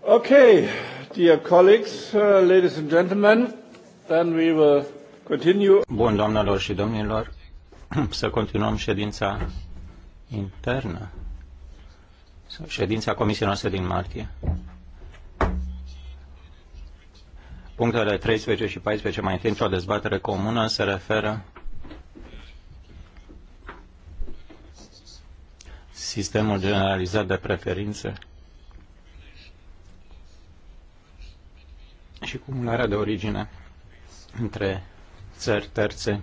Okay, dear colleagues, uh, ladies and gentlemen, then we will continue. Bun, doamnelor și domnilor, să continuăm ședința internă, ședința comisiei noastre din martie. Punctele 13 și 14 mai întâi într-o dezbatere comună se referă sistemul generalizat de preferințe și cumularea de origine între țări terțe.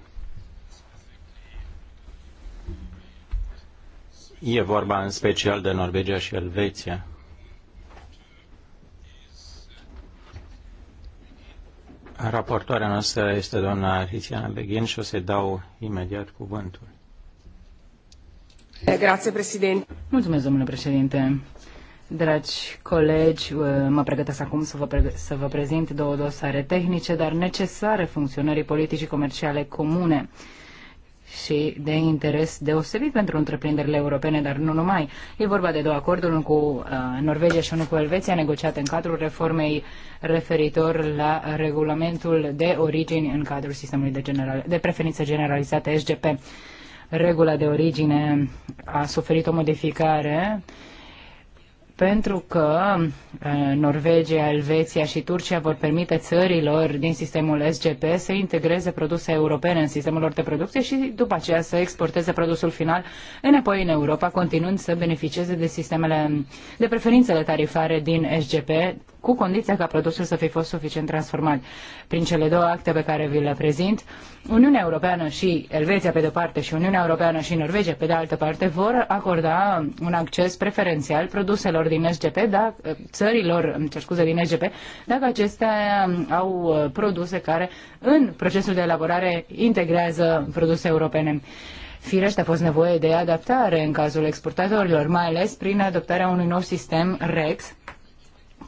E vorba în special de Norvegia și Elveția. Raportoarea noastră este doamna Tiziana Beghin și o să-i dau imediat cuvântul. Eh, grazie, Mulțumesc, domnule președinte. Dragi colegi, mă pregătesc acum să vă, pre- să vă prezint două dosare tehnice, dar necesare funcționării politicii comerciale comune și de interes deosebit pentru întreprinderile europene, dar nu numai. E vorba de două acorduri, unul cu uh, Norvegia și unul cu Elveția, negociate în cadrul reformei referitor la regulamentul de origini în cadrul sistemului de, general, de preferințe generalizate SGP regula de origine a suferit o modificare pentru că uh, Norvegia, Elveția și Turcia vor permite țărilor din sistemul SGP să integreze produse europene în sistemul lor de producție și după aceea să exporteze produsul final înapoi în Europa, continuând să beneficieze de sistemele, de preferințele tarifare din SGP, cu condiția ca produsul să fi fost suficient transformat. Prin cele două acte pe care vi le prezint, Uniunea Europeană și Elveția pe de-o parte și Uniunea Europeană și Norvegia pe de altă parte vor acorda un acces preferențial produselor din SGP, da, țărilor, îmi scuze, din SGP, dacă acestea au produse care în procesul de elaborare integrează produse europene. Firește a fost nevoie de adaptare în cazul exportatorilor, mai ales prin adoptarea unui nou sistem REX,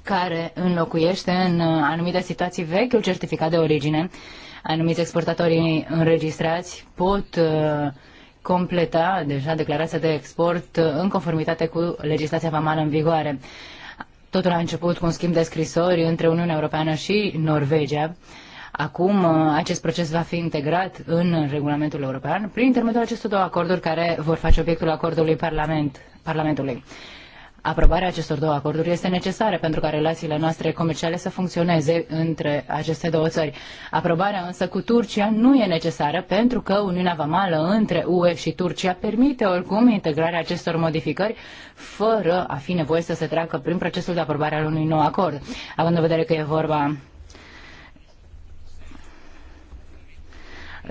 care înlocuiește în anumite situații vechiul certificat de origine Anumiți exportatori înregistrați pot uh, completa deja declarația de export uh, în conformitate cu legislația vamală în vigoare. Totul a început cu un schimb de scrisori între Uniunea Europeană și Norvegia. Acum uh, acest proces va fi integrat în regulamentul european prin intermediul acestor două acorduri care vor face obiectul acordului parlament, Parlamentului aprobarea acestor două acorduri este necesară pentru ca relațiile noastre comerciale să funcționeze între aceste două țări. Aprobarea însă cu Turcia nu e necesară pentru că Uniunea Vamală între UE și Turcia permite oricum integrarea acestor modificări fără a fi nevoie să se treacă prin procesul de aprobare al unui nou acord. Având în vedere că e vorba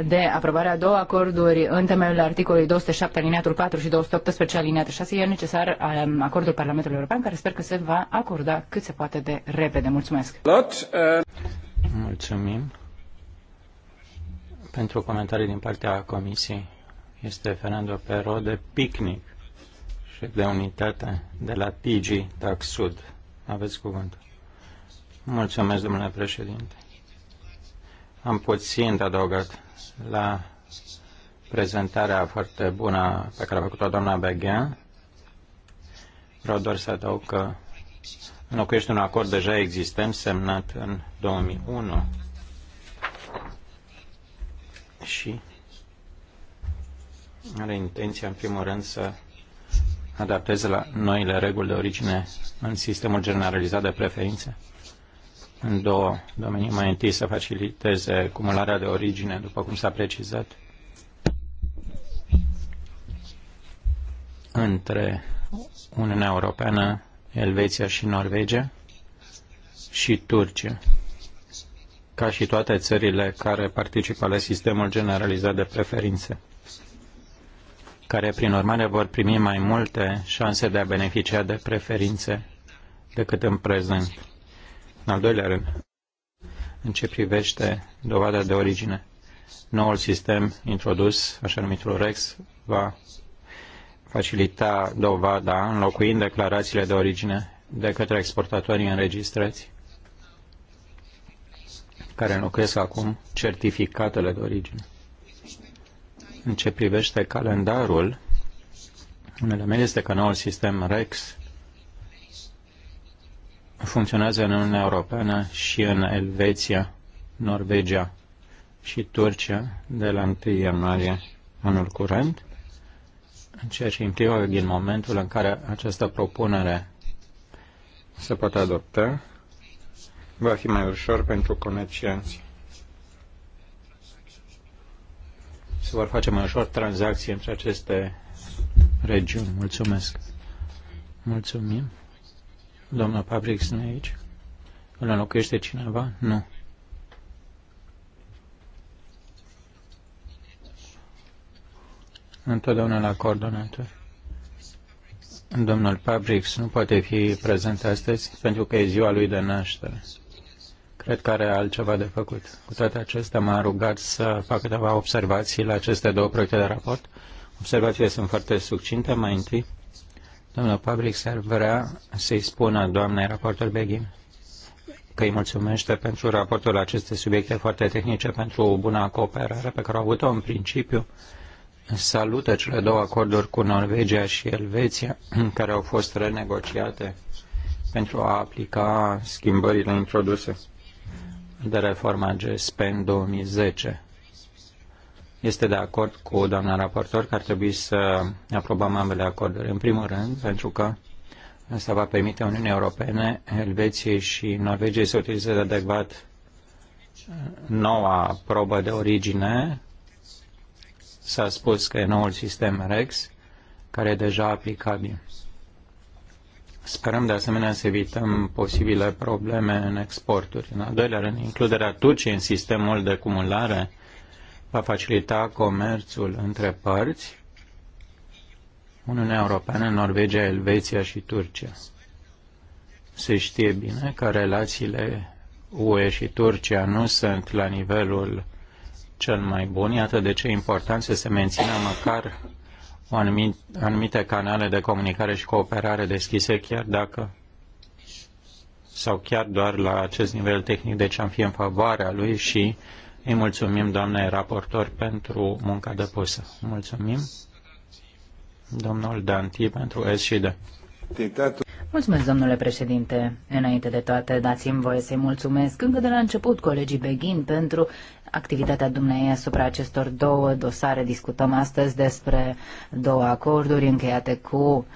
de aprobarea două acorduri în temeiul articolului 207 alineatul 4 și 218 alineatul 6 e necesar um, acordul Parlamentului European care sper că se va acorda cât se poate de repede. Mulțumesc! Uh, Mulțumim pentru comentarii din partea Comisiei. Este Fernando Pero de Picnic și de unitate de la TG Tax Sud. Aveți cuvântul. Mulțumesc, domnule președinte. Am puțin de adăugat la prezentarea foarte bună pe care a făcut-o doamna Beghen. Vreau doar să adaug că înlocuiește un acord deja existent semnat în 2001 și are intenția, în primul rând, să adapteze la noile reguli de origine în sistemul generalizat de preferințe în două domenii. Mai întâi să faciliteze cumularea de origine, după cum s-a precizat, între Uniunea Europeană, Elveția și Norvegia și Turcia, ca și toate țările care participă la sistemul generalizat de preferințe care prin urmare vor primi mai multe șanse de a beneficia de preferințe decât în prezent. În al doilea rând, în ce privește dovada de origine, noul sistem introdus, așa numitul REX, va facilita dovada înlocuind declarațiile de origine de către exportatorii înregistrați care înlocuiesc acum certificatele de origine. În ce privește calendarul, un element este că noul sistem REX funcționează în Uniunea Europeană și în Elveția, Norvegia și Turcia de la 1 ianuarie anul curent, ceea ce implică din momentul în care această propunere se poate adopta, va fi mai ușor pentru comercianți. Se vor face mai ușor tranzacții între aceste regiuni. Mulțumesc! Mulțumim! Domnul Pabrix nu e aici? Îl înlocuiește cineva? Nu. Întotdeauna la coordonator. Domnul Pabrix nu poate fi prezent astăzi pentru că e ziua lui de naștere. Cred că are altceva de făcut. Cu toate acestea, m-a rugat să fac câteva observații la aceste două proiecte de raport. Observațiile sunt foarte succinte. Mai întâi, Doamna Public s-ar vrea să-i spună doamnei raportor Beghin că îi mulțumește pentru raportul aceste subiecte foarte tehnice, pentru o bună cooperare pe care au avut-o în principiu. Salută cele două acorduri cu Norvegia și Elveția, care au fost renegociate pentru a aplica schimbările introduse de reforma GSP în 2010 este de acord cu doamna raportor că ar trebui să aprobăm ambele acorduri. În primul rând, pentru că asta va permite Uniunii Europene, Elveției și Norvegiei să utilizeze adecvat noua probă de origine. S-a spus că e noul sistem REX, care e deja aplicabil. Sperăm de asemenea să evităm posibile probleme în exporturi. În al doilea rând, includerea Turciei în sistemul de cumulare va facilita comerțul între părți, Uniunea Europeană, Norvegia, Elveția și Turcia. Se știe bine că relațiile UE și Turcia nu sunt la nivelul cel mai bun, iată de ce e important să se mențină măcar o anumit, anumite canale de comunicare și cooperare deschise, chiar dacă sau chiar doar la acest nivel tehnic, deci am fi în favoarea lui și uh, îi mulțumim, doamnei raportor, pentru munca depusă. Mulțumim, domnul Danti, pentru SCD. Mulțumesc, domnule președinte. Înainte de toate, dați-mi voie să-i mulțumesc încă de la început colegii Beghin pentru activitatea dumneavoastră asupra acestor două dosare. Discutăm astăzi despre două acorduri încheiate cu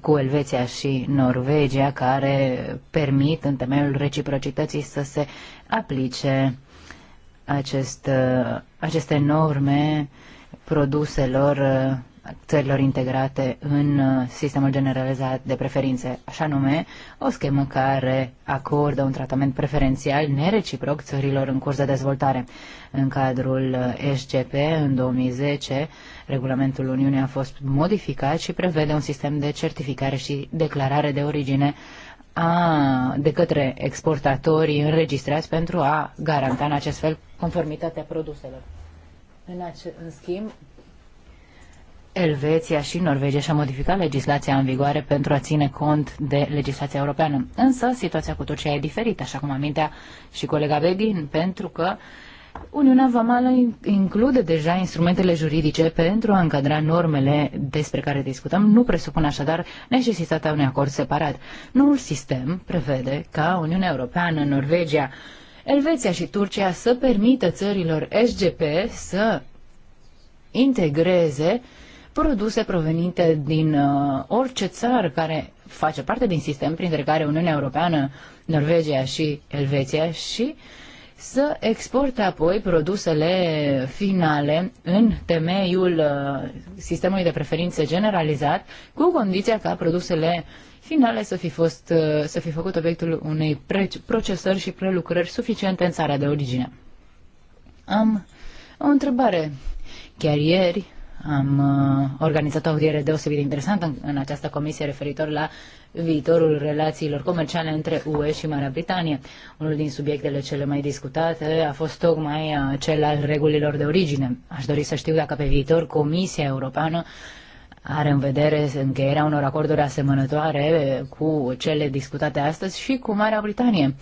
cu Elveția și Norvegia, care permit în temeiul reciprocității să se aplice acest, uh, aceste norme produselor uh, țărilor integrate în uh, sistemul generalizat de preferințe, așa nume o schemă care acordă un tratament preferențial nereciproc țărilor în curs de dezvoltare. În cadrul SGP, în 2010, regulamentul Uniunii a fost modificat și prevede un sistem de certificare și declarare de origine a, de către exportatorii înregistrați pentru a garanta în acest fel conformitatea produselor. În, ace- în schimb, Elveția și Norvegia și-a modificat legislația în vigoare pentru a ține cont de legislația europeană. Însă, situația cu Turcia e diferită, așa cum amintea și colega Begin, pentru că Uniunea Vamală include deja instrumentele juridice pentru a încadra normele despre care discutăm, nu presupun așadar necesitatea unui acord separat. Noul sistem prevede ca Uniunea Europeană, Norvegia Elveția și Turcia să permită țărilor SGP să integreze produse provenite din uh, orice țară care face parte din sistem, printre care Uniunea Europeană, Norvegia și Elveția și să exporte apoi produsele finale în temeiul uh, sistemului de preferințe generalizat, cu condiția ca produsele finale să fi, fost, uh, să fi făcut obiectul unei procesări și prelucrări suficiente în țara de origine. Am o întrebare. Chiar ieri am uh, organizat o audiere deosebit de interesantă în, în această comisie referitor la viitorul relațiilor comerciale între UE și Marea Britanie. Unul din subiectele cele mai discutate a fost tocmai cel al regulilor de origine. Aș dori să știu dacă pe viitor Comisia Europeană uh, are în vedere încheierea unor acorduri asemănătoare cu cele discutate astăzi și cu Marea Britanie.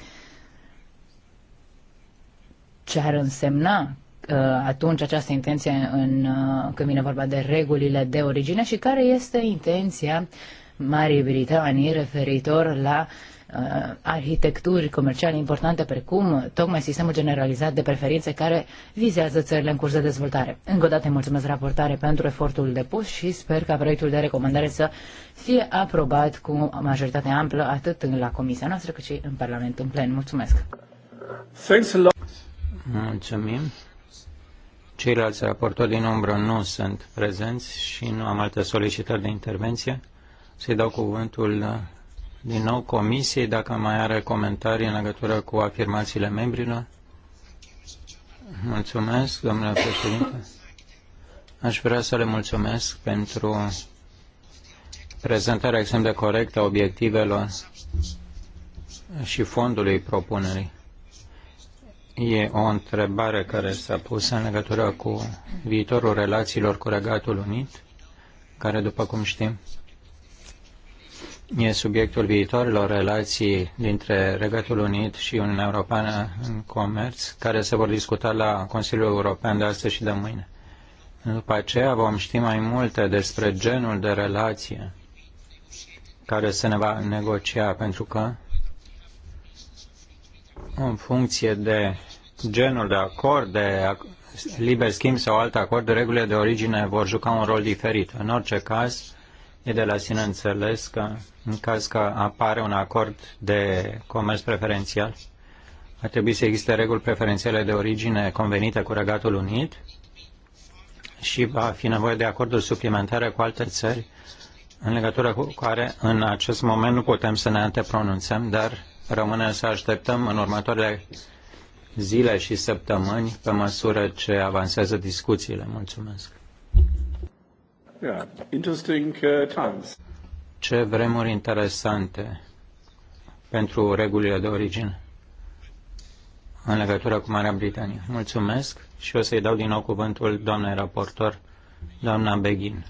Ce ar însemna uh, atunci această intenție în, uh, când vine vorba de regulile de origine și care este intenția Marii Britanii referitor la uh, Uh, arhitecturi comerciale importante, precum tocmai sistemul generalizat de preferințe care vizează țările în curs de dezvoltare. Încă o dată mulțumesc raportare pentru efortul depus și sper ca proiectul de recomandare să fie aprobat cu majoritate amplă atât la comisia noastră cât și în Parlament în plen. Mulțumesc! Thanks a lot. Mulțumim! Ceilalți raportori din umbră nu sunt prezenți și nu am alte solicitări de intervenție. Să-i dau cuvântul din nou comisiei dacă mai are comentarii în legătură cu afirmațiile membrilor. Mulțumesc, domnule președinte. Aș vrea să le mulțumesc pentru prezentarea extrem de corectă a obiectivelor și fondului propunerii. E o întrebare care s-a pus în legătură cu viitorul relațiilor cu Regatul Unit, care, după cum știm, e subiectul viitorilor relații dintre Regatul Unit și Uniunea Europeană în comerț, care se vor discuta la Consiliul European de astăzi și de mâine. După aceea vom ști mai multe despre genul de relație care se ne va negocia, pentru că în funcție de genul de acord, de liber schimb sau alt acord, regulile de origine vor juca un rol diferit. În orice caz, e de la sine înțeles că în caz că apare un acord de comerț preferențial? Ar trebui să existe reguli preferențiale de origine convenite cu Regatul Unit și va fi nevoie de acorduri suplimentare cu alte țări în legătură cu care în acest moment nu putem să ne antepronunțăm, dar rămâne să așteptăm în următoarele zile și săptămâni pe măsură ce avansează discuțiile. Mulțumesc. Yeah, interesting uh, times. Ce vremuri interesante pentru regulile de origine în legătură cu Marea Britanie. Mulțumesc și o să-i dau din nou cuvântul doamnei raportor, doamna Beghin.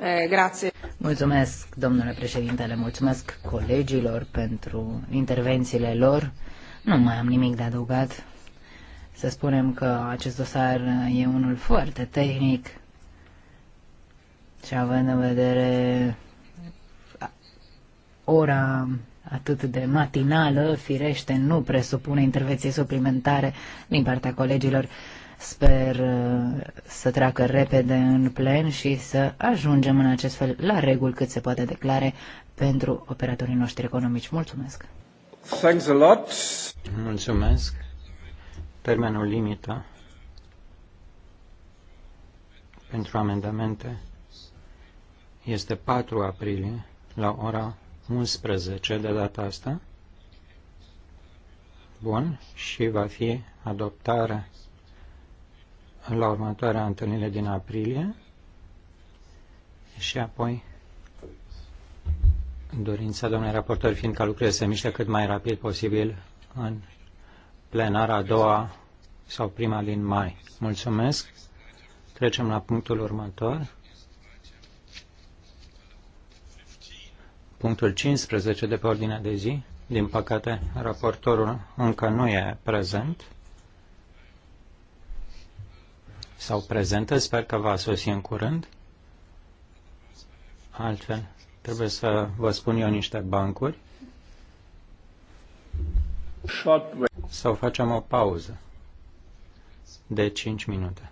Eh, grazie. Mulțumesc, domnule președintele, mulțumesc colegilor pentru intervențiile lor. Nu mai am nimic de adăugat. Să spunem că acest dosar e unul foarte tehnic și având în vedere ora atât de matinală, firește, nu presupune intervenție suplimentare din partea colegilor. Sper uh, să treacă repede în plen și să ajungem în acest fel la reguli cât se poate declare pentru operatorii noștri economici. Mulțumesc! Thanks a lot. Mulțumesc! Termenul limită pentru amendamente este 4 aprilie la ora 11 de data asta. Bun. Și va fi adoptarea la următoarea întâlnire din aprilie și apoi dorința domnului raportor fiind ca lucrurile se miște cât mai rapid posibil în plenara a doua sau prima din mai. Mulțumesc. Trecem la punctul următor. punctul 15 de pe ordinea de zi. Din păcate, raportorul încă nu e prezent sau prezentă. Sper că va sosi în curând. Altfel, trebuie să vă spun eu niște bancuri sau facem o pauză de 5 minute.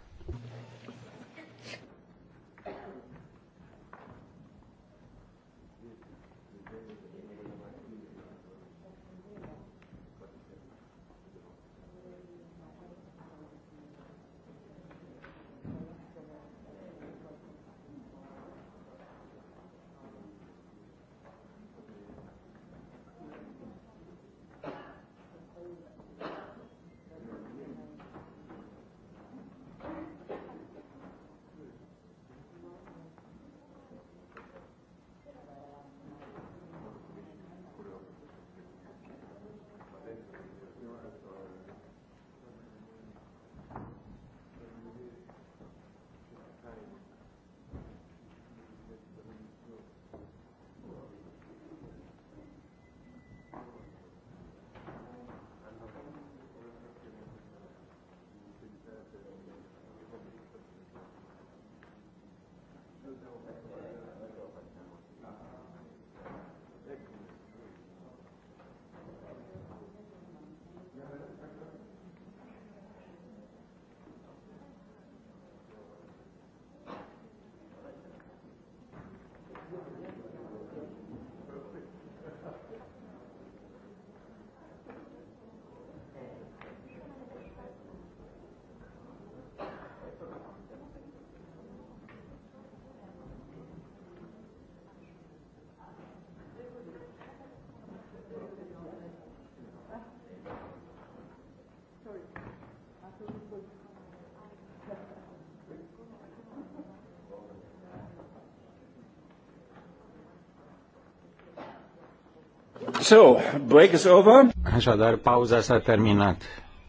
So, break is over. Așadar, pauza s-a terminat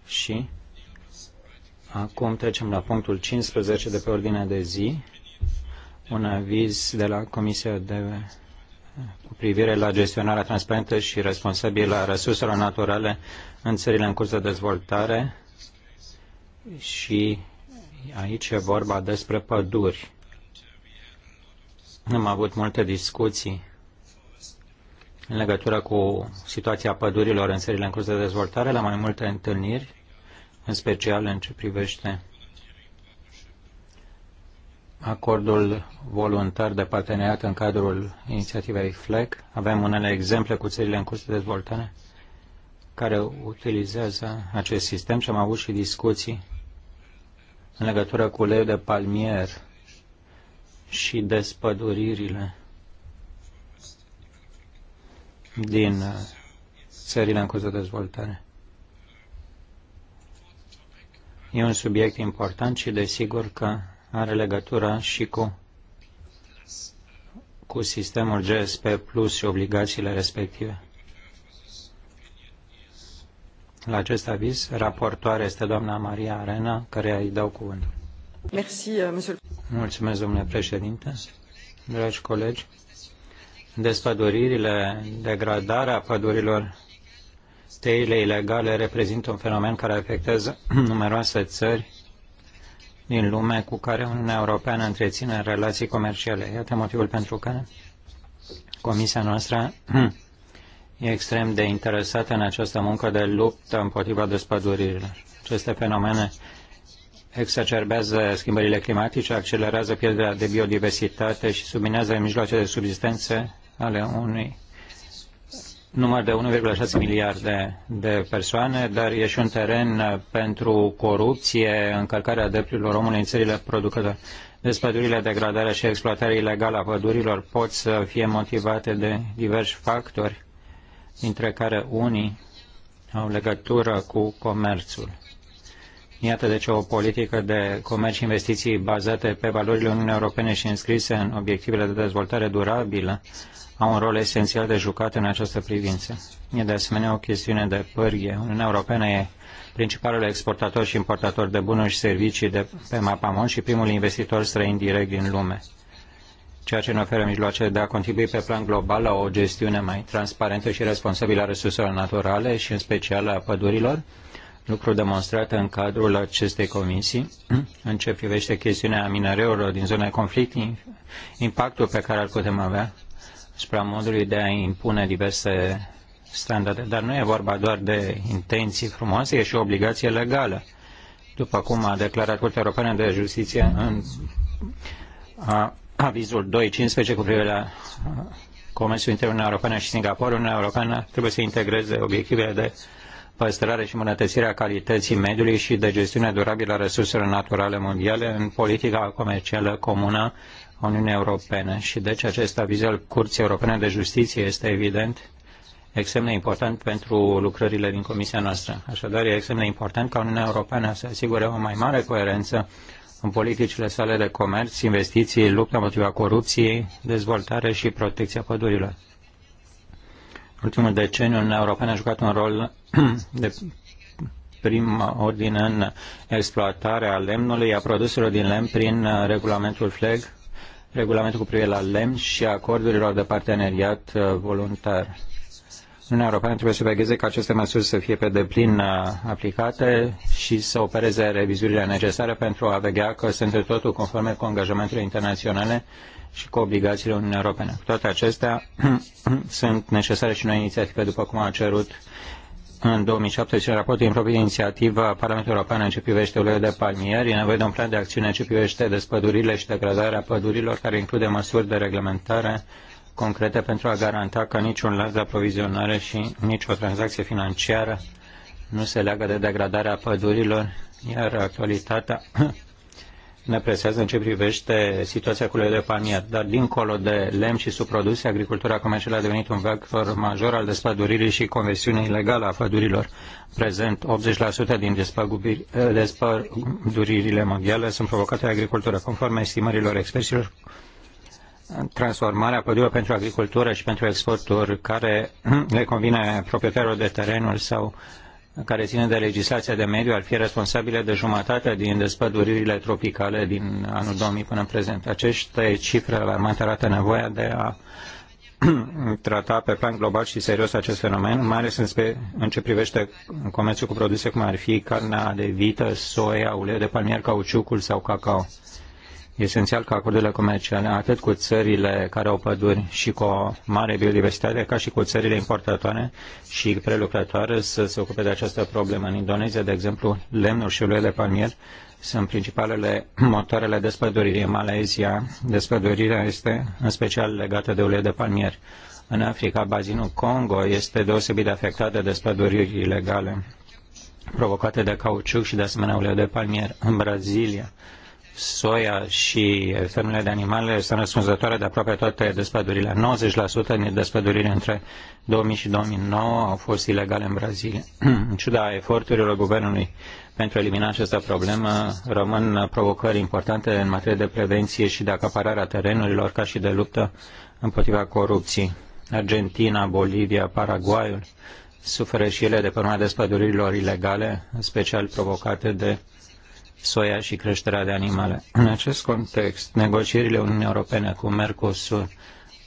și acum trecem la punctul 15 de pe ordinea de zi, un aviz de la Comisia de cu privire la gestionarea transparentă și responsabilă a resurselor naturale în țările în curs de dezvoltare și aici e vorba despre păduri. Am avut multe discuții în legătură cu situația pădurilor în serile în curs de dezvoltare la mai multe întâlniri, în special în ce privește acordul voluntar de parteneriat în cadrul inițiativei FLEC. Avem unele exemple cu țările în curs de dezvoltare care utilizează acest sistem și am avut și discuții în legătură cu uleiul de palmier și despăduririle din uh, țările în curs de dezvoltare. E un subiect important și desigur că are legătura și cu, cu sistemul GSP Plus și obligațiile respective. La acest aviz, raportoare este doamna Maria Arena, care îi dau cuvântul. Uh, Mulțumesc, domnule președinte. Dragi colegi, despăduririle, degradarea pădurilor, tăierile ilegale reprezintă un fenomen care afectează numeroase țări din lume cu care Uniunea Europeană întreține relații comerciale. Iată motivul pentru care Comisia noastră e extrem de interesată în această muncă de luptă împotriva despăduririlor. Aceste fenomene exacerbează schimbările climatice, accelerează pierderea de biodiversitate și subminează mijloace de subsistență ale unui număr de 1,6 miliarde de persoane, dar e și un teren pentru corupție, încălcarea drepturilor omului în țările producătoare. Despădurile, degradarea și exploatarea ilegală a pădurilor pot să fie motivate de diversi factori, dintre care unii au legătură cu comerțul. Iată de deci, ce o politică de comerț și investiții bazate pe valorile Uniunii Europene și înscrise în obiectivele de dezvoltare durabilă au un rol esențial de jucat în această privință. E de asemenea o chestiune de pârghie. Uniunea Europeană e principalul exportator și importator de bunuri și servicii de pe Mapamon și primul investitor străin direct din lume ceea ce ne oferă mijloace de a contribui pe plan global la o gestiune mai transparentă și responsabilă a resurselor naturale și în special a pădurilor, lucru demonstrat în cadrul acestei comisii în ce privește chestiunea minereurilor din zona de conflict, impactul pe care îl putem avea asupra modului de a impune diverse standarde. Dar nu e vorba doar de intenții frumoase, e și o obligație legală. După cum a declarat Curtea Europeană de Justiție în a, avizul 2.15 cu privire la comerțul interne Uniunea Europeană și Singapore, Uniunea Europeană trebuie să integreze obiectivele de păstrare și îmbunătățirea calității mediului și de gestiune durabilă a resurselor naturale mondiale în politica comercială comună a Uniunii Europene. Și deci acest aviz al Curții Europene de Justiție este evident extrem de important pentru lucrările din comisia noastră. Așadar, e extrem de important ca Uniunea Europeană să asigure o mai mare coerență în politicile sale de comerț, investiții, lupta împotriva corupției, dezvoltare și protecția pădurilor ultimul deceniu Uniunea Europeană a jucat un rol de prim ordine în exploatarea lemnului a produselor din lemn prin regulamentul FLEG, regulamentul cu privire la lemn și acordurilor de parteneriat uh, voluntar. Uniunea Europeană trebuie să vegheze ca aceste măsuri să fie pe deplin uh, aplicate și să opereze revizuirile necesare pentru a veghea că sunt totul conforme cu angajamentele internaționale și cu obligațiile Uniunii Europene. Toate acestea sunt necesare și noi inițiative, după cum a cerut în 2017 raport din propria inițiativă a Parlamentului European în ce privește uleiul de palmier. E nevoie de un plan de acțiune în ce privește despădurile și degradarea pădurilor, care include măsuri de reglementare concrete pentru a garanta că niciun lanț de aprovizionare și nicio tranzacție financiară nu se leagă de degradarea pădurilor, iar actualitatea ne presează în ce privește situația cu de palmier. Dar dincolo de lemn și subproduse, agricultura comercială a devenit un vector major al despăduririi și conversiunii ilegală a pădurilor. Prezent, 80% din despăduririle mondiale sunt provocate de agricultură. Conform estimărilor experților, transformarea pădurilor pentru agricultură și pentru exporturi care le convine proprietarilor de terenuri sau care ține de legislația de mediu ar fi responsabile de jumătate din despăduririle tropicale din anul 2000 până în prezent. Aceste cifre alarmante arată nevoia de a trata pe plan global și serios acest fenomen, mai ales în, spe, în ce privește comerțul cu produse cum ar fi carnea de vită, soia, ulei de palmier, cauciucul sau cacao. E esențial ca acordurile comerciale, atât cu țările care au păduri și cu o mare biodiversitate, ca și cu țările importatoare și prelucrătoare, să se ocupe de această problemă. În Indonezia, de exemplu, lemnul și uleiul de palmier sunt principalele motoarele despăduririi. În Malezia, despădurirea este în special legată de uleiul de palmier. În Africa, bazinul Congo este deosebit de afectat de despăduriri ilegale provocate de cauciuc și de asemenea uleiul de palmier. În Brazilia, soia și fermele de animale sunt răspunzătoare de aproape toate despădurile. 90% din despădurile între 2000 și 2009 au fost ilegale în Brazilia. în ciuda eforturilor guvernului pentru a elimina această problemă, rămân provocări importante în materie de prevenție și de acaparare a terenurilor, ca și de luptă împotriva corupției. Argentina, Bolivia, Paraguayul suferă și ele de pe despădurilor ilegale, în special provocate de soia și creșterea de animale. În acest context, negocierile Uniunii Europene cu Mercosur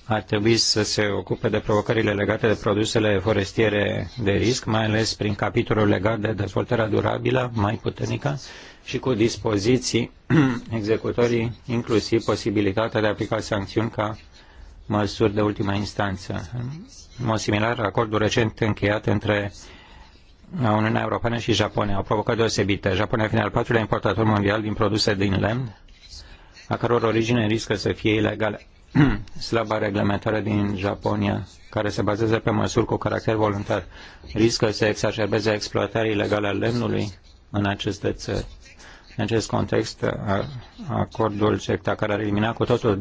ar trebui să se ocupe de provocările legate de produsele forestiere de risc, mai ales prin capitolul legat de dezvoltarea durabilă, mai puternică, și cu dispoziții executorii, inclusiv posibilitatea de a aplica sancțiuni ca măsuri de ultimă instanță. În mod similar, acordul recent încheiat între a Uniunea Europeană și Japonia au provocat deosebite. Japonia fiind al patrulea importator mondial din produse din lemn, a căror origine riscă să fie ilegale. Slaba reglementare din Japonia, care se bazează pe măsuri cu caracter voluntar, riscă să exacerbeze exploatarea ilegală a lemnului în aceste țări. În acest context, acordul CECTA, care ar elimina cu totul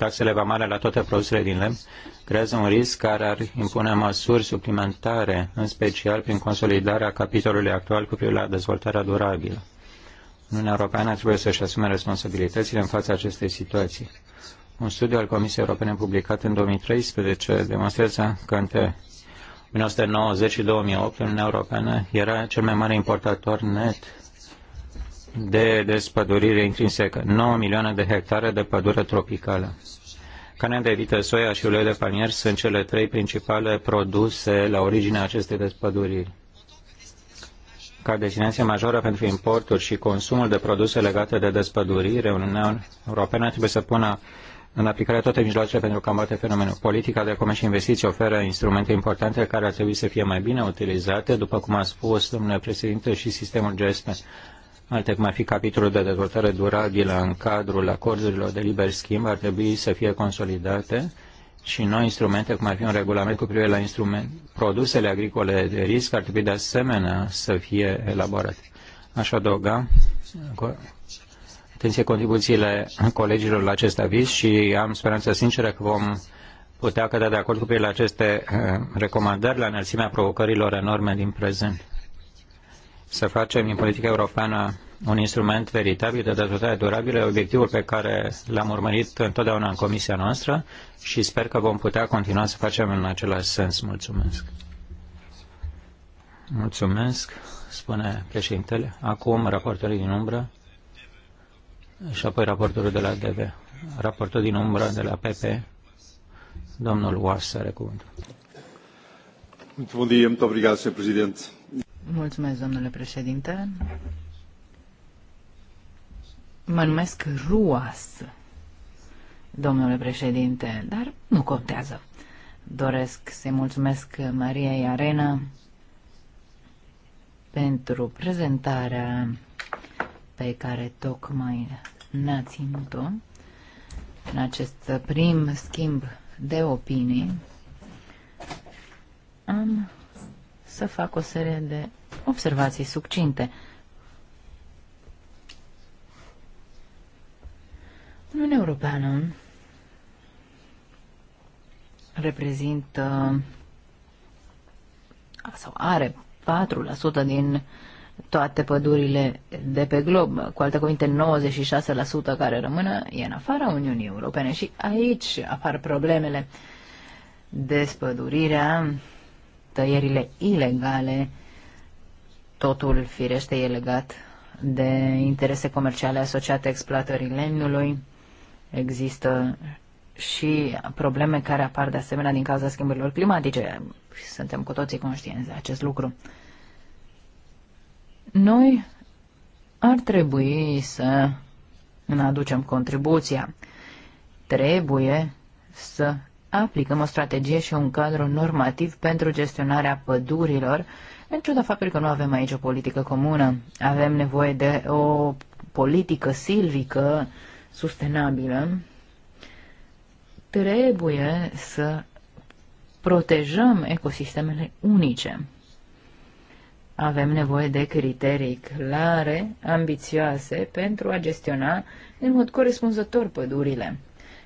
taxele vamale la toate produsele din lemn creează un risc care ar impune măsuri suplimentare, în special prin consolidarea capitolului actual cu privire la dezvoltarea durabilă. Uniunea Europeană trebuie să-și asume responsabilitățile în fața acestei situații. Un studiu al Comisiei Europene publicat în 2013 demonstrează că între 1990 și 2008 Uniunea Europeană era cel mai mare importator net de despădurire intrinsecă, 9 milioane de hectare de pădure tropicală. Cana de vită, soia și ulei de palmier sunt cele trei principale produse la originea acestei despăduriri. Ca destinație majoră pentru importuri și consumul de produse legate de despădurire, Uniunea Europeană trebuie să pună în aplicare toate mijloacele pentru combate fenomenul. Politica de comerț și investiții oferă instrumente importante care ar trebui să fie mai bine utilizate, după cum a spus domnule președinte, și sistemul GSP alte cum ar fi capitolul de dezvoltare durabilă în cadrul acordurilor de liber schimb, ar trebui să fie consolidate și noi instrumente, cum ar fi un regulament cu privire la instrument, produsele agricole de risc, ar trebui de asemenea să fie elaborate. Aș adăuga atenție contribuțiile colegilor la acest aviz și am speranța sinceră că vom putea cădea de acord cu privire la aceste eh, recomandări la înălțimea provocărilor enorme din prezent să facem din politica europeană un instrument veritabil de dezvoltare durabilă, obiectivul pe care l-am urmărit întotdeauna în comisia noastră și sper că vom putea continua să facem în același sens. Mulțumesc! Mulțumesc, spune președintele. Acum raportorii din umbră și apoi raportorul de la DV. raportorul din umbră de la PP, domnul Oas, are cuvântul. Muito bom dia, muito obrigado, Sr. Presidente. Mulțumesc, domnule președinte. Mă numesc Ruas, domnule președinte, dar nu contează. Doresc să-i mulțumesc Mariei Arena pentru prezentarea pe care tocmai ne-a ținut-o în acest prim schimb de opinii. Am să fac o serie de observații succinte. Uniunea Europeană reprezintă sau are 4% din toate pădurile de pe glob, cu alte cuvinte 96% care rămână e în afara Uniunii Europene și aici apar problemele despădurirea, tăierile ilegale Totul, firește, e legat de interese comerciale asociate exploatării lemnului. Există și probleme care apar de asemenea din cauza schimbărilor climatice. Suntem cu toții conștienți de acest lucru. Noi ar trebui să ne aducem contribuția. Trebuie să aplicăm o strategie și un cadru normativ pentru gestionarea pădurilor în ciuda faptului că nu avem aici o politică comună, avem nevoie de o politică silvică sustenabilă, trebuie să protejăm ecosistemele unice. Avem nevoie de criterii clare, ambițioase, pentru a gestiona în mod corespunzător pădurile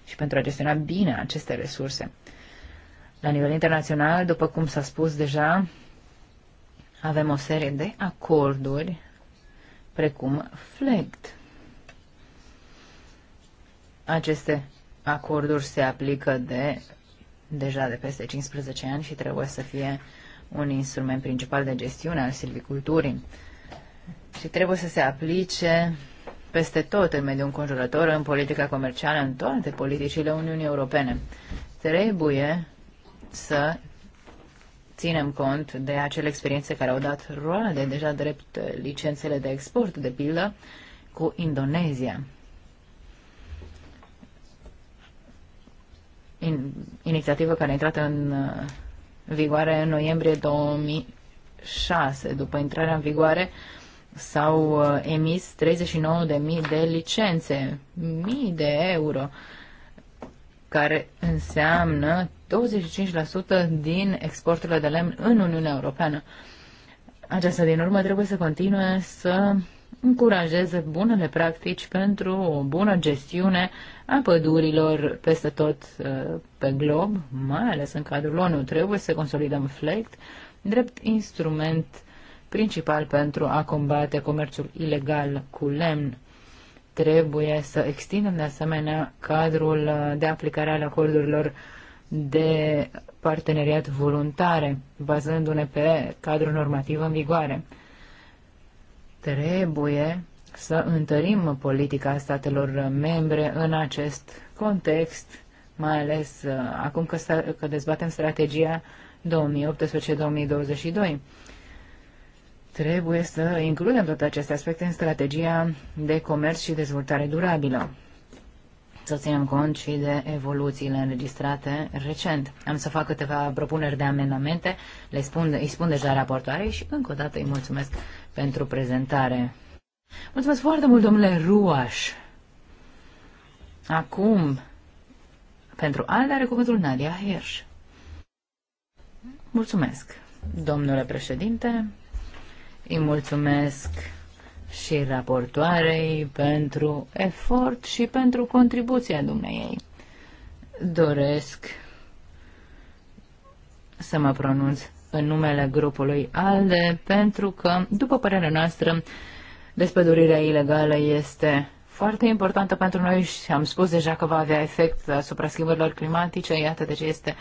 și pentru a gestiona bine aceste resurse. La nivel internațional, după cum s-a spus deja, avem o serie de acorduri, precum FLECT. Aceste acorduri se aplică de deja de peste 15 ani și trebuie să fie un instrument principal de gestiune al silviculturii. Și trebuie să se aplice peste tot în mediul înconjurător, în politica comercială, în toate politicile Uniunii Europene. Trebuie să ținem cont de acele experiențe care au dat roade deja drept eh, licențele de export, de pildă, cu Indonezia. In, inițiativă care a intrat în eh, vigoare în noiembrie 2006. După intrarea în vigoare s-au eh, emis 39.000 de licențe, mii de euro. Uh, care înseamnă 25% din exporturile de lemn în Uniunea Europeană. Aceasta, din urmă, trebuie să continue să încurajeze bunele practici pentru o bună gestiune a pădurilor peste tot uh, pe glob, mai ales în cadrul ONU. Trebuie să consolidăm FLECT drept instrument principal pentru a combate comerțul ilegal cu lemn. Trebuie să extindem de asemenea cadrul uh, de aplicare al acordurilor de parteneriat voluntare, bazându-ne pe cadrul normativ în vigoare. Trebuie să întărim politica statelor membre în acest context, mai ales uh, acum că, dezbatem strategia 2018-2022. Trebuie să includem toate aceste aspecte în strategia de comerț și dezvoltare durabilă. Să ținem cont și de evoluțiile înregistrate recent. Am să fac câteva propuneri de amendamente, le spun, îi spun deja raportoarei și încă o dată îi mulțumesc pentru prezentare. Mulțumesc foarte mult, domnule Ruaș! Acum, pentru al are cuvântul Nadia Hirsch. Mulțumesc, domnule președinte, îi mulțumesc și raportoarei pentru efort și pentru contribuția dumneiei. Doresc să mă pronunț în numele grupului ALDE pentru că, după părerea noastră, despădurirea ilegală este foarte importantă pentru noi și am spus deja că va avea efect asupra schimbărilor climatice, iată de ce este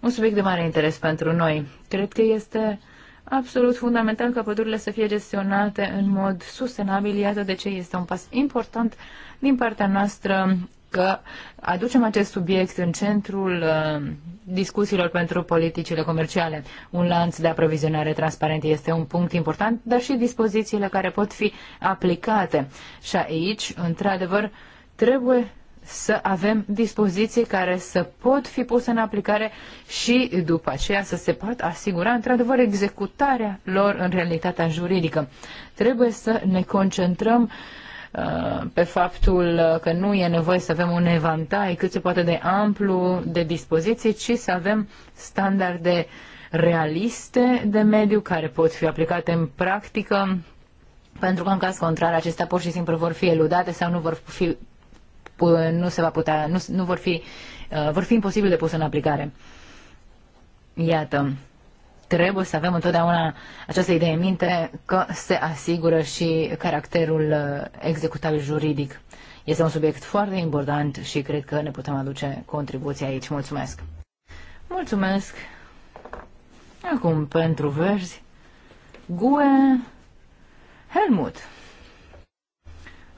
un subiect de mare interes pentru noi. Cred că este absolut fundamental ca pădurile să fie gestionate în mod sustenabil. Iată de ce este un pas important din partea noastră că aducem acest subiect în centrul uh, discuțiilor pentru politicile comerciale. Un lanț de aprovizionare transparent este un punct important, dar și dispozițiile care pot fi aplicate. Și aici, într-adevăr, trebuie să avem dispoziții care să pot fi puse în aplicare și după aceea să se pot asigura într-adevăr executarea lor în realitatea juridică. Trebuie să ne concentrăm uh, pe faptul că nu e nevoie să avem un evantai cât se poate de amplu de dispoziții, ci să avem standarde realiste de mediu care pot fi aplicate în practică pentru că în caz contrar acestea pur și simplu vor fi eludate sau nu vor fi nu se va putea, nu, nu vor fi, uh, vor fi imposibil de pus în aplicare. Iată, trebuie să avem întotdeauna această idee în minte că se asigură și caracterul uh, executabil juridic. Este un subiect foarte important și cred că ne putem aduce contribuția aici. Mulțumesc! Mulțumesc! Acum, pentru verzi, Gue Helmut.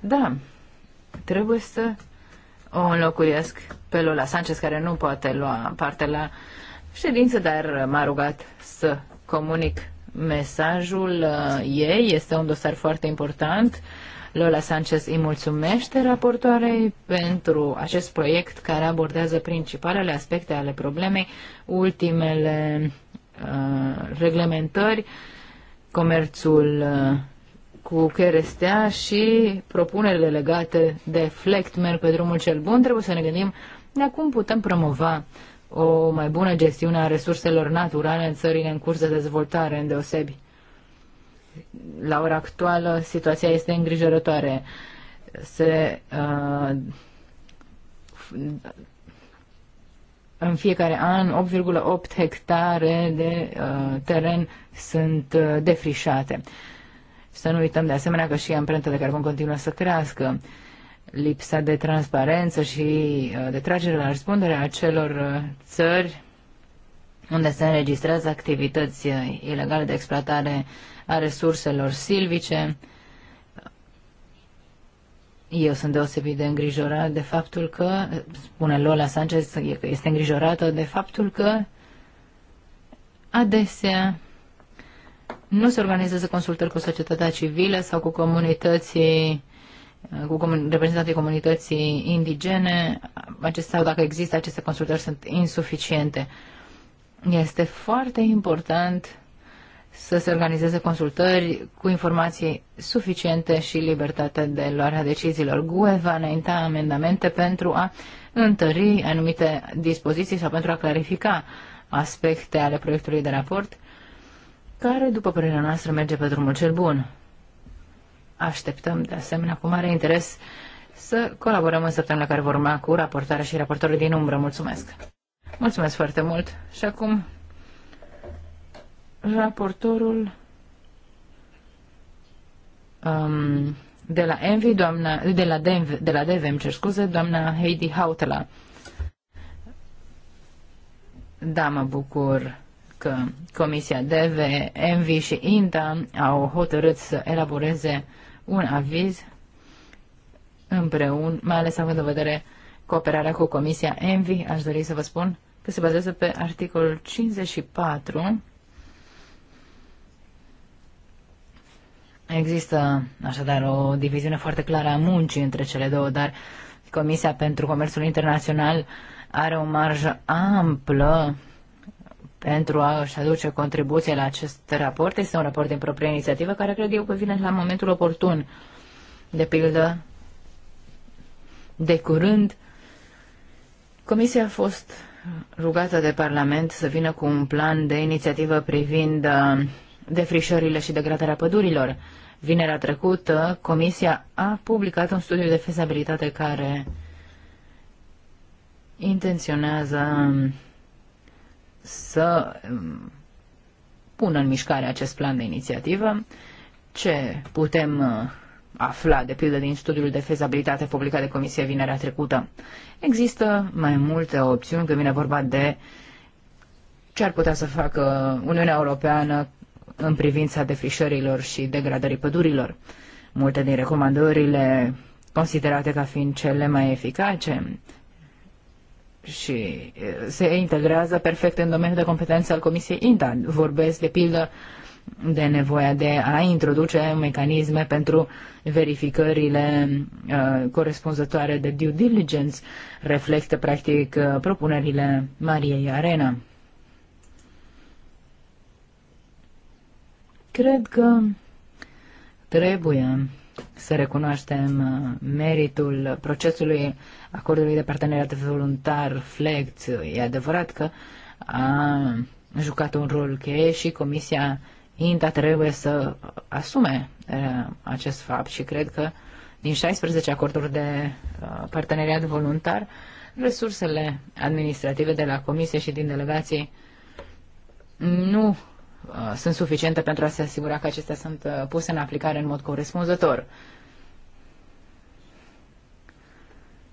Da, trebuie să o înlocuiesc pe Lola Sanchez, care nu poate lua parte la ședință, dar m-a rugat să comunic mesajul uh, ei. Este un dosar foarte important. Lola Sanchez îi mulțumește raportoarei pentru acest proiect care abordează principalele aspecte ale problemei, ultimele uh, reglementări, comerțul uh, cu cherestea și propunerile legate de FLECT merg pe drumul cel bun, trebuie să ne gândim de cum putem promova o mai bună gestiune a resurselor naturale în țările în curs de dezvoltare, îndeosebi. La ora actuală, situația este îngrijorătoare. Se, uh, în fiecare an, 8,8 hectare de uh, teren sunt uh, defrișate. Uh, să nu uităm de asemenea că și amprenta de carbon continuă să crească. Lipsa de transparență și uh, de tragere la răspundere a celor uh, țări unde se înregistrează activități uh, ilegale de exploatare a resurselor silvice. Eu sunt deosebit de îngrijorat de faptul că, spune Lola Sanchez, este îngrijorată de faptul că adesea nu se organizează consultări cu societatea civilă sau cu comunității cu comun- reprezentanții comunității indigene, acestea, dacă există aceste consultări, sunt insuficiente. Este foarte important să se organizeze consultări cu informații suficiente și libertate de luarea deciziilor. GUE va înainta amendamente pentru a întări anumite dispoziții sau pentru a clarifica aspecte ale proiectului de raport care, după părerea noastră, merge pe drumul cel bun. Așteptăm, de asemenea, cu mare interes să colaborăm în săptămâna care vor urma cu raportarea și raportorul din umbră. Mulțumesc! Mulțumesc foarte mult! Și acum, raportorul um, de la Envy, doamna, de la Dev, de la Dev, îmi cer scuze, doamna Heidi Hautela. Da, mă bucur că Comisia DV, ENVI și INTA au hotărât să elaboreze un aviz împreună, mai ales având în vedere cooperarea cu Comisia ENVI, aș dori să vă spun că se bazează pe articolul 54. Există așadar o diviziune foarte clară a muncii între cele două, dar Comisia pentru Comerțul Internațional are o marjă amplă pentru a-și aduce contribuție la acest raport. Este un raport din propria inițiativă care cred eu că vine la momentul oportun. De pildă, de curând, Comisia a fost rugată de Parlament să vină cu un plan de inițiativă privind uh, defrișările și degradarea pădurilor. Vinerea trecută, Comisia a publicat un studiu de fezabilitate care intenționează um, să um, pună în mișcare acest plan de inițiativă. Ce putem uh, afla, de pildă, din studiul de fezabilitate publicat de Comisia vinerea trecută? Există mai multe opțiuni când vine vorba de ce ar putea să facă Uniunea Europeană în privința defrișărilor și degradării pădurilor. Multe din recomandările considerate ca fiind cele mai eficace și se integrează perfect în domeniul de competență al Comisiei INTA. Vorbesc, de pildă, de nevoia de a introduce mecanisme pentru verificările uh, corespunzătoare de due diligence, reflectă, practic, uh, propunerile Mariei Arena. Cred că trebuie să recunoaștem uh, meritul procesului acordului de parteneriat voluntar FLECT. E adevărat că a jucat un rol cheie și Comisia INTA trebuie să asume uh, acest fapt și cred că din 16 acorduri de uh, parteneriat voluntar, resursele administrative de la Comisie și din delegații nu Uh, sunt suficiente pentru a se asigura că acestea sunt uh, puse în aplicare în mod corespunzător.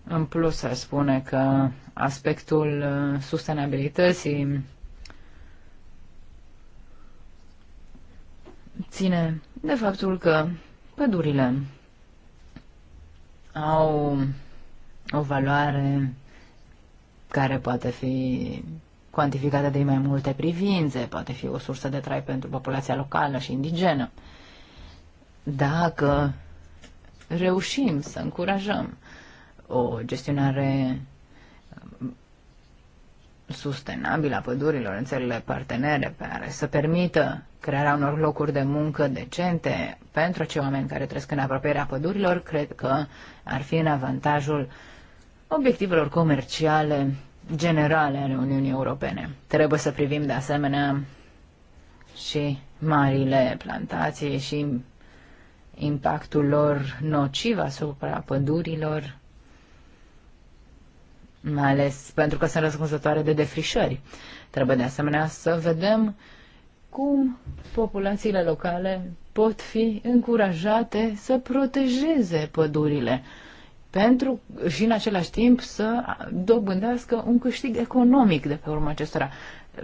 În plus, ar spune că aspectul uh, sustenabilității ține de faptul că pădurile au o valoare care poate fi cuantificată din mai multe privințe, poate fi o sursă de trai pentru populația locală și indigenă. Dacă reușim să încurajăm o gestionare um, sustenabilă a pădurilor în țările partenere, care să permită crearea unor locuri de muncă decente pentru cei oameni care trăiesc în apropierea pădurilor, cred că ar fi în avantajul obiectivelor comerciale generale ale Uniunii Europene. Trebuie să privim de asemenea și marile plantații și impactul lor nociv asupra pădurilor, mai ales pentru că sunt răspunzătoare de defrișări. Trebuie de asemenea să vedem cum populațiile locale pot fi încurajate să protejeze pădurile pentru și în același timp să dobândească un câștig economic de pe urma acestora.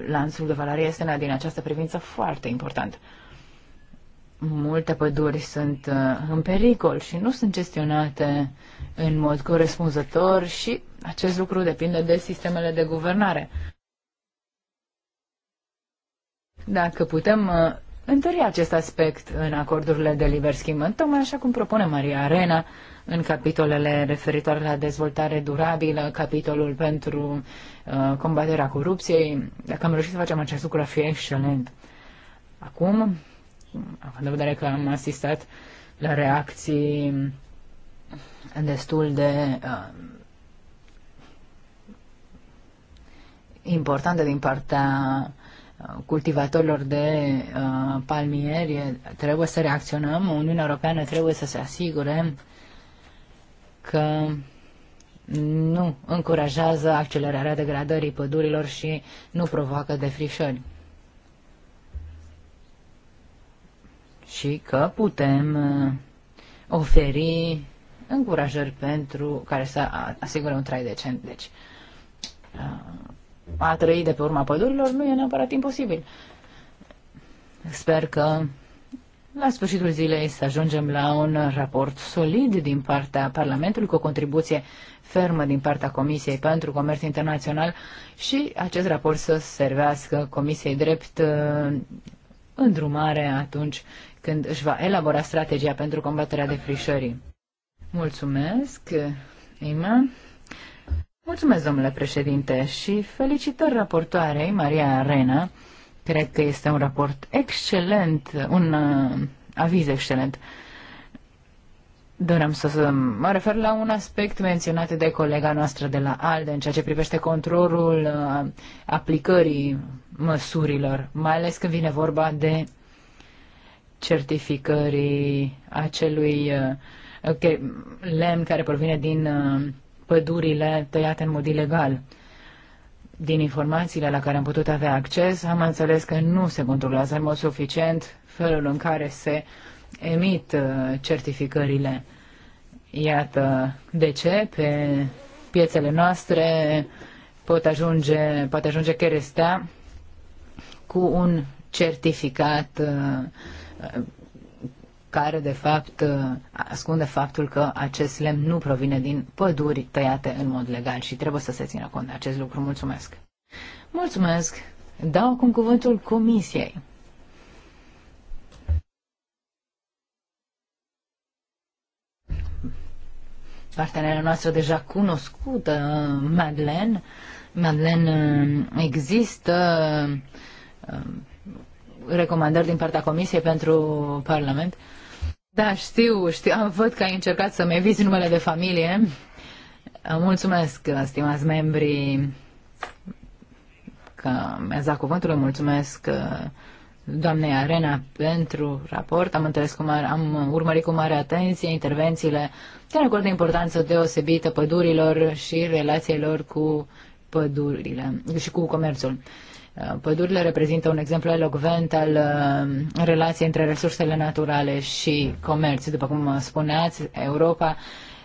Lanțul de valoare este una din această privință foarte important. Multe păduri sunt uh, în pericol și nu sunt gestionate în mod corespunzător și acest lucru depinde de sistemele de guvernare. Dacă putem uh, întări acest aspect în acordurile de liber schimb, tocmai așa cum propune Maria Arena, în capitolele referitoare la dezvoltare durabilă, capitolul pentru uh, combaterea corupției. Dacă am reușit să facem acest lucru, ar fi excelent. Acum, având în vedere că am asistat la reacții destul de uh, importante din partea uh, cultivatorilor de uh, palmieri, trebuie să reacționăm. Uniunea Europeană trebuie să se asigure că nu încurajează accelerarea degradării pădurilor și nu provoacă defrișări. Și că putem uh, oferi încurajări pentru care să asigure un trai decent. Deci, uh, a trăi de pe urma pădurilor nu e neapărat imposibil. Sper că la sfârșitul zilei să ajungem la un raport solid din partea Parlamentului, cu o contribuție fermă din partea Comisiei pentru Comerț Internațional și acest raport să servească Comisiei drept uh, îndrumare atunci când își va elabora strategia pentru combaterea defrișării. Mulțumesc, Ima. Mulțumesc, domnule președinte, și felicitări raportoarei Maria Arena Cred că este un raport excelent, un uh, aviz excelent. Doream să, să mă refer la un aspect menționat de colega noastră de la ALDE în ceea ce privește controlul uh, aplicării măsurilor, mai ales când vine vorba de certificării acelui uh, okay, lemn care provine din uh, pădurile tăiate în mod ilegal. Uh, din informațiile la care am putut avea acces, am înțeles că nu se controlează în mod suficient felul în care se emit uh, certificările. Iată de ce pe piețele noastre pot ajunge, poate ajunge cherestea cu un certificat uh, care de fapt ascunde faptul că acest lemn nu provine din păduri tăiate în mod legal și trebuie să se țină cont de acest lucru. Mulțumesc! Mulțumesc! Dau acum cuvântul comisiei. Partenera noastră deja cunoscută, Madeleine. Madeleine, uh, există uh, recomandări din partea Comisiei pentru Parlament da, știu, știu, am văd că ai încercat să-mi eviți numele de familie. Mulțumesc, stimați membri, că mi-ați dat cuvântul, mulțumesc doamnei Arena pentru raport. Am, înțeles cu mare, am urmărit cu mare atenție intervențiile care de importanță deosebită pădurilor și relațiilor cu pădurile și cu comerțul. Pădurile reprezintă un exemplu elocvent al uh, relației între resursele naturale și comerț. După cum spuneați, Europa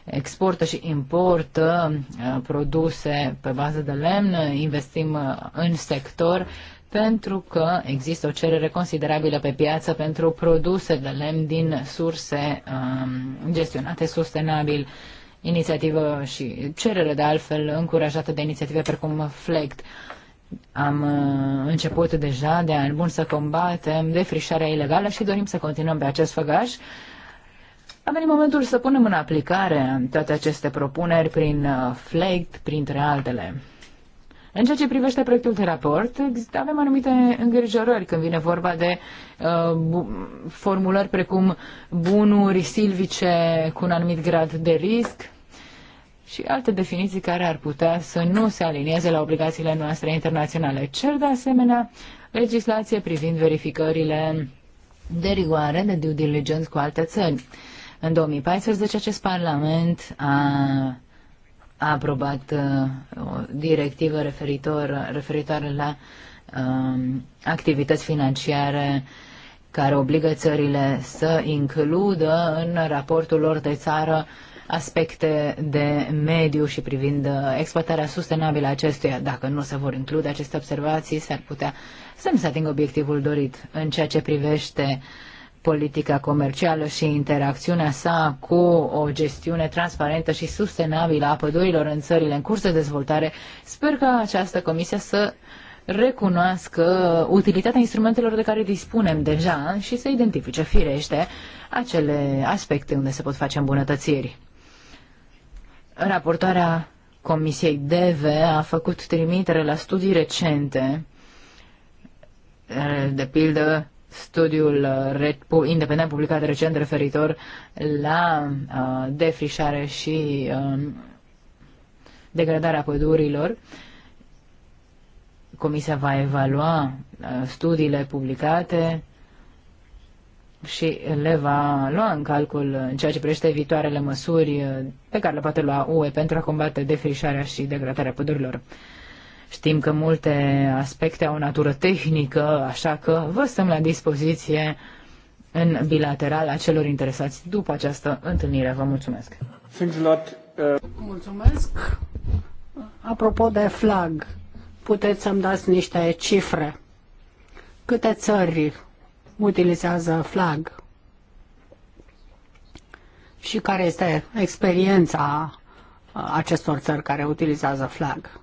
exportă și importă uh, produse pe bază de lemn, investim uh, în sector pentru că există o cerere considerabilă pe piață pentru produse de lemn din surse um, gestionate sustenabil, inițiativă și cerere de altfel încurajată de inițiative precum FLECT. Am uh, început deja de an bun să combatem defrișarea ilegală și dorim să continuăm pe acest făgaș. A venit momentul să punem în aplicare toate aceste propuneri prin uh, FLEGT, printre altele. În ceea ce privește proiectul de raport, avem anumite îngrijorări când vine vorba de uh, formulări precum bunuri silvice cu un anumit grad de risc, și alte definiții care ar putea să nu se alinieze la obligațiile noastre internaționale. Cer de asemenea legislație privind verificările de rigoare de due diligence cu alte țări. În 2014 acest Parlament a, a aprobat uh, o directivă referitor, referitoare la um, activități financiare care obligă țările să includă în raportul lor de țară uh, aspecte de mediu și privind uh, exploatarea sustenabilă a acestuia. Dacă nu se vor include aceste observații, s-ar putea să nu se atingă obiectivul dorit în ceea ce privește politica comercială și interacțiunea sa cu o gestiune transparentă și sustenabilă a pădurilor în țările în curs de dezvoltare. Sper că această comisie să recunoască utilitatea instrumentelor de care dispunem deja și să identifice firește acele aspecte unde se pot face îmbunătățiri raportoarea Comisiei DEVE a făcut trimitere la studii recente, de pildă studiul uh, independent publicat recent referitor la uh, defrișare și um, degradarea pădurilor. Comisia va evalua uh, studiile publicate și le va lua în calcul în ceea ce privește viitoarele măsuri pe care le poate lua UE pentru a combate defrișarea și degradarea pădurilor. Știm că multe aspecte au natură tehnică, așa că vă stăm la dispoziție în bilateral a celor interesați după această întâlnire. Vă mulțumesc! Uh, mulțumesc! Apropo de flag, puteți să-mi dați niște cifre. Câte țări utilizează flag și care este experiența uh, acestor țări care utilizează flag.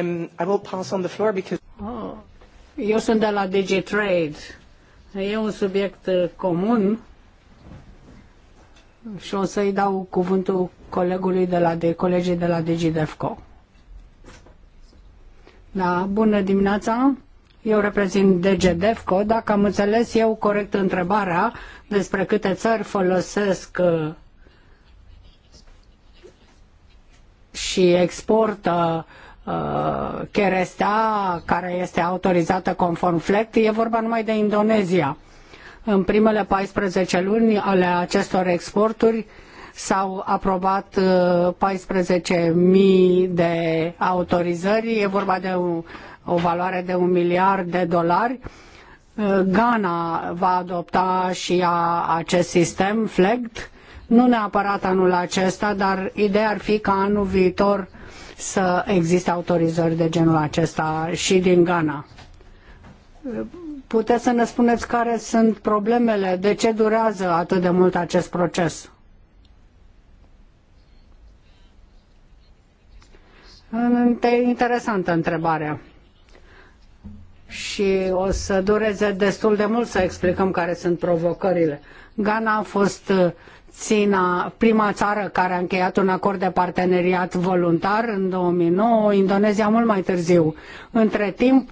Um, I will pass on the floor because... oh, eu sunt de la DigiTrade. E un subiect uh, comun și o să-i dau cuvântul colegului de la de, colegii de la DGDFCO. Da, bună dimineața! Eu reprezint DGDFCO. Dacă am înțeles eu corect întrebarea despre câte țări folosesc uh, și exportă uh, cherestea care este autorizată conform FLECT, e vorba numai de Indonezia. În primele 14 luni ale acestor exporturi s-au aprobat 14.000 uh, de autorizări, e vorba de o, o valoare de un miliard de dolari. Uh, Ghana va adopta și ea acest sistem, FLEGT, nu neapărat anul acesta, dar ideea ar fi ca anul viitor să existe autorizări de genul acesta și din Ghana. Puteți să ne spuneți care sunt problemele, de ce durează atât de mult acest proces? Interesantă întrebarea. Și o să dureze destul de mult să explicăm care sunt provocările. Ghana a fost uh, țina, prima țară care a încheiat un acord de parteneriat voluntar în 2009, Indonezia mult mai târziu. Între timp,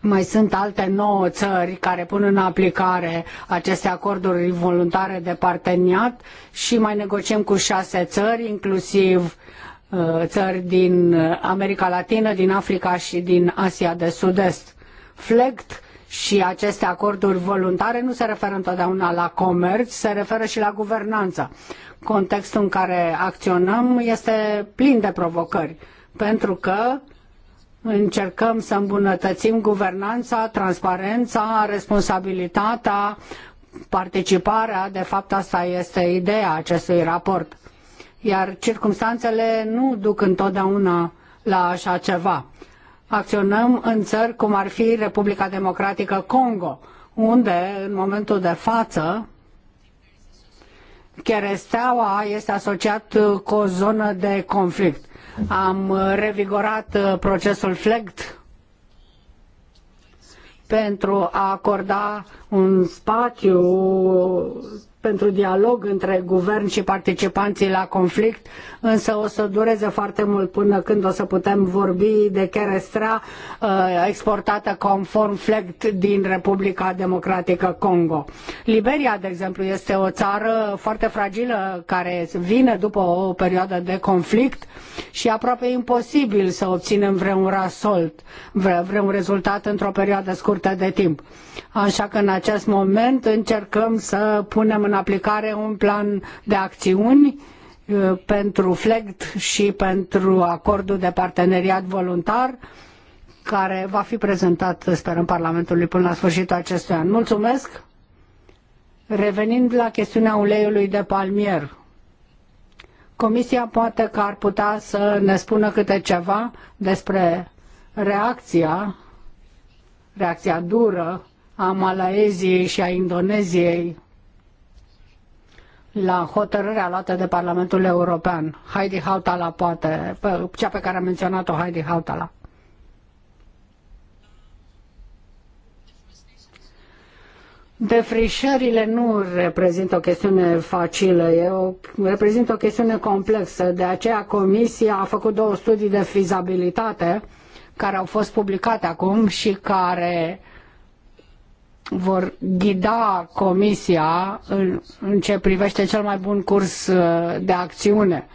mai sunt alte nouă țări care pun în aplicare aceste acorduri voluntare de parteneriat și mai negociem cu șase țări, inclusiv uh, țări din America Latină, din Africa și din Asia de Sud-Est. FLECT și aceste acorduri voluntare nu se referă întotdeauna la comerț, se referă și la guvernanță. Contextul în care acționăm este plin de provocări, pentru că Încercăm să îmbunătățim guvernanța, transparența, responsabilitatea, participarea. De fapt, asta este ideea acestui raport. Iar circumstanțele nu duc întotdeauna la așa ceva. Acționăm în țări cum ar fi Republica Democratică Congo, unde, în momentul de față, Cheresteaua este asociat cu o zonă de conflict. Am revigorat uh, procesul FLEGT pentru a acorda un spațiu pentru dialog între guvern și participanții la conflict, însă o să dureze foarte mult până când o să putem vorbi de cherestra uh, exportată conform FLECT din Republica Democratică Congo. Liberia, de exemplu, este o țară foarte fragilă care vine după o perioadă de conflict și aproape imposibil să obținem vreun rasolt, vre, vreun rezultat într-o perioadă scurtă de timp. Așa că în acest moment încercăm să punem în aplicare un plan de acțiuni uh, pentru FLEGT și pentru acordul de parteneriat voluntar care va fi prezentat, sperăm, Parlamentului până la sfârșitul acestui an. Mulțumesc! Revenind la chestiunea uleiului de palmier, Comisia poate că ar putea să ne spună câte ceva despre reacția, reacția dură a Malaeziei și a Indoneziei la hotărârea luată de Parlamentul European. Heidi Hautala poate, cea pe care a menționat-o Heidi Hautala. Defrișările nu reprezintă o chestiune facilă, e o, reprezintă o chestiune complexă. De aceea Comisia a făcut două studii de fizabilitate care au fost publicate acum și care uh, vor ghida Comisia în, în ce privește cel mai bun curs uh, de acțiune.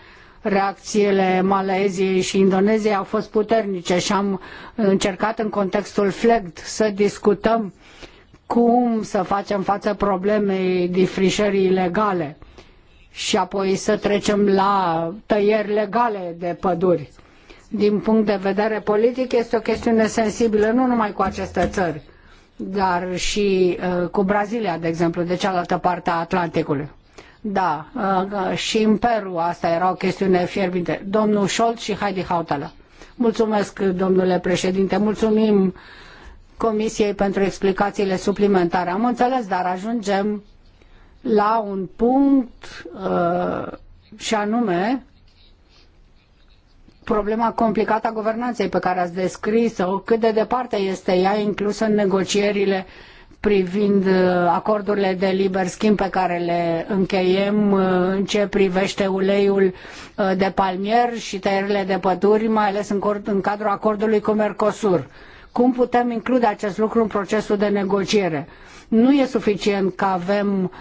Reacțiile Maleziei și Indoneziei au fost puternice și am încercat în contextul FLEGT să discutăm cum să facem față problemei difrișării legale și apoi să trecem la tăieri legale de păduri. Din punct de vedere politic este o chestiune sensibilă nu numai cu aceste țări, dar și uh, cu Brazilia, de exemplu, de cealaltă parte a Atlanticului. Da, uh, și în Peru asta era o chestiune fierbinte. Domnul Scholz și Heidi Hautala. Mulțumesc, domnule președinte, mulțumim Comisiei pentru explicațiile suplimentare. Am înțeles, dar ajungem la un punct uh, și anume problema complicată a guvernanței pe care ați descris-o, cât de departe este ea inclusă în negocierile privind uh, acordurile de liber schimb pe care le încheiem uh, în ce privește uleiul uh, de palmier și tăierile de păduri, mai ales în cadrul acordului cu Mercosur. Cum putem include acest lucru în procesul de negociere? Nu e suficient că avem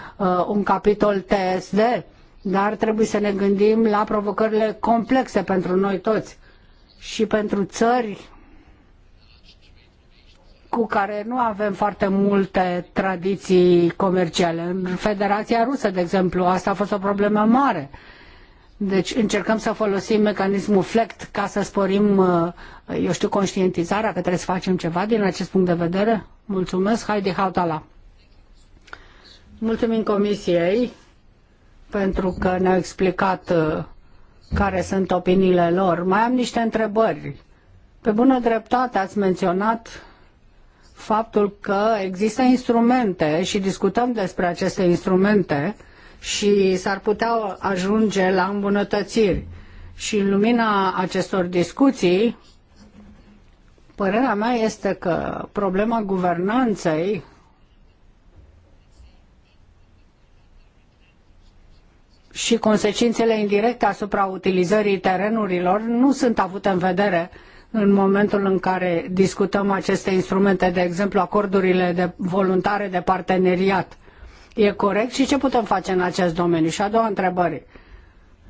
un capitol TSD, dar trebuie să ne gândim la provocările complexe pentru noi toți și pentru țări cu care nu avem foarte multe tradiții comerciale. În Federația Rusă, de exemplu, asta a fost o problemă mare. Deci încercăm să folosim mecanismul FLECT ca să sporim, uh, eu știu, conștientizarea că trebuie să facem ceva din acest punct de vedere. Mulțumesc, Heidi Hautala. Mulțumim Comisiei pentru că ne-au explicat uh, care sunt opiniile lor. Mai am niște întrebări. Pe bună dreptate ați menționat faptul că există instrumente și discutăm despre aceste instrumente și s-ar putea ajunge la îmbunătățiri. Și în lumina acestor discuții, părerea mea este că problema guvernanței și consecințele indirecte asupra utilizării terenurilor nu sunt avute în vedere în momentul în care discutăm aceste instrumente, de exemplu acordurile de voluntare de parteneriat. E corect și ce putem face în acest domeniu? Și a doua întrebare.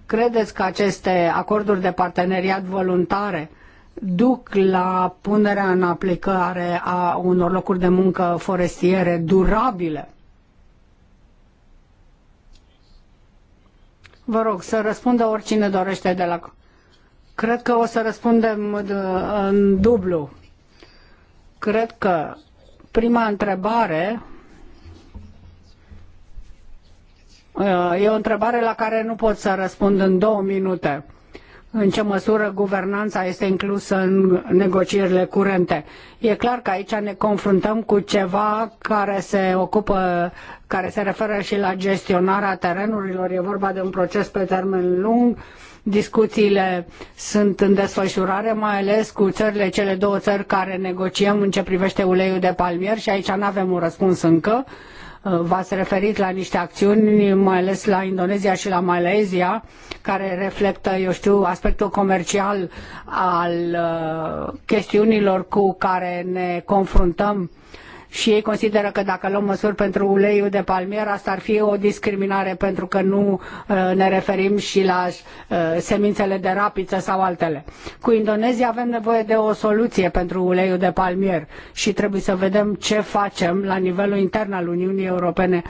Credeți că aceste acorduri de parteneriat voluntare duc la punerea în aplicare a unor locuri de muncă forestiere durabile? Vă rog să răspundă oricine dorește de la... Cred că o să răspundem uh, în dublu. Cred că prima întrebare uh, e o întrebare la care nu pot să răspund în două minute în ce măsură guvernanța este inclusă în negocierile curente. E clar că aici ne confruntăm cu ceva care se ocupă, care se referă și la gestionarea terenurilor. E vorba de un proces pe termen lung. Discuțiile sunt în desfășurare, mai ales cu țările, cele două țări care negociem în ce privește uleiul de palmier și aici nu avem un răspuns încă. V-ați referit la niște acțiuni, mai ales la Indonezia și la Malezia, care reflectă, eu știu, aspectul comercial al uh, chestiunilor cu care ne confruntăm și ei consideră că dacă luăm măsuri pentru uleiul de palmier, asta ar fi o discriminare pentru că nu uh, ne referim și la uh, semințele de rapiță sau altele. Cu Indonezia avem nevoie de o soluție pentru uleiul de palmier și trebuie să vedem ce facem la nivelul intern al Uniunii Europene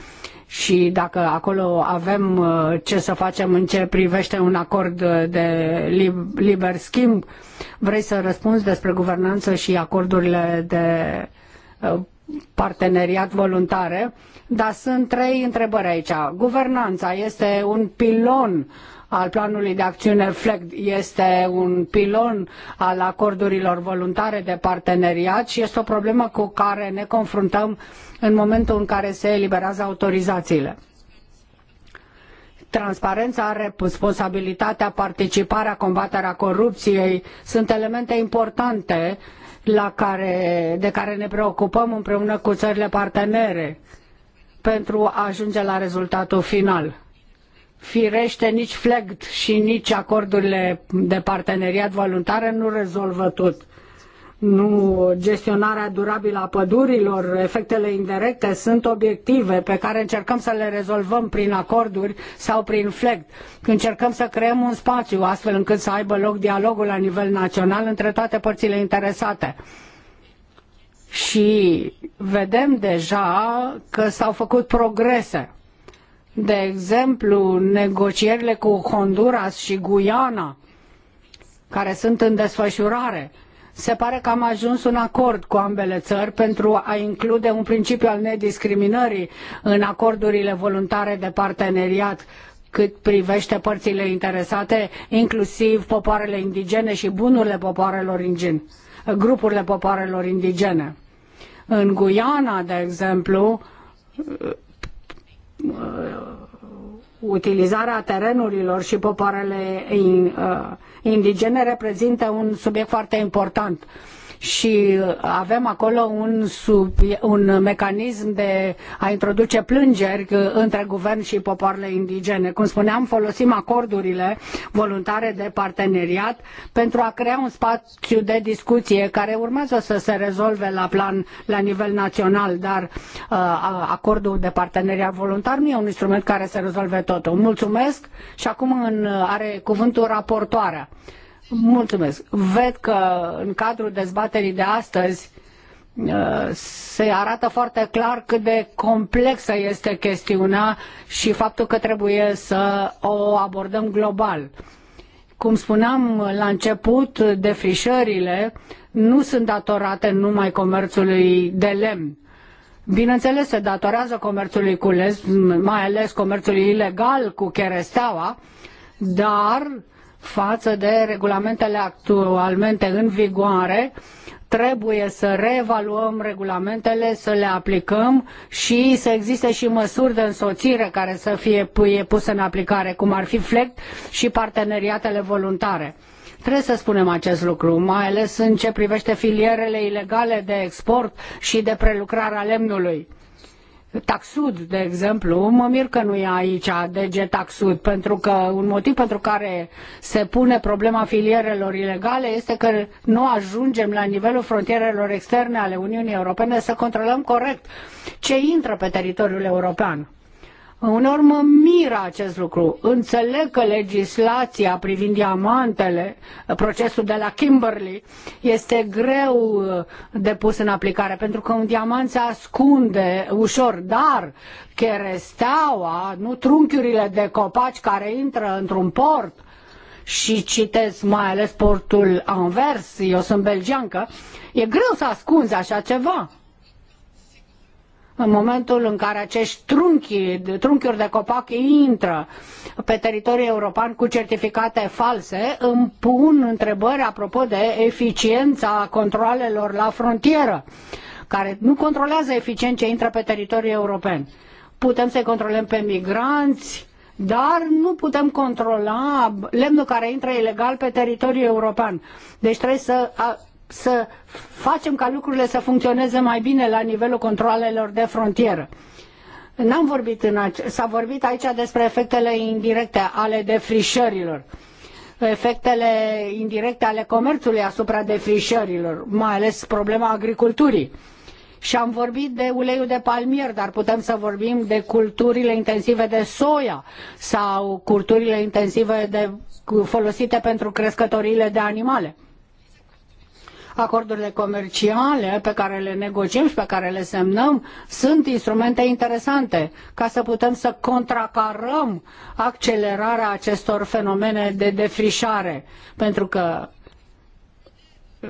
și dacă acolo avem uh, ce să facem în ce privește un acord de liber schimb, vrei să răspunzi despre guvernanță și acordurile de parteneriat voluntare, dar sunt trei întrebări aici. Guvernanța este un pilon al planului de acțiune FLEG este un pilon al acordurilor voluntare de parteneriat și este o problemă cu care ne confruntăm în momentul în care se eliberează autorizațiile. Transparența, responsabilitatea, participarea, combaterea corupției sunt elemente importante la care, de care ne preocupăm împreună cu țările partenere pentru a ajunge la rezultatul final. Firește, nici FLEGT și nici acordurile de parteneriat voluntar nu rezolvă tot nu gestionarea durabilă a pădurilor, efectele indirecte sunt obiective pe care încercăm să le rezolvăm prin acorduri sau prin FLECT. încercăm să creăm un spațiu astfel încât să aibă loc dialogul la nivel național între toate părțile interesate. Și vedem deja că s-au făcut progrese. De exemplu, negocierile cu Honduras și Guyana, care sunt în desfășurare se pare că am ajuns un acord cu ambele țări pentru a include un principiu al nediscriminării în acordurile voluntare de parteneriat cât privește părțile interesate, inclusiv popoarele indigene și bunurile popoarelor indigene, grupurile popoarelor indigene. În Guyana, de exemplu, utilizarea terenurilor și popoarele uh, indigene reprezintă un subiect foarte important și avem acolo un, sub, un mecanism de a introduce plângeri între guvern și popoarele indigene. Cum spuneam, folosim acordurile voluntare de parteneriat pentru a crea un spațiu de discuție care urmează să se rezolve la plan la nivel național, dar uh, acordul de parteneriat voluntar nu e un instrument care să rezolve totul. Mulțumesc și acum în, are cuvântul raportoarea. Mulțumesc. Văd că în cadrul dezbaterii de astăzi uh, se arată foarte clar cât de complexă este chestiunea și faptul că trebuie să o abordăm global. Cum spuneam la început, defrișările nu sunt datorate numai comerțului de lemn. Bineînțeles, se datorează comerțului cu lemn, mai ales comerțului ilegal cu cheresteaua, dar față de regulamentele actualmente în vigoare, trebuie să reevaluăm regulamentele, să le aplicăm și să existe și măsuri de însoțire care să fie puse în aplicare, cum ar fi FLECT și parteneriatele voluntare. Trebuie să spunem acest lucru, mai ales în ce privește filierele ilegale de export și de prelucrare a lemnului Taxud, de exemplu, mă mir că nu e aici DG Taxud, pentru că un motiv pentru care se pune problema filierelor ilegale este că nu ajungem la nivelul frontierelor externe ale Uniunii Europene să controlăm corect ce intră pe teritoriul european. Uneori mă miră acest lucru. Înțeleg că legislația privind diamantele, procesul de la Kimberley, este greu uh, de pus în aplicare, pentru că un diamant se ascunde ușor, dar cheresteaua, nu trunchiurile de copaci care intră într-un port, și citesc mai ales portul Anvers, eu sunt belgeancă, e greu să ascunzi așa ceva în momentul în care acești trunchi, trunchiuri de copac intră pe teritoriul european cu certificate false, îmi pun întrebări apropo de eficiența controalelor la frontieră, care nu controlează eficient ce intră pe teritoriul european. Putem să-i controlăm pe migranți, dar nu putem controla lemnul care intră ilegal pe teritoriul european. Deci trebuie să să facem ca lucrurile să funcționeze mai bine la nivelul controalelor de frontieră. N-am vorbit în ace- s-a vorbit aici despre efectele indirecte ale defrișărilor efectele indirecte ale comerțului asupra defrișărilor, mai ales problema agriculturii. Și am vorbit de uleiul de palmier, dar putem să vorbim de culturile intensive de soia sau culturile intensive de, folosite pentru crescătorile de animale acordurile comerciale pe care le negociem și pe care le semnăm sunt instrumente interesante ca să putem să contracarăm accelerarea acestor fenomene de defrișare. Pentru că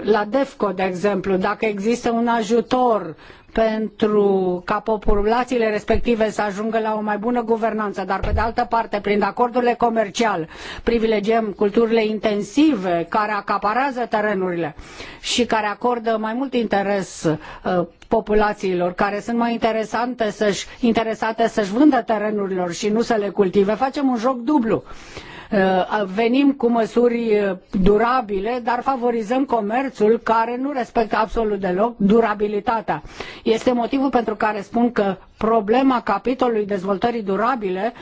la DEFCO, de exemplu, dacă există un ajutor pentru ca populațiile respective să ajungă la o mai bună guvernanță, dar pe de altă parte, prin acordurile comerciale, privilegiem culturile intensive care acaparează terenurile și care acordă mai mult interes uh, populațiilor care sunt mai interesante să-și, interesate să-și vândă terenurilor și nu să le cultive, facem un joc dublu. Uh, Uh, venim cu măsuri uh, durabile, dar favorizăm comerțul care nu respectă absolut deloc durabilitatea. Este motivul pentru care spun că problema capitolului dezvoltării durabile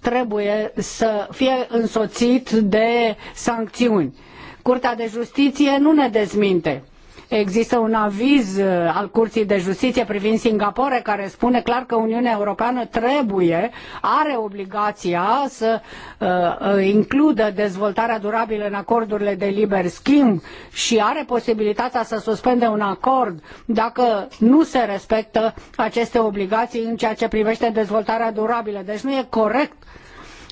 trebuie să fie însoțit de sancțiuni. Curtea de Justiție nu ne dezminte Există un aviz uh, al Curții de Justiție privind Singapore care spune clar că Uniunea Europeană trebuie, are obligația să uh, uh, includă dezvoltarea durabilă în acordurile de liber schimb și are posibilitatea să suspende un acord dacă nu se respectă aceste obligații în ceea ce privește dezvoltarea durabilă. Deci nu e corect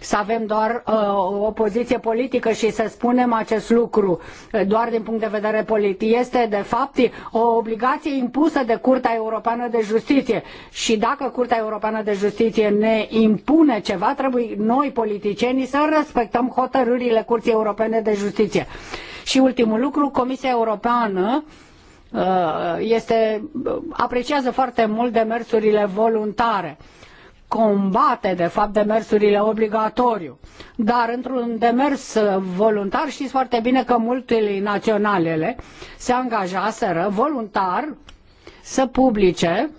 să avem doar uh, o poziție politică și să spunem acest lucru uh, doar din punct de vedere politic. Este, de fapt, o obligație impusă de Curtea Europeană de Justiție. Și dacă Curtea Europeană de Justiție ne impune ceva, trebuie noi, politicienii, să respectăm hotărârile Curții Europene de Justiție. Și ultimul lucru, Comisia Europeană uh, este, apreciază foarte mult demersurile voluntare combate, de fapt, demersurile obligatoriu. Dar într-un demers voluntar știți foarte bine că naționalele se angajaseră voluntar să publice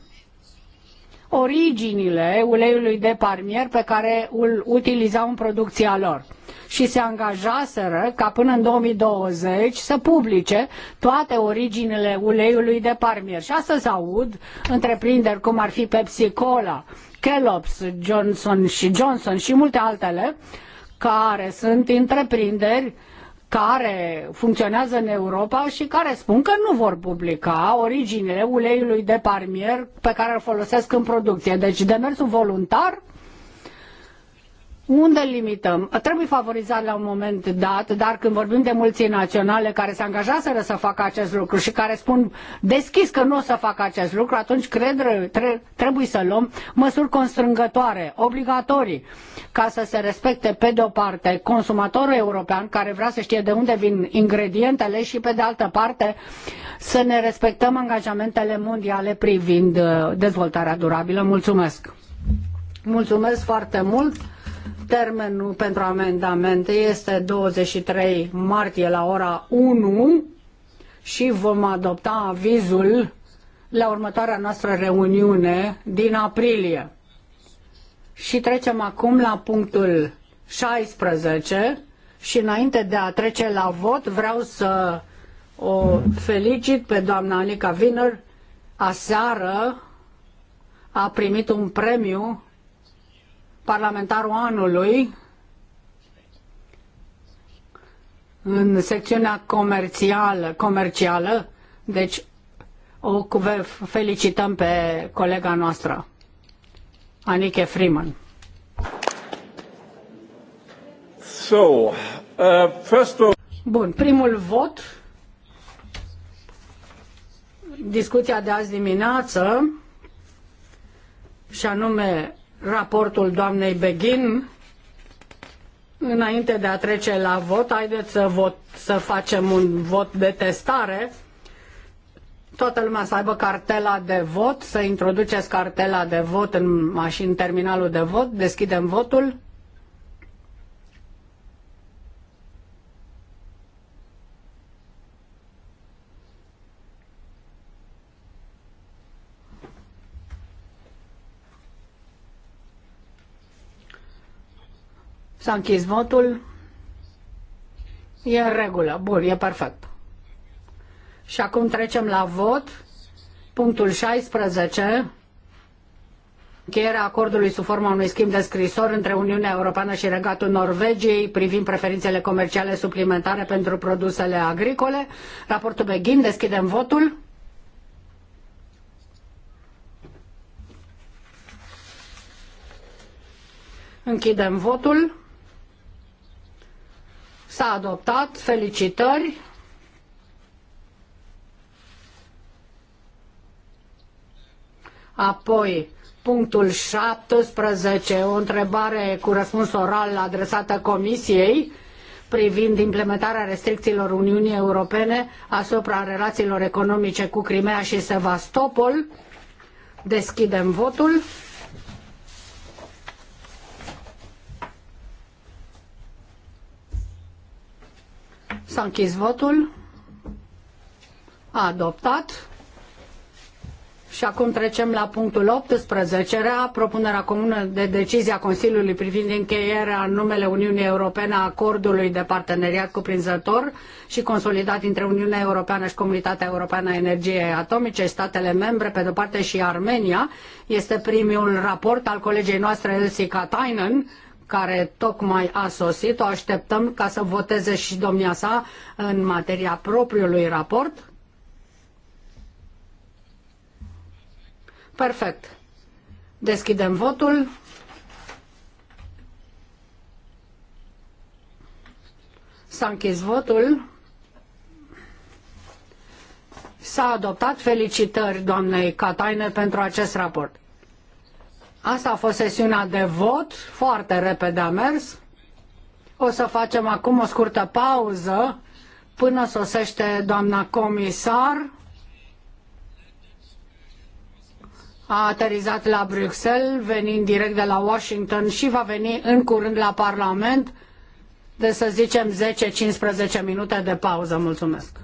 originile uleiului de parmier pe care îl utilizau în producția lor și se angajaseră ca până în 2020 să publice toate originile uleiului de parmier. Și astăzi aud întreprinderi cum ar fi Pepsi Cola Kellogg's, Johnson și Johnson și multe altele, care sunt întreprinderi care funcționează în Europa și care spun că nu vor publica originile uleiului de parmier pe care îl folosesc în producție. Deci demersul voluntar unde limităm? Trebuie favorizat la un moment dat, dar când vorbim de naționale care se angajaseră să facă acest lucru și care spun deschis că nu o să facă acest lucru, atunci cred, tre- trebuie să luăm măsuri constrângătoare, obligatorii, ca să se respecte pe de o parte consumatorul european care vrea să știe de unde vin ingredientele și pe de altă parte să ne respectăm angajamentele mondiale privind uh, dezvoltarea durabilă. Mulțumesc! Mulțumesc foarte mult! Termenul pentru amendamente este 23 martie la ora 1 și vom adopta avizul la următoarea noastră reuniune din aprilie. Și trecem acum la punctul 16 și înainte de a trece la vot vreau să o felicit pe doamna Anica Viner. Aseară a primit un premiu parlamentarul anului în secțiunea comercială, comercială deci o felicităm pe colega noastră, Anike Freeman. So, uh, first of... Bun, primul vot, discuția de azi dimineață, și anume raportul doamnei Beghin. Înainte de a trece la vot, haideți să, vot, să facem un vot de testare. Toată lumea să aibă cartela de vot, să introduceți cartela de vot în mașin, terminalul de vot, deschidem votul. S-a închis votul. E în regulă. Bun, e perfect. Și acum trecem la vot. Punctul 16. Încheierea acordului sub forma unui schimb de scrisori între Uniunea Europeană și Regatul Norvegiei privind preferințele comerciale suplimentare pentru produsele agricole. Raportul Beghin, deschidem votul. Închidem votul. S-a adoptat, felicitări. Apoi, punctul 17, o întrebare cu răspuns oral adresată Comisiei privind implementarea restricțiilor Uniunii Europene asupra relațiilor economice cu Crimea și Sevastopol. Deschidem votul. S-a închis votul. A adoptat. Și acum trecem la punctul 18, -a, propunerea comună de decizie a Consiliului privind încheierea în numele Uniunii Europene a acordului de parteneriat cuprinzător și consolidat între Uniunea Europeană și Comunitatea Europeană a Energiei Atomice, statele membre, pe de-o parte și Armenia. Este primul raport al colegei noastre Elsie Katainen care tocmai a sosit, o așteptăm ca să voteze și domnia sa în materia propriului raport. Perfect. Deschidem votul. S-a închis votul. S-a adoptat. Felicitări doamnei Cataine pentru acest raport. Asta a fost sesiunea de vot, foarte repede a mers. O să facem acum o scurtă pauză până sosește doamna comisar. A aterizat la Bruxelles, venind direct de la Washington și va veni în curând la Parlament de deci să zicem 10-15 minute de pauză. Mulțumesc!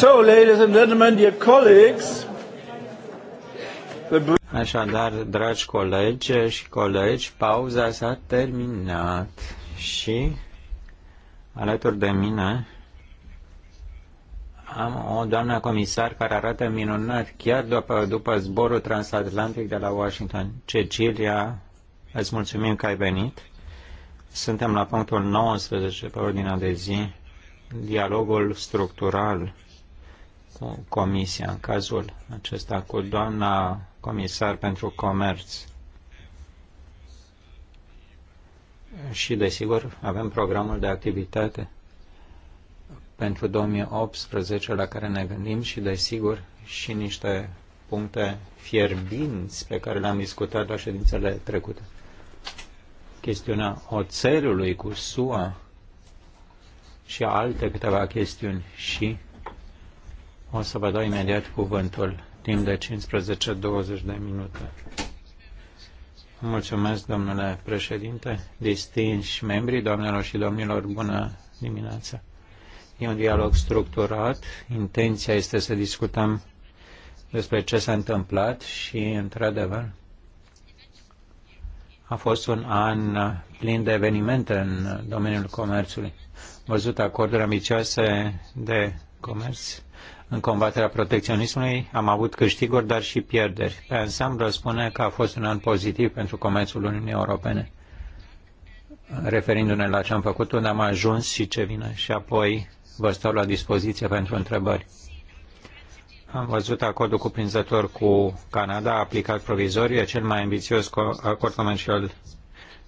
So, ladies and gentlemen, dear colleagues, the... Așadar, dragi colegi și colegi, pauza s-a terminat și alături de mine am o doamnă comisar care arată minunat chiar după, după zborul transatlantic de la Washington. Cecilia, îți mulțumim că ai venit. Suntem la punctul 19 pe ordinea de zi dialogul structural cu Comisia, în cazul acesta cu doamna comisar pentru comerț. Și, desigur, avem programul de activitate pentru 2018 la care ne gândim și, desigur, și niște puncte fierbinți pe care le-am discutat la ședințele trecute. Chestiunea oțelului cu SUA și alte câteva chestiuni și o să vă dau imediat cuvântul timp de 15-20 de minute. Mulțumesc, domnule președinte, distinși membrii doamnelor și domnilor, bună dimineața. E un dialog structurat, intenția este să discutăm despre ce s-a întâmplat și, într-adevăr, a fost un an plin de evenimente în domeniul comerțului văzut acorduri amicioase de comerț în combaterea protecționismului. Am avut câștiguri, dar și pierderi. Pe ansamblu spune că a fost un an pozitiv pentru comerțul Uniunii Europene. Referindu-ne la ce am făcut, unde am ajuns și ce vine. Și apoi vă stau la dispoziție pentru întrebări. Am văzut acordul cuprinzător cu Canada, aplicat provizoriu, cel mai ambițios acord comercial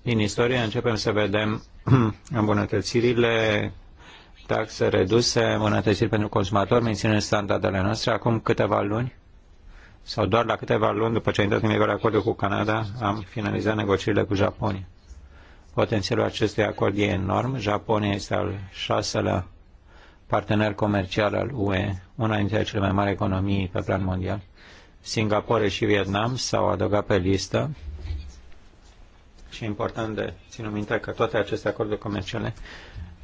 din istorie începem să vedem îmbunătățirile, taxe reduse, îmbunătățiri pentru consumatori, menținând standardele noastre. Acum câteva luni, sau doar la câteva luni după ce a intrat în vigoare acordul cu Canada, am finalizat negocierile cu Japonia. Potențialul acestui acord e enorm. Japonia este al șaselea partener comercial al UE, una dintre cele mai mari economii pe plan mondial. Singapore și Vietnam s-au adăugat pe listă și e important de ținut minte că toate aceste acorduri comerciale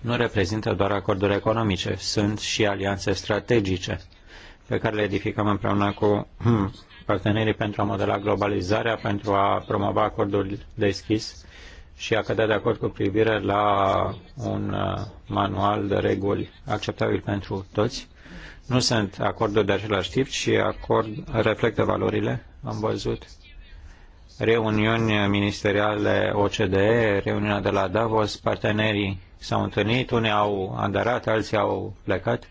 nu reprezintă doar acorduri economice, sunt și alianțe strategice pe care le edificăm împreună cu hmm, partenerii pentru a modela globalizarea, pentru a promova acordul deschis și a cădea de acord cu privire la un uh, manual de reguli acceptabil pentru toți. Nu sunt acorduri de același tip, ci acord reflectă valorile. Am văzut reuniuni ministeriale OCDE, reuniunea de la Davos, partenerii s-au întâlnit, unii au andarat, alții au plecat,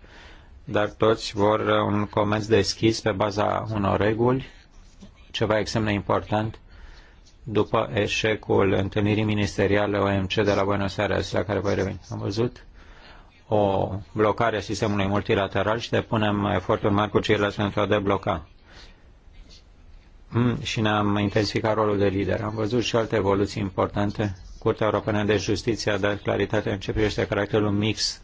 dar toți vor un comerț deschis pe baza unor reguli, ceva extrem de important, după eșecul întâlnirii ministeriale OMC de la Buenos Aires, la care voi reveni. Am văzut o blocare a sistemului multilateral și depunem efortul mari cu ceilalți pentru a debloca. Hmm, și ne-am intensificat rolul de lider. Am văzut și alte evoluții importante. Curtea Europeană de Justiție a dat claritate în ce privește caracterul mix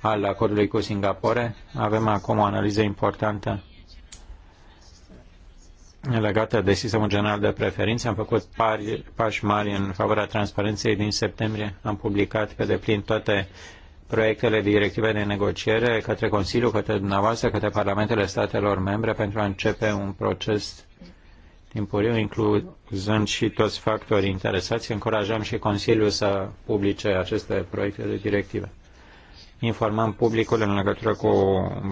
al acordului cu Singapore. Avem acum o analiză importantă legată de sistemul general de preferințe. Am făcut pari, pași mari în favoarea transparenței din septembrie. Am publicat pe deplin toate proiectele directive de negociere către Consiliu, către dumneavoastră, către parlamentele statelor membre pentru a începe un proces timpuriu, incluzând și toți factorii interesați, încurajăm și Consiliul să publice aceste proiecte de directive. Informăm publicul în legătură cu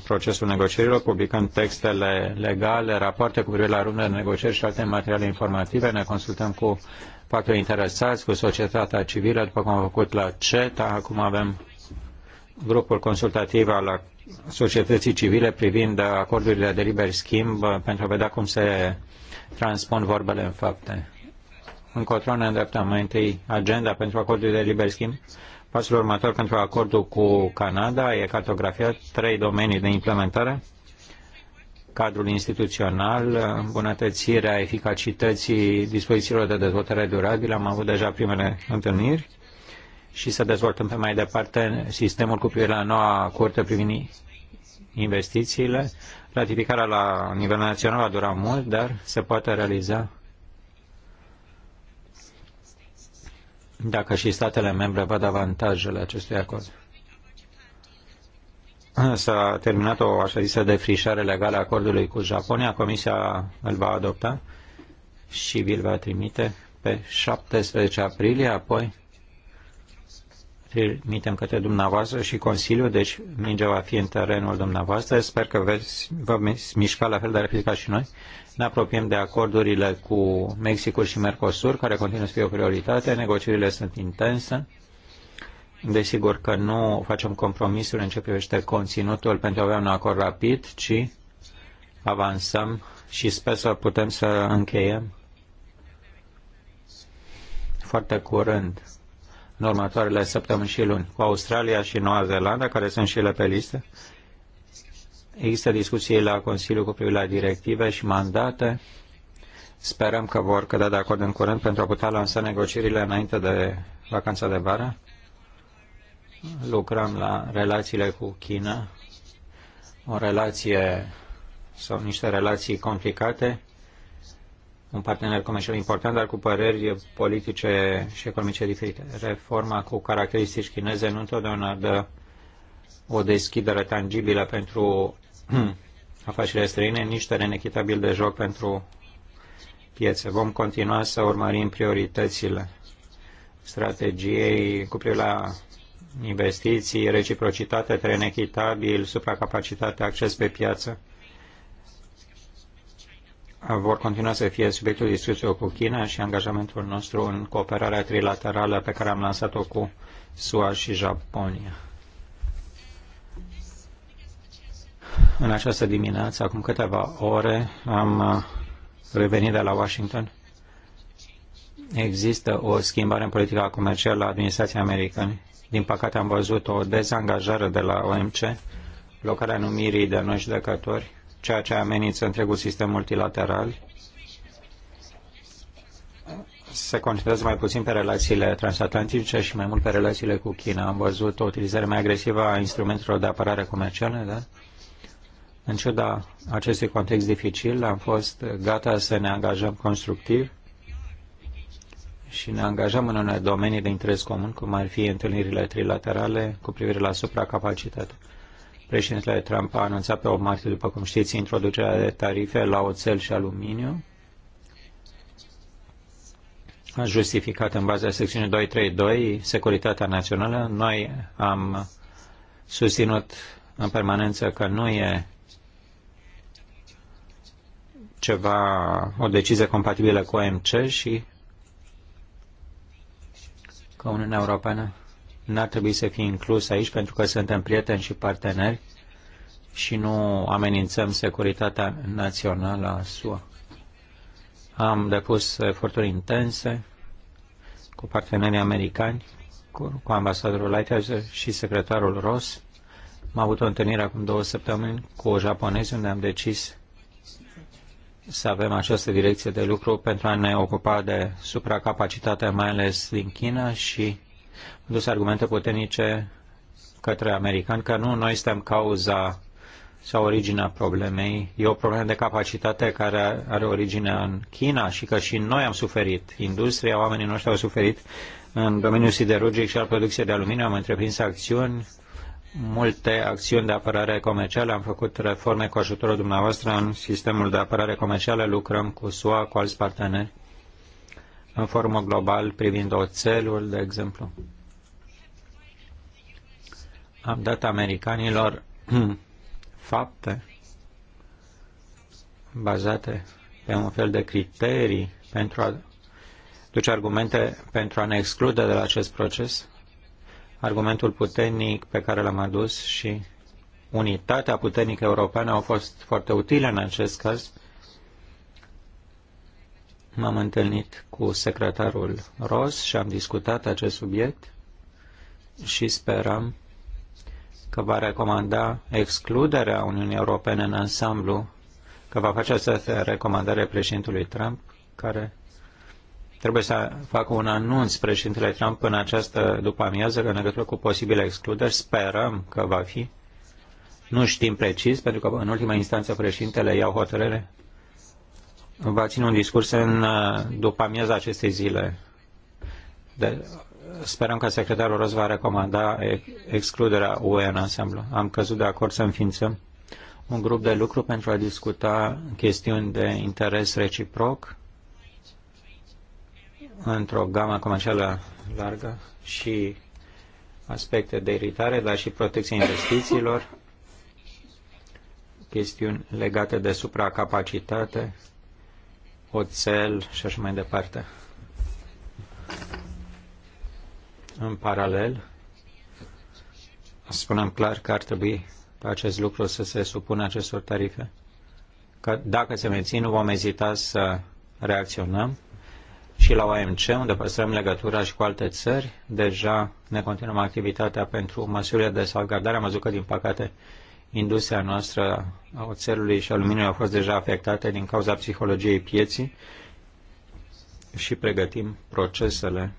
procesul negocierilor, publicând textele legale, rapoarte cu privire la runde de negocieri și alte materiale informative. Ne consultăm cu factorii interesați, cu societatea civilă, după cum am făcut la CETA. Acum avem grupul consultativ al societății civile privind acordurile de liber schimb pentru a vedea cum se transpun vorbele în fapte. Încotro ne îndreptăm mai întâi agenda pentru acordul de liber schimb. Pasul următor pentru acordul cu Canada e cartografiat trei domenii de implementare cadrul instituțional, îmbunătățirea eficacității dispozițiilor de dezvoltare durabilă. Am avut deja primele întâlniri și să dezvoltăm pe mai departe sistemul cu privire la noua curte privind investițiile, Ratificarea la nivel național a durat mult, dar se poate realiza dacă și statele membre văd avantajele acestui acord. S-a terminat o așa zisă defrișare legală a acordului cu Japonia. Comisia îl va adopta și vi-l va trimite pe 17 aprilie, apoi trimitem către dumneavoastră și Consiliul, deci mingea va fi în terenul dumneavoastră. Sper că veți, vă mișca la fel de repede ca și noi. Ne apropiem de acordurile cu Mexicul și Mercosur, care continuă să fie o prioritate. Negocierile sunt intense. Desigur că nu facem compromisuri în ce privește conținutul pentru a avea un acord rapid, ci avansăm și sper să putem să încheiem foarte curând în următoarele săptămâni și luni cu Australia și Noua Zeelandă, care sunt și ele pe listă. Există discuții la Consiliu cu privire la directive și mandate. Sperăm că vor cădea de acord în curând pentru a putea lansa negocierile înainte de vacanța de vară. Lucrăm la relațiile cu China, o relație sau niște relații complicate un partener comercial important, dar cu păreri politice și economice diferite. Reforma cu caracteristici chineze nu întotdeauna dă o deschidere tangibilă pentru afacerile străine, nici teren echitabil de joc pentru piețe. Vom continua să urmărim prioritățile strategiei cu privire la investiții, reciprocitate, teren echitabil, supracapacitate, acces pe piață vor continua să fie subiectul discuțiilor cu China și angajamentul nostru în cooperarea trilaterală pe care am lansat-o cu SUA și Japonia. În această dimineață, acum câteva ore, am uh, revenit de la Washington. Există o schimbare în politica comercială a administrației americane. Din păcate am văzut o dezangajare de la OMC, blocarea numirii de noi judecători ceea ce amenință întregul sistem multilateral, se concentrează mai puțin pe relațiile transatlantice și mai mult pe relațiile cu China. Am văzut o utilizare mai agresivă a instrumentelor de apărare comerciale, da? În ciuda acestui context dificil, am fost gata să ne angajăm constructiv și ne angajăm în unele domenii de interes comun, cum ar fi întâlnirile trilaterale cu privire la supracapacitate. Președintele Trump a anunțat pe 8 martie, după cum știți, introducerea de tarife la oțel și aluminiu, a justificat în baza secțiunii 232 Securitatea Națională. Noi am susținut în permanență că nu e ceva, o decizie compatibilă cu OMC și că Uniunea Europeană n-ar trebui să fie inclus aici pentru că suntem prieteni și parteneri și nu amenințăm securitatea națională a SUA. Am depus eforturi intense cu partenerii americani, cu, cu ambasadorul Lighthouse și secretarul Ross. Am avut o întâlnire acum două săptămâni cu o japonezi unde am decis să avem această direcție de lucru pentru a ne ocupa de supracapacitatea, mai ales din China și dus argumente puternice către american: că nu noi suntem cauza sau originea problemei. E o problemă de capacitate care are origine în China și că și noi am suferit. Industria, oamenii noștri au suferit în domeniul siderurgic și al producției de aluminiu. Am întreprins acțiuni, multe acțiuni de apărare comercială. Am făcut reforme cu ajutorul dumneavoastră în sistemul de apărare comercială. Lucrăm cu SUA, cu alți parteneri în formă global privind oțelul, de exemplu. Am dat americanilor fapte bazate pe un fel de criterii pentru a duce argumente pentru a ne exclude de la acest proces. Argumentul puternic pe care l-am adus și unitatea puternică europeană au fost foarte utile în acest caz M-am întâlnit cu secretarul Ros și am discutat acest subiect și sperăm că va recomanda excluderea Uniunii Europene în ansamblu, că va face această recomandare președintului Trump, care trebuie să facă un anunț președintele Trump în această după amiază în legătură cu posibile excluderi. Sperăm că va fi. Nu știm precis, pentru că în ultima instanță președintele ia o hotărâre va ține un discurs în uh, după amiaza acestei zile. De, sperăm că secretarul Ros va recomanda excluderea UE în ansamblu. Am căzut de acord să înființăm un grup de lucru pentru a discuta chestiuni de interes reciproc într-o gamă comercială largă și aspecte de iritare, dar și protecția investițiilor, chestiuni legate de supracapacitate, oțel și așa mai departe. În paralel, spunem clar că ar trebui pe acest lucru să se supună acestor tarife. Că dacă se mențin, nu vom ezita să reacționăm și la OMC, unde păstrăm legătura și cu alte țări, deja ne continuăm activitatea pentru măsurile de salvgardare. Am văzut că, din păcate, Industria noastră a oțelului și aluminiului a fost deja afectată din cauza psihologiei pieții și pregătim procesele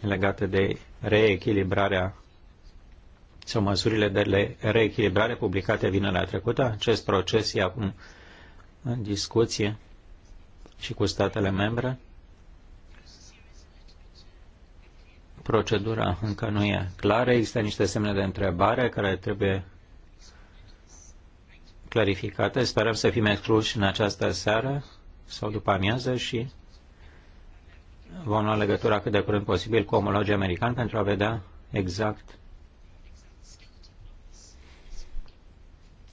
legate de reechilibrarea sau măsurile de reechilibrare publicate vinerea trecută. Acest proces e acum în discuție și cu statele membre. Procedura încă nu e clară, există niște semne de întrebare care trebuie clarificate. Sperăm să fim excluși în această seară sau după amiază și vom lua legătura cât de curând posibil cu omologii americani pentru a vedea exact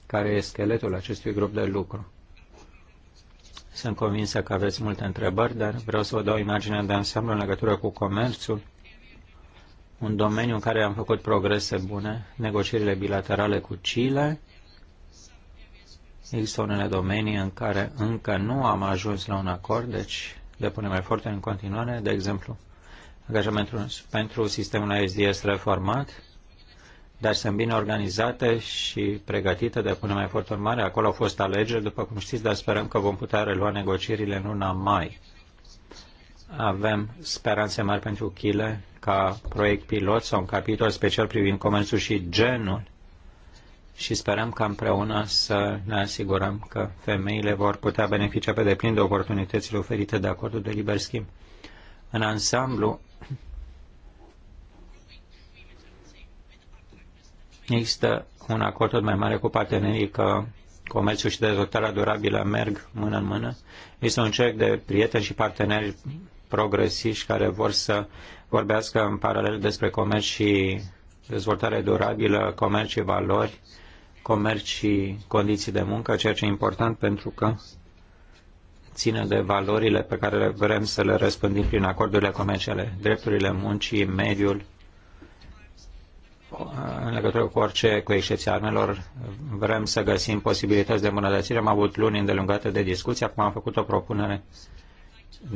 care e scheletul acestui grup de lucru. Sunt convinsă că aveți multe întrebări, dar vreau să vă dau imaginea de ansamblu în legătură cu comerțul, un domeniu în care am făcut progrese bune, negocierile bilaterale cu Chile, Există unele domenii în care încă nu am ajuns la un acord, deci depunem eforturi în continuare, de exemplu, angajamentul pentru sistemul ASDS reformat, dar sunt bine organizate și pregătite, depunem eforturi mari. Acolo au fost alegeri, după cum știți, dar sperăm că vom putea relua negocierile în luna mai. Avem speranțe mari pentru Chile ca proiect pilot sau un capitol special privind comerțul și genul și sperăm că împreună să ne asigurăm că femeile vor putea beneficia pe deplin de oportunitățile oferite de acordul de liber schimb. În ansamblu, există un acord tot mai mare cu partenerii că comerțul și dezvoltarea durabilă merg mână în mână. Este un cerc de prieteni și parteneri progresiști care vor să vorbească în paralel despre comerț și dezvoltare durabilă, comerț și valori, comerț și condiții de muncă, ceea ce e important pentru că ține de valorile pe care vrem să le răspândim prin acordurile comerciale, drepturile muncii, mediul, în legătură cu orice, cu excepția armelor, vrem să găsim posibilități de îmbunătățire. Am avut luni îndelungate de discuții, acum am făcut o propunere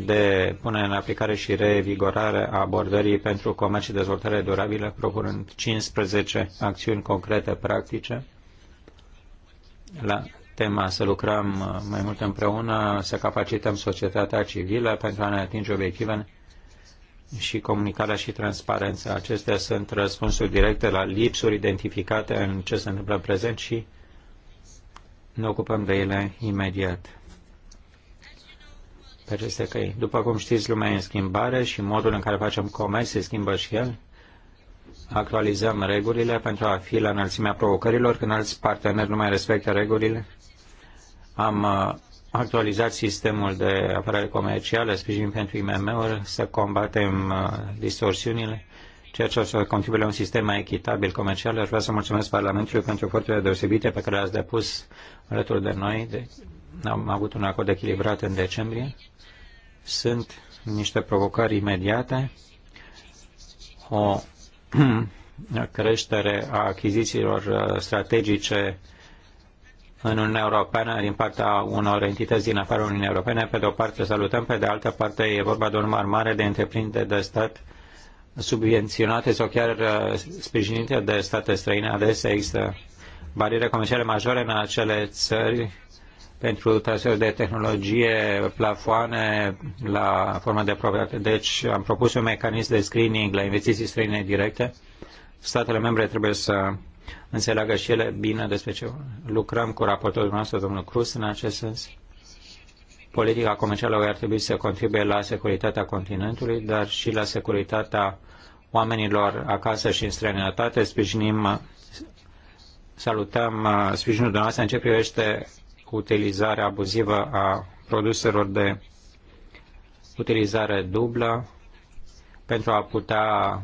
de punere în aplicare și revigorare a abordării pentru comerț și dezvoltare durabilă, propunând 15 acțiuni concrete practice la tema să lucrăm uh, mai mult împreună, să capacităm societatea civilă pentru a ne atinge obiectivele și comunicarea și transparența. Acestea sunt răspunsuri directe la lipsuri identificate în ce se întâmplă în prezent și ne ocupăm de ele imediat. Pe aceste căi. După cum știți, lumea e în schimbare și modul în care facem comerț se schimbă și el actualizăm regulile pentru a fi la înălțimea provocărilor. Când alți parteneri nu mai respectă regulile, am uh, actualizat sistemul de apărare comercială, sprijin pentru IMM-uri, să combatem uh, distorsiunile, ceea ce o să contribuie la un sistem mai echitabil comercial. Aș vrea să mulțumesc Parlamentului pentru eforturile deosebite pe care le-ați depus alături de noi. De, am avut un acord echilibrat în decembrie. Sunt niște provocări imediate, o creștere a achizițiilor uh, strategice în Uniunea Europeană din partea unor entități din afara Uniunii Europene. Pe de o parte salutăm, pe de altă parte e vorba de un număr mare de întreprinderi de stat subvenționate sau chiar uh, sprijinite de state străine. Adesea există bariere comerciale majore în acele țări pentru transferul de tehnologie, plafoane la formă de proprietate. Deci am propus un mecanism de screening la investiții străine directe. Statele membre trebuie să înțeleagă și ele bine despre ce lucrăm cu raportorul nostru, domnul Cruz, în acest sens. Politica comercială ar trebui să contribuie la securitatea continentului, dar și la securitatea oamenilor acasă și în străinătate. Sprijinim, salutăm sprijinul dumneavoastră în ce privește utilizarea abuzivă a produselor de utilizare dublă pentru a putea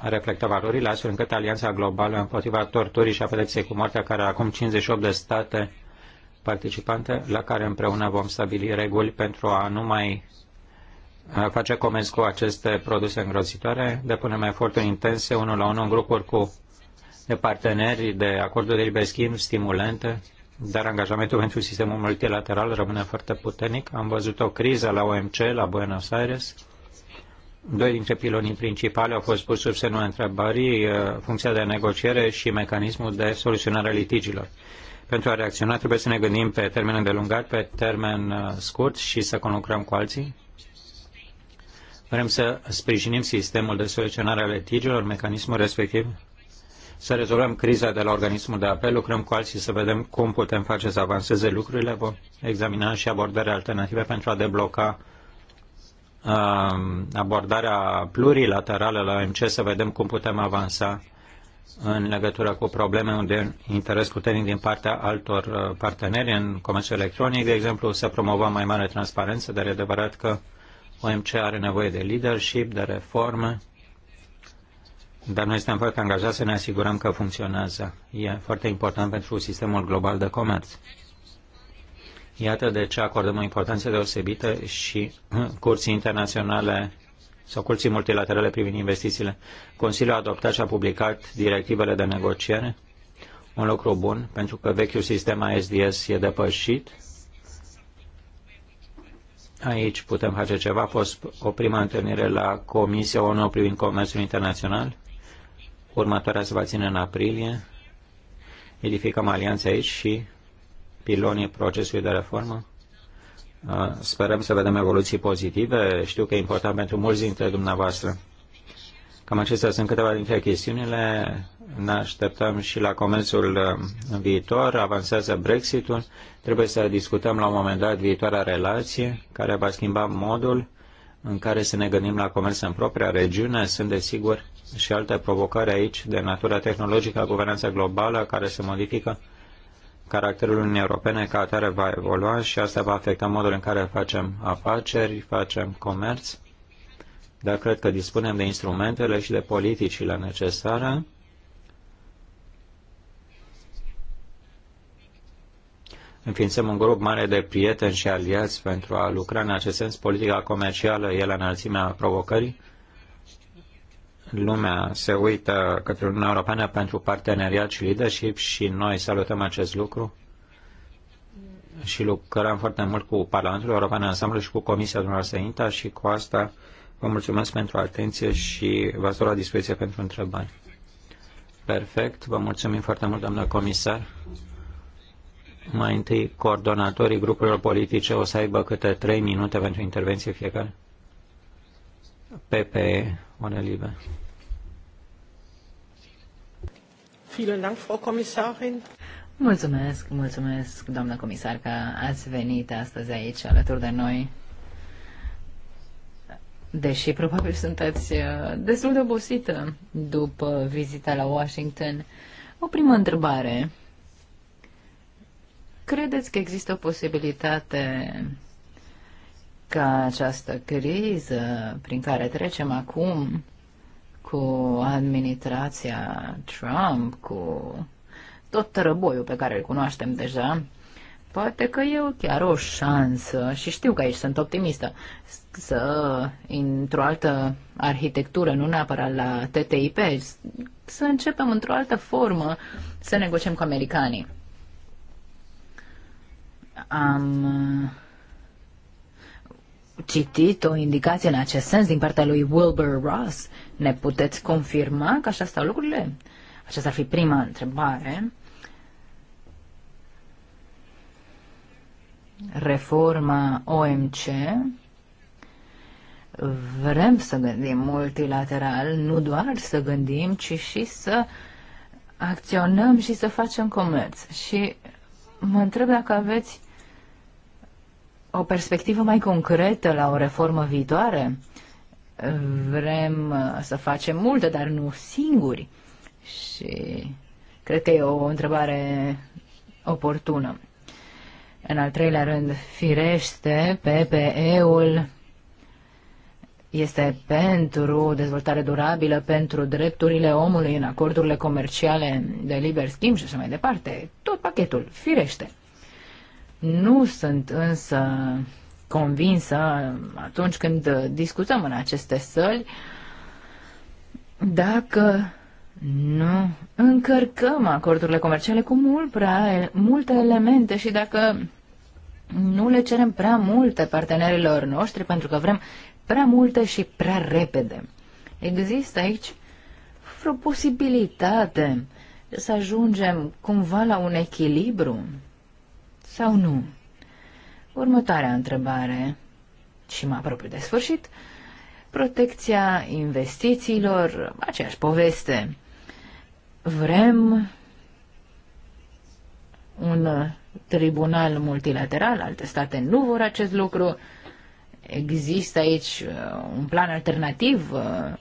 reflecta valorile, astfel încât Alianța Globală împotriva torturii și a pedepsei cu moartea, care are acum 58 de state participante, la care împreună vom stabili reguli pentru a nu mai face comenzi cu aceste produse îngrozitoare. Depunem eforturi intense, unul la unul, în grupuri cu de parteneri, de acorduri de liber schimb, stimulente, dar angajamentul pentru sistemul multilateral rămâne foarte puternic. Am văzut o criză la OMC, la Buenos Aires. Doi dintre pilonii principali au fost pus sub semnul întrebării, uh, funcția de negociere și mecanismul de soluționare a litigilor. Pentru a reacționa trebuie să ne gândim pe termen îndelungat, pe termen uh, scurt și să conlucrăm cu alții. Vrem să sprijinim sistemul de soluționare a litigilor, mecanismul respectiv, să rezolvăm criza de la organismul de apel, lucrăm cu alții să vedem cum putem face să avanseze lucrurile, vom examina și abordări alternative pentru a debloca um, abordarea plurilaterală la OMC să vedem cum putem avansa în legătură cu probleme unde interes puternic din partea altor uh, parteneri în comerțul electronic, de exemplu, să promovăm mai mare transparență, dar e adevărat că OMC are nevoie de leadership, de reforme dar noi suntem foarte angajați să ne asigurăm că funcționează. E foarte important pentru sistemul global de comerț. Iată de ce acordăm o importanță deosebită și curții internaționale sau curții multilaterale privind investițiile. Consiliul a adoptat și a publicat directivele de negociere, un lucru bun, pentru că vechiul sistem ASDS e depășit. Aici putem face ceva. A fost o primă întâlnire la Comisia ONU privind comerțul internațional Următoarea se va ține în aprilie. Edificăm alianța aici și pilonii procesului de reformă. Uh, sperăm să vedem evoluții pozitive. Știu că e important pentru mulți dintre dumneavoastră. Cam acestea sunt câteva dintre chestiunile. Ne așteptăm și la comerțul uh, în viitor. Avansează Brexitul. Trebuie să discutăm la un moment dat viitoarea relație care va schimba modul în care să ne gândim la comerț în propria regiune. Sunt desigur și alte provocări aici de natură tehnologică, guvernanța globală care se modifică, caracterul Uniunii Europene ca atare va evolua și asta va afecta modul în care facem afaceri, facem comerț, dar cred că dispunem de instrumentele și de politicile necesare Înființăm un grup mare de prieteni și aliați pentru a lucra în acest sens. Politica comercială e la înălțimea provocării lumea se uită către Uniunea Europeană pentru parteneriat și leadership și noi salutăm acest lucru și lucrăm foarte mult cu Parlamentul European în ansamblu și cu Comisia dumneavoastră INTA și cu asta vă mulțumesc pentru atenție și vă stau la dispoziție pentru întrebări. Perfect, vă mulțumim foarte mult, doamnă comisar. Mai întâi, coordonatorii grupurilor politice o să aibă câte trei minute pentru intervenție fiecare. PPE, Onelibe. Vielen Dank, Frau Kommissarin. Mulțumesc, mulțumesc, doamnă comisar, că ați venit astăzi aici alături de noi. Deși probabil sunteți uh, destul de obosită după vizita la Washington. O primă întrebare. Credeți că există o posibilitate ca această criză prin care trecem acum cu administrația Trump, cu tot răboiul pe care îl cunoaștem deja, poate că e chiar o șansă, și știu că aici sunt optimistă, să într-o altă arhitectură, nu neapărat la TTIP, să începem într-o altă formă să negociem cu americanii. Am citit o indicație în acest sens din partea lui Wilbur Ross. Ne puteți confirma că așa stau lucrurile? Aceasta ar fi prima întrebare. Reforma OMC. Vrem să gândim multilateral, nu doar să gândim, ci și să acționăm și să facem comerț. Și mă întreb dacă aveți o perspectivă mai concretă la o reformă viitoare. Vrem uh, să facem multe, dar nu singuri. Și cred că e o întrebare oportună. În al treilea rând, firește, PPE-ul este pentru dezvoltare durabilă, pentru drepturile omului în acordurile comerciale de liber schimb și așa mai departe. Tot pachetul, firește. Nu sunt însă convinsă atunci când discutăm în aceste săli dacă nu încărcăm acordurile comerciale cu mult prea multe elemente și dacă nu le cerem prea multe partenerilor noștri pentru că vrem prea multe și prea repede. Există aici vreo posibilitate să ajungem cumva la un echilibru sau nu? Următoarea întrebare, și mă apropiu de sfârșit, protecția investițiilor, aceeași poveste. Vrem un tribunal multilateral, alte state nu vor acest lucru. Există aici uh, un plan alternativ uh,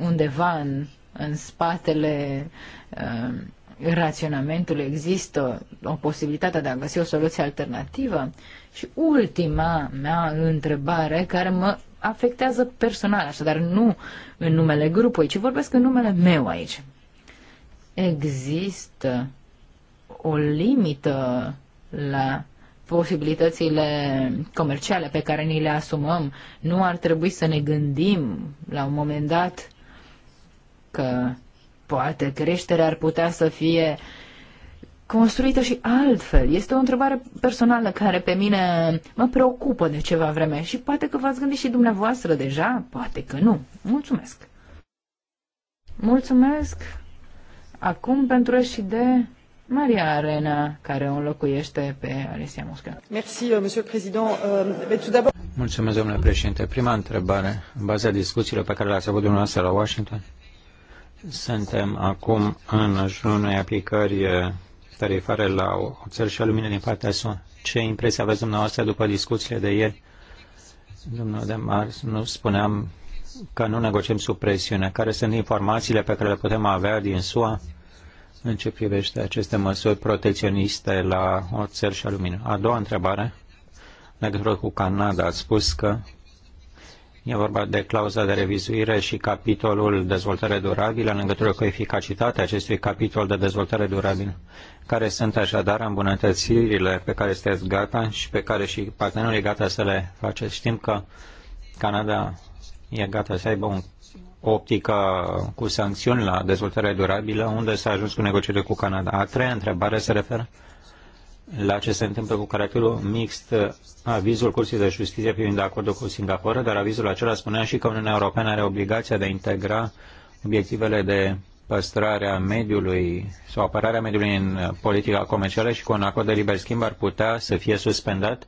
undeva în, în spatele uh, raționamentul există o posibilitate de a găsi o soluție alternativă? Și ultima mea întrebare, care mă afectează personal, așadar nu în numele grupului, ci vorbesc în numele meu aici. Există o limită la posibilitățile comerciale pe care ni le asumăm, nu ar trebui să ne gândim la un moment dat că poate creșterea ar putea să fie construită și altfel. Este o întrebare personală care pe mine mă preocupă de ceva vreme și poate că v-ați gândit și dumneavoastră deja, poate că nu. Mulțumesc! Mulțumesc acum pentru și de Maria Arena, care o înlocuiește pe Alessia Musca. Euh, euh, Mulțumesc, domnule președinte. Prima întrebare, în baza discuțiilor pe care le-ați avut dumneavoastră la Washington, suntem acum în ajunul unei aplicări eh, tarifare la oțel și lumină din partea sa. Ce impresie aveți dumneavoastră după discuțiile de ieri? Domnul de Mars, nu spuneam că nu negociem sub presiune. Care sunt informațiile pe care le putem avea din SUA în ce privește aceste măsuri protecționiste la oțel și aluminiu? A doua întrebare, legătură cu Canada, ați spus că E vorba de clauza de revizuire și capitolul dezvoltare durabilă în legătură cu eficacitatea acestui capitol de dezvoltare durabilă, care sunt așadar îmbunătățirile pe care sunteți gata și pe care și partenerul e gata să le faceți. Știm că Canada e gata să aibă un optică cu sancțiuni la dezvoltare durabilă, unde s-a ajuns cu negocierile cu Canada. A treia întrebare se referă la ce se întâmplă cu caracterul mixt avizul Curții de Justiție privind acordul cu Singapore, dar avizul acela spunea și că Uniunea Europeană are obligația de a integra obiectivele de păstrarea mediului sau apărarea mediului în politica comercială și cu un acord de liber schimb ar putea să fie suspendat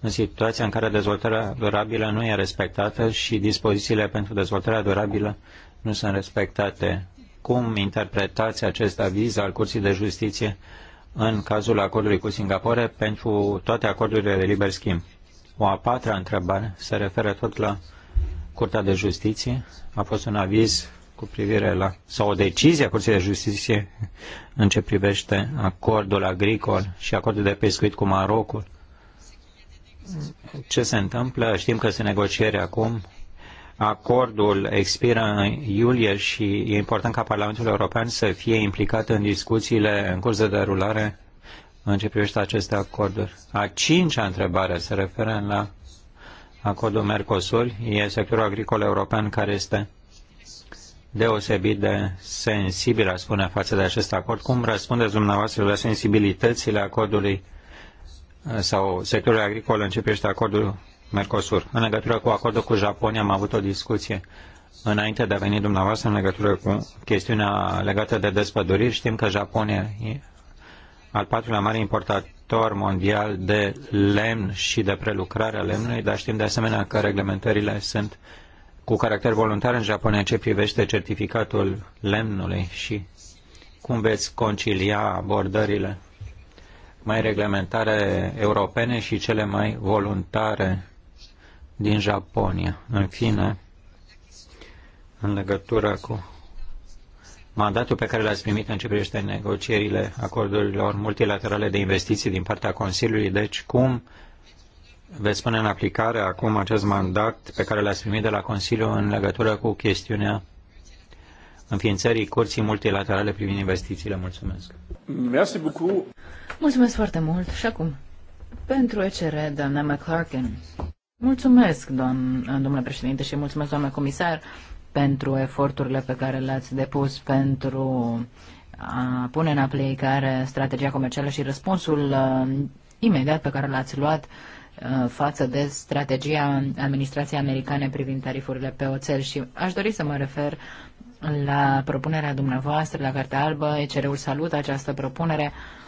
în situația în care dezvoltarea durabilă nu e respectată și dispozițiile pentru dezvoltarea durabilă nu sunt respectate. Cum interpretați acest aviz al Curții de Justiție în cazul acordului cu Singapore pentru toate acordurile de liber schimb. O a patra întrebare se referă tot la Curtea de Justiție. A fost un aviz cu privire la, sau o decizie a Curții de Justiție în ce privește acordul agricol și acordul de pescuit cu Marocul. Ce se întâmplă? Știm că se negociere acum, Acordul expiră în iulie și e important ca Parlamentul European să fie implicat în discuțiile în curs de derulare în ce privește aceste acorduri. A cincea întrebare se referă la acordul Mercosur. E sectorul agricol european care este deosebit de sensibil, a spune, față de acest acord. Cum răspundeți dumneavoastră la sensibilitățile acordului sau sectorul agricol în ce privește acordul Mercosur. În legătură cu acordul cu Japonia am avut o discuție înainte de a veni dumneavoastră în legătură cu chestiunea legată de despăduriri. Știm că Japonia e al patrulea mare importator mondial de lemn și de prelucrare a lemnului, dar știm de asemenea că reglementările sunt cu caracter voluntar în Japonia ce privește certificatul lemnului și cum veți concilia abordările mai reglementare europene și cele mai voluntare din Japonia. În fine, în legătură cu mandatul pe care l-ați primit în ce privește negocierile acordurilor multilaterale de investiții din partea Consiliului, deci cum veți pune în aplicare acum acest mandat pe care l-ați primit de la Consiliu în legătură cu chestiunea înființării Curții Multilaterale privind investițiile. Mulțumesc! Merci beaucoup. Mulțumesc foarte mult și acum pentru ECR, doamna McClarkin. Mulțumesc, doamn, domnule președinte, și mulțumesc, doamnă comisar, pentru eforturile pe care le-ați depus pentru a pune în aplicare strategia comercială și răspunsul uh, imediat pe care l-ați luat uh, față de strategia administrației americane privind tarifurile pe oțel și aș dori să mă refer la propunerea dumneavoastră, la Cartea Albă, ECR-ul salută această propunere uh,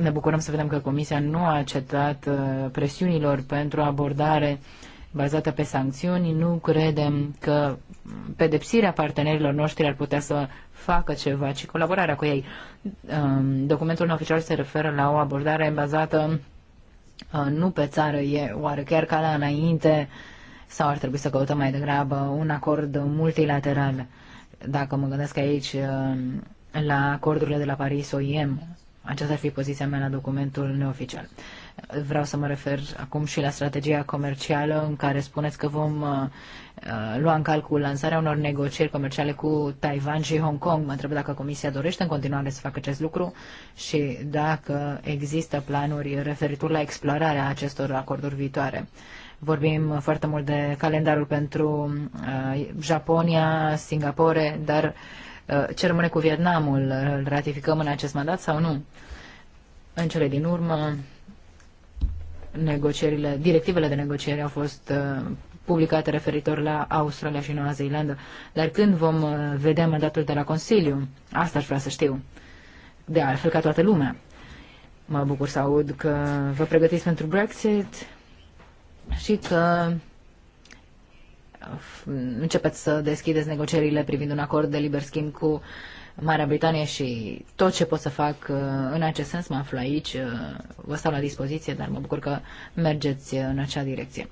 ne bucurăm să vedem că Comisia nu a acceptat uh, presiunilor pentru abordare bazată pe sancțiuni. Nu credem că pedepsirea partenerilor noștri ar putea să facă ceva, ci colaborarea cu ei. Um, documentul oficial se referă la o abordare bazată uh, nu pe țară, e oare chiar ca la înainte sau ar trebui să căutăm mai degrabă un acord multilateral? Dacă mă gândesc aici uh, la acordurile de la Paris OIM, aceasta ar fi poziția mea la documentul neoficial. Vreau să mă refer acum și la strategia comercială în care spuneți că vom uh, uh, lua în calcul lansarea unor negocieri comerciale cu Taiwan și Hong Kong. Mă întreb dacă Comisia dorește în continuare să facă acest lucru și dacă există planuri referitor la explorarea acestor acorduri viitoare. Vorbim foarte mult de calendarul pentru uh, Japonia, Singapore, dar uh, Uh, ce rămâne cu Vietnamul, îl ratificăm în acest mandat sau nu? În cele din urmă, negocierile, directivele de negociere au fost uh, publicate referitor la Australia și Noua Zeelandă. Dar când vom uh, vedea mandatul de la Consiliu? Asta aș vrea să știu. De altfel ca toată lumea. Mă bucur să aud că vă pregătiți pentru Brexit și că începeți să deschideți negocierile privind un acord de liber schimb cu Marea Britanie și tot ce pot să fac uh, în acest sens mă aflu aici, uh, vă stau la dispoziție, dar mă bucur că mergeți uh, în acea direcție.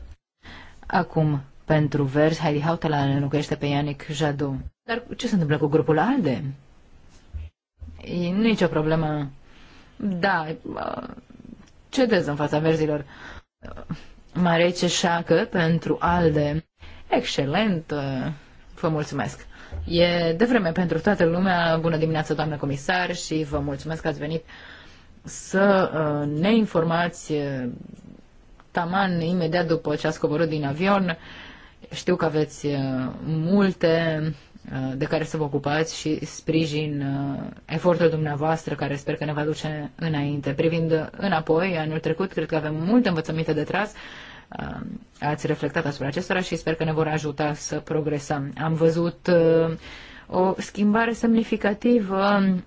Acum, pentru vers, Heidi Hautala înlocuiește pe Yannick Jadot. Dar ce se întâmplă cu grupul ALDE? E nicio problemă. Da, cedez în fața verzilor. Marece șacă pentru ALDE. Excelent! Uh, vă mulțumesc! E de vreme pentru toată lumea. Bună dimineața, doamnă comisar, și vă mulțumesc că ați venit să uh, ne informați uh, taman imediat după ce ați coborât din avion. Știu că aveți multe de care să vă ocupați și sprijin efortul dumneavoastră, care sper că ne va duce înainte. Privind înapoi, anul trecut, cred că avem multe învățăminte de tras Um, ați reflectat asupra acestora și sper că ne vor ajuta să progresăm. Am văzut uh, o schimbare semnificativă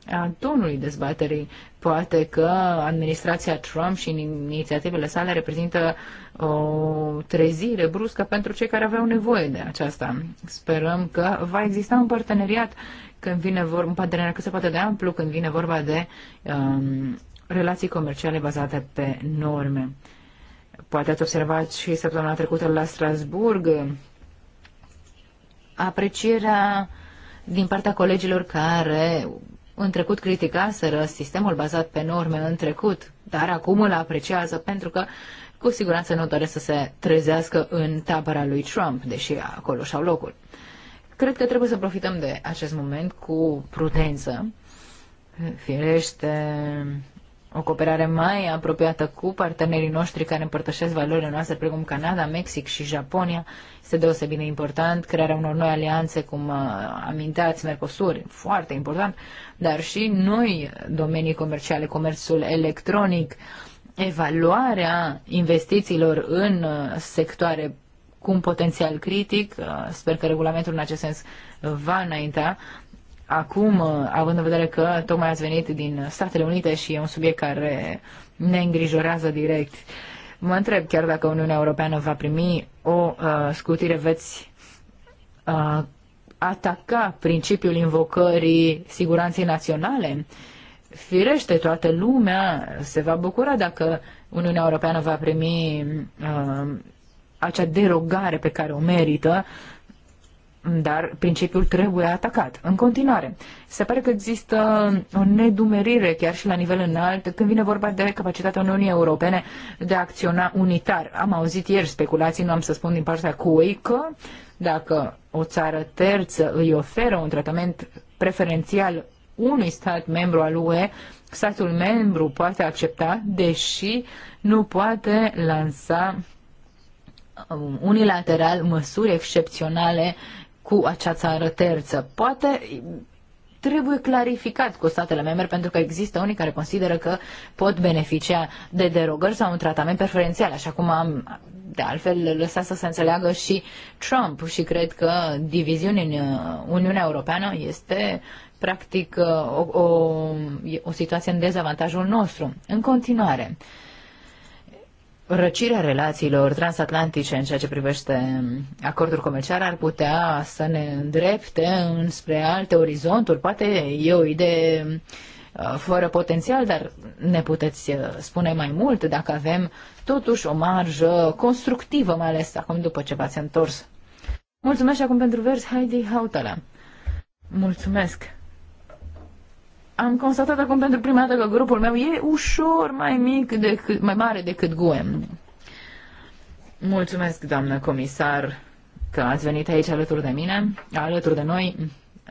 a tonului dezbaterii. Poate că administrația Trump și inițiativele sale reprezintă o trezire bruscă pentru cei care aveau nevoie de aceasta. Sperăm că va exista un parteneriat când vine vorba, un parteneriat cât se poate de amplu când vine vorba de um, relații comerciale bazate pe norme poate ați observat și săptămâna trecută la Strasburg, aprecierea din partea colegilor care în trecut criticaseră sistemul bazat pe norme în trecut, dar acum îl apreciază pentru că cu siguranță nu doresc să se trezească în tabăra lui Trump, deși acolo și-au locul. Cred că trebuie să profităm de acest moment cu prudență. Firește, o cooperare mai apropiată cu partenerii noștri care împărtășesc valorile noastre, precum Canada, Mexic și Japonia, este deosebit de important. Crearea unor noi alianțe, cum uh, aminteați, Mercosur, foarte important, dar și noi domenii comerciale, comerțul electronic, evaluarea investițiilor în uh, sectoare cu un potențial critic. Uh, sper că regulamentul în acest sens va înainta, Acum, uh, având în vedere că tocmai ați venit din Statele Unite și e un subiect care ne îngrijorează direct, mă întreb chiar dacă Uniunea Europeană va primi o uh, scutire, veți uh, ataca principiul invocării siguranței naționale? Firește, toată lumea se va bucura dacă Uniunea Europeană va primi uh, acea derogare pe care o merită dar principiul trebuie atacat în continuare. Se pare că există o nedumerire chiar și la nivel înalt când vine vorba de capacitatea Uniunii Europene de a acționa unitar. Am auzit ieri speculații, nu am să spun din partea cui, că dacă o țară terță îi oferă un tratament preferențial unui stat membru al UE, statul membru poate accepta, deși nu poate lansa unilateral măsuri excepționale cu acea țară terță. Poate trebuie clarificat cu statele membre pentru că există unii care consideră că pot beneficia de derogări sau un tratament preferențial, așa cum am de altfel lăsat să se înțeleagă și Trump și cred că diviziunea în Uniunea Europeană este practic o, o, o situație în dezavantajul nostru. În continuare, uh, răcirea relațiilor transatlantice în ceea ce privește acordul comercial ar putea să ne îndrepte înspre alte orizonturi. Poate e o idee uh, fără potențial, dar ne puteți uh, spune mai mult dacă avem totuși o marjă constructivă, mai ales acum după ce v-ați întors. Mulțumesc acum pentru vers, Heidi Hautala. Mulțumesc! am constatat acum pentru prima dată că grupul meu e ușor mai mic decât, mai mare decât GUEM. Mulțumesc, doamnă comisar, că ați venit aici alături de mine, alături de noi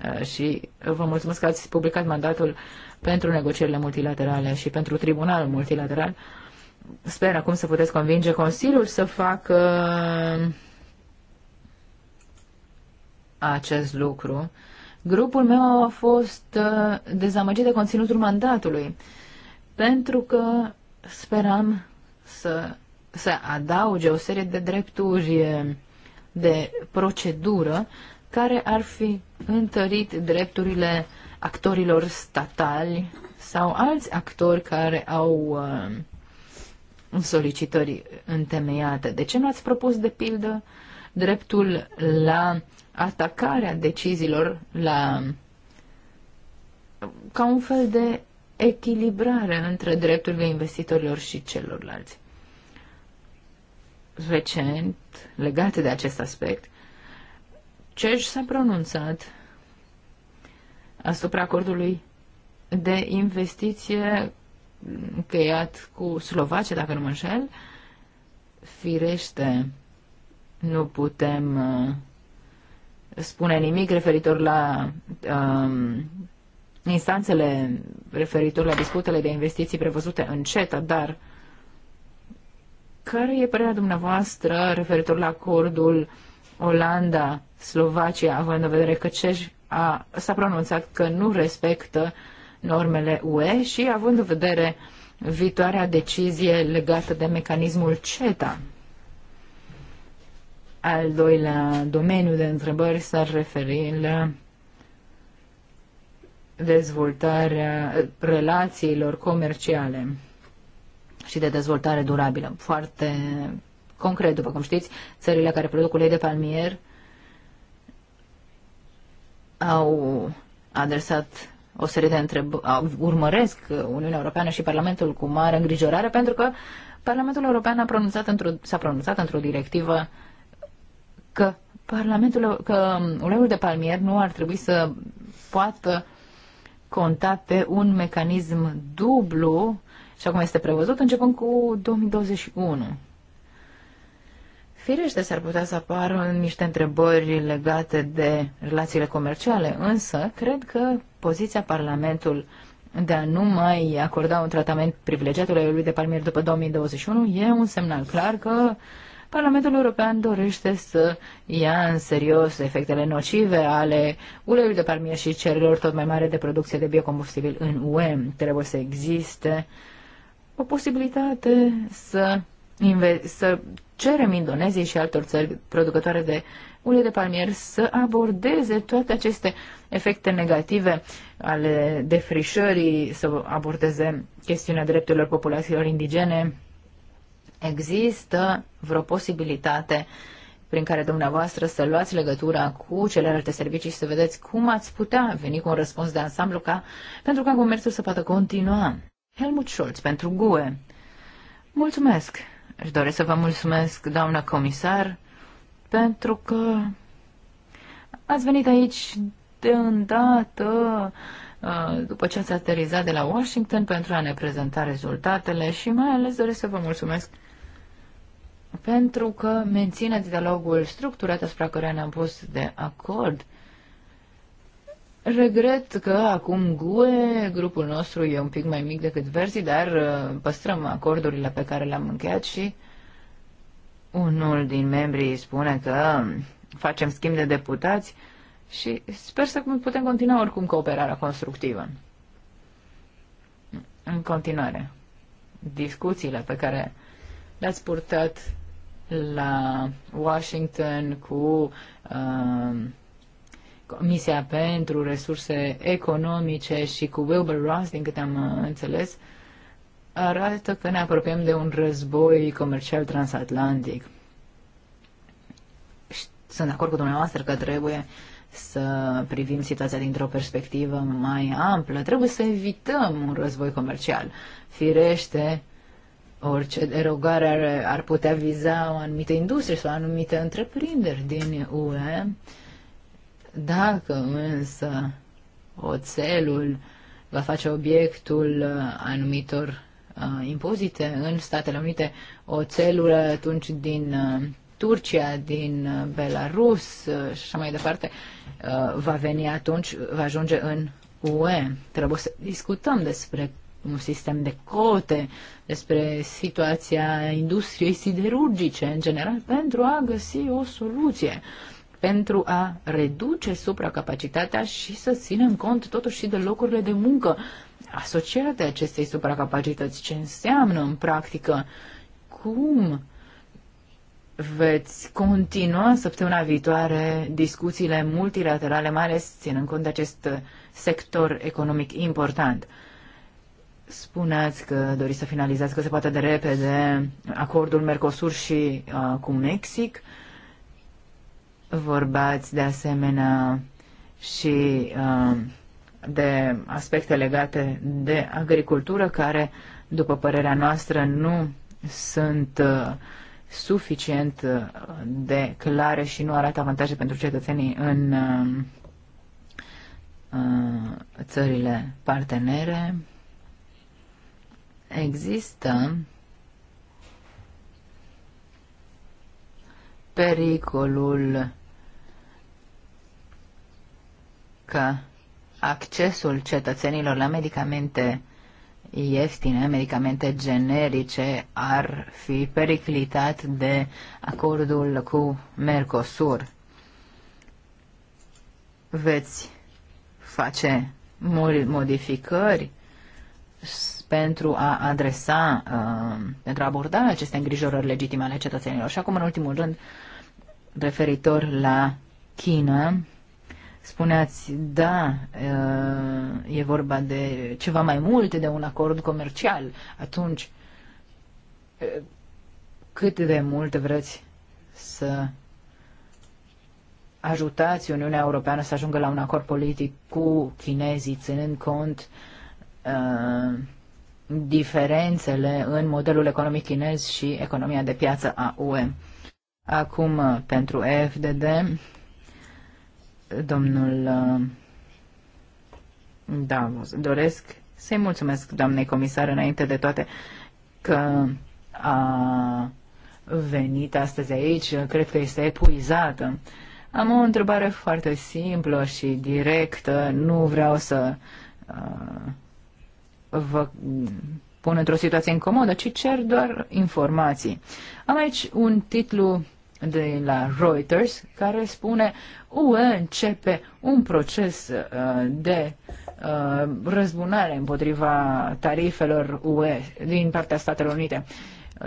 uh, și vă mulțumesc că ați publicat mandatul pentru negocierile multilaterale și pentru tribunalul multilateral. Sper acum să puteți convinge Consiliul să facă uh, acest lucru Grupul meu a fost uh, dezamăgit de conținutul mandatului, pentru că speram să, să adauge o serie de drepturi de procedură care ar fi întărit drepturile actorilor statali sau alți actori care au uh, solicitări întemeiate. De ce nu ați propus, de pildă, uh, dreptul la atacarea deciziilor, la ca un fel de echilibrare între drepturile investitorilor și celorlalți. Recent, legat de acest aspect, CEJ s-a pronunțat asupra acordului de investiție încheiat cu Slovacia, dacă nu mă înșel, firește nu putem uh, spune nimic referitor la um, instanțele referitor la disputele de investiții prevăzute în CETA, dar care e părerea dumneavoastră referitor la acordul Olanda-Slovacia, având în vedere că CEJ a, s-a pronunțat că nu respectă normele UE și având în vedere viitoarea decizie legată de mecanismul CETA? Al doilea domeniu de întrebări s-ar referi la dezvoltarea relațiilor comerciale și de dezvoltare durabilă. Foarte concret, după cum știți, țările care produc ulei de palmier au adresat o serie de întrebări, urmăresc Uniunea Europeană și Parlamentul cu mare îngrijorare pentru că Parlamentul European a pronunțat într-o, s-a pronunțat într-o directivă că Parlamentul, că uleiul de palmier nu ar trebui să poată conta pe un mecanism dublu, așa cum este prevăzut, începând cu 2021. Firește, s-ar putea să apară niște întrebări legate de relațiile comerciale, însă cred că poziția Parlamentului de a nu mai acorda un tratament privilegiat uleiului de palmier după 2021 e un semnal clar că Parlamentul European dorește să ia în serios efectele nocive ale uleiului de palmier și cererilor tot mai mare de producție de biocombustibil în UE. Trebuie să existe o posibilitate să, să cerem Indoneziei și altor țări producătoare de ulei de palmier să abordeze toate aceste efecte negative ale defrișării, să abordeze chestiunea drepturilor populațiilor indigene, Există vreo posibilitate prin care dumneavoastră să luați legătura cu celelalte servicii și să vedeți cum ați putea veni cu un răspuns de ansamblu ca, pentru ca comerțul să poată continua. Helmut Schulz, pentru GUE. Mulțumesc! Își doresc să vă mulțumesc, doamnă comisar, pentru că ați venit aici de îndată uh, după ce ați aterizat de la Washington pentru a ne prezenta rezultatele și mai ales doresc să vă mulțumesc pentru că menține dialogul structurat asupra căruia ne-am pus de acord. Regret că acum GUE, grupul nostru, e un pic mai mic decât Verzi, dar uh, păstrăm acordurile pe care le-am încheiat și unul din membrii spune că facem schimb de deputați și sper să putem continua oricum cooperarea constructivă. În continuare, discuțiile pe care L-ați purtat la Washington cu uh, Comisia pentru Resurse Economice și cu Wilbur Ross, din câte am uh, înțeles, arată că ne apropiem de un război comercial transatlantic. sunt de acord cu dumneavoastră că trebuie să privim situația dintr-o perspectivă mai amplă. Trebuie să evităm un război comercial. Firește, uh, Orice derogare ar, ar putea viza o anumită industrie sau anumite întreprinderi din UE. Dacă însă oțelul va face obiectul uh, anumitor uh, impozite în Statele Unite, oțelul atunci din uh, Turcia, din uh, Belarus uh, și așa mai departe, uh, va veni atunci, va ajunge în UE. Trebuie să discutăm despre un sistem de cote, despre situația industriei siderurgice în general, pentru a găsi o soluție, pentru a reduce supracapacitatea și să ținem cont totuși și de locurile de muncă asociate acestei supracapacități. Ce înseamnă în practică? Cum veți continua săptămâna viitoare discuțiile multilaterale, mai ales ținând cont de acest sector economic important. Spuneați că doriți să finalizați că se poate de repede acordul Mercosur și uh, cu Mexic. Vorbați de asemenea și uh, de aspecte legate de agricultură care, după părerea noastră, nu sunt uh, suficient uh, de clare și nu arată avantaje pentru cetățenii în uh, uh țările partenere. Există pericolul că accesul cetățenilor la medicamente ieftine, medicamente generice, ar fi periclitat de acordul cu Mercosur. Veți face modificări pentru a adresa, uh, pentru a aborda aceste îngrijorări legitime ale cetățenilor. Și acum, în ultimul rând, referitor la China, spuneați, da, uh, e vorba de ceva mai mult de un acord comercial. Atunci, uh, cât de mult vreți să ajutați Uniunea Europeană să ajungă la un acord politic cu chinezii, ținând cont uh, diferențele în modelul economic chinez și economia de piață a UE. Acum, uh, pentru FDD domnul uh, Davos, doresc să-i mulțumesc, doamnei comisar, înainte de toate, că a venit astăzi aici. Cred că este epuizată. Am o întrebare foarte simplă și directă. Nu vreau să uh, vă pun într-o situație incomodă, ci cer doar informații. Am aici un titlu de la Reuters care spune UE începe un proces uh, de uh, răzbunare împotriva tarifelor UE din partea Statelor Unite.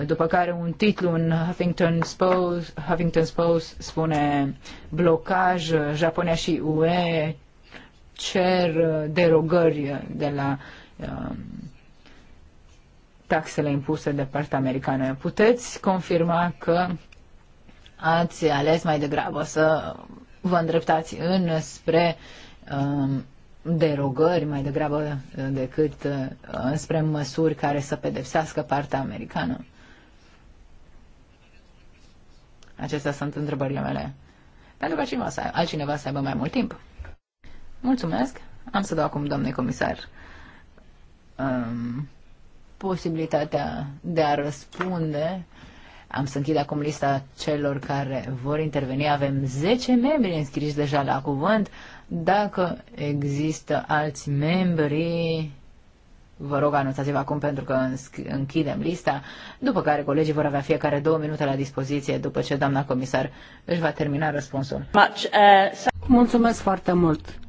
După care un titlu în Huffington Post, Huffington Post spune blocaj uh, Japonia și UE cer derogări de la uh, Um, taxele impuse de partea americană. Puteți confirma că ați ales mai degrabă să vă îndreptați înspre um, derogări mai degrabă decât uh, spre măsuri care să pedepsească partea americană? Acestea sunt întrebările mele. Pentru că cineva altcineva să aibă mai mult timp. Mulțumesc. Am să dau acum, domnule comisar, um, posibilitatea de a răspunde. Am să închid acum lista celor care vor interveni. Avem 10 membri înscriși deja la cuvânt. Dacă există alți membri, vă rog anunțați-vă acum pentru că închidem lista, după care colegii vor avea fiecare două minute la dispoziție după ce doamna comisar își va termina răspunsul. Uh, Mulțumesc foarte mult!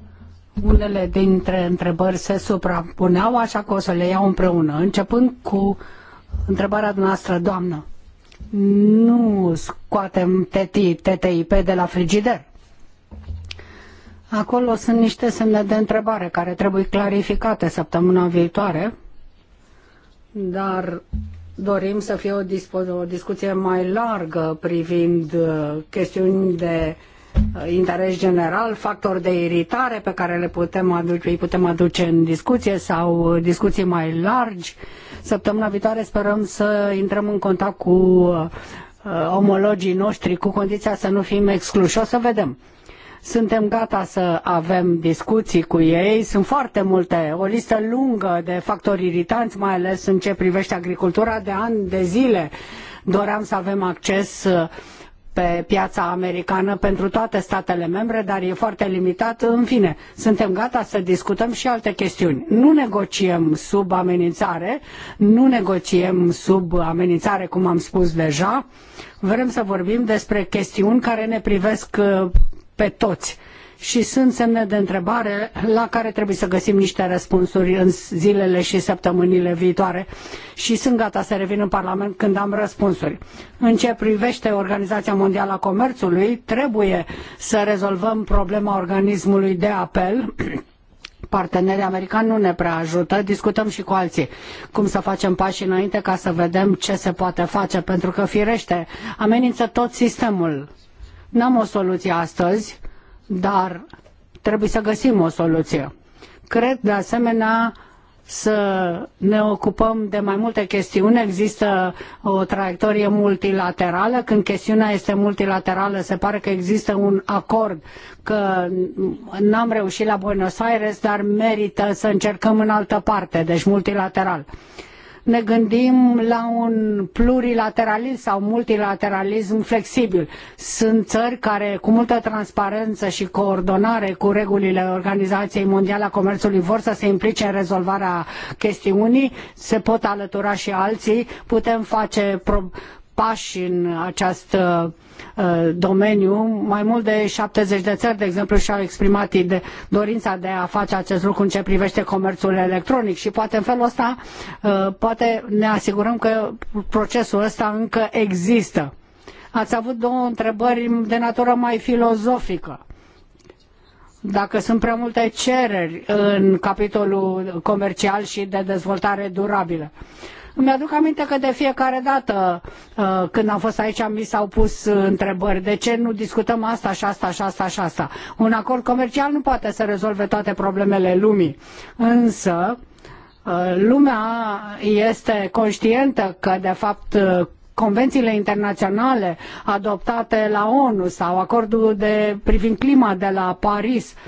Unele dintre întrebări se suprapuneau, așa că o să le iau împreună, începând cu întrebarea noastră, doamnă. Nu scoatem TTIP de la frigider. Acolo sunt niște semne de întrebare care trebuie clarificate săptămâna viitoare, dar dorim să fie o, o discuție mai largă privind uh, chestiuni de Uh, interes general, factori de iritare pe care le putem aduce, îi putem aduce în discuție sau uh, discuții mai largi. Săptămâna viitoare sperăm să intrăm în contact cu uh, omologii noștri cu condiția să nu fim excluși. O să vedem. Suntem gata să avem discuții cu ei. Sunt foarte multe, o listă lungă de factori iritanți, mai ales în ce privește agricultura de ani de zile. Doream să avem acces pe piața americană pentru toate statele membre, dar e foarte limitat. În fine, suntem gata să discutăm și alte chestiuni. Nu negociem sub amenințare, nu negociem sub amenințare, cum am spus deja. Vrem să vorbim despre chestiuni care ne privesc uh, pe toți și sunt semne de întrebare la care trebuie să găsim niște răspunsuri în zilele și săptămânile viitoare și sunt gata să revin în Parlament când am răspunsuri. În ce privește Organizația Mondială a Comerțului, trebuie să rezolvăm problema organismului de apel partenerii americani nu ne prea ajută, discutăm și cu alții cum să facem pași înainte ca să vedem ce se poate face, pentru că firește amenință tot sistemul. N-am o soluție astăzi, dar trebuie să găsim o soluție. Cred de asemenea să ne ocupăm de mai multe chestiuni. Există o traiectorie multilaterală. Când chestiunea este multilaterală, se pare că există un acord că n-am reușit la Buenos Aires, dar merită să încercăm în altă parte, deci multilateral. Uh, ne gândim la un plurilateralism sau multilateralism flexibil. Sunt țări care cu multă transparență și coordonare cu regulile Organizației Mondiale a Comerțului vor să se implice în rezolvarea chestiunii, se pot alătura și alții, putem face pro- pași în acest uh, domeniu. Mai mult de 70 de țări, de exemplu, și-au exprimat de dorința de a face acest lucru în ce privește comerțul electronic și poate în felul ăsta uh, poate ne asigurăm că procesul ăsta încă există. Ați avut două întrebări de natură mai filozofică dacă sunt prea multe cereri în capitolul comercial și de dezvoltare durabilă. Îmi aduc aminte că de fiecare dată uh, când am fost aici mi s-au pus uh, întrebări de ce nu discutăm asta și asta și asta și asta. Un acord comercial nu poate să rezolve toate problemele lumii, însă uh, lumea este conștientă că de fapt convențiile internaționale adoptate la ONU sau acordul de privind clima de la Paris uh,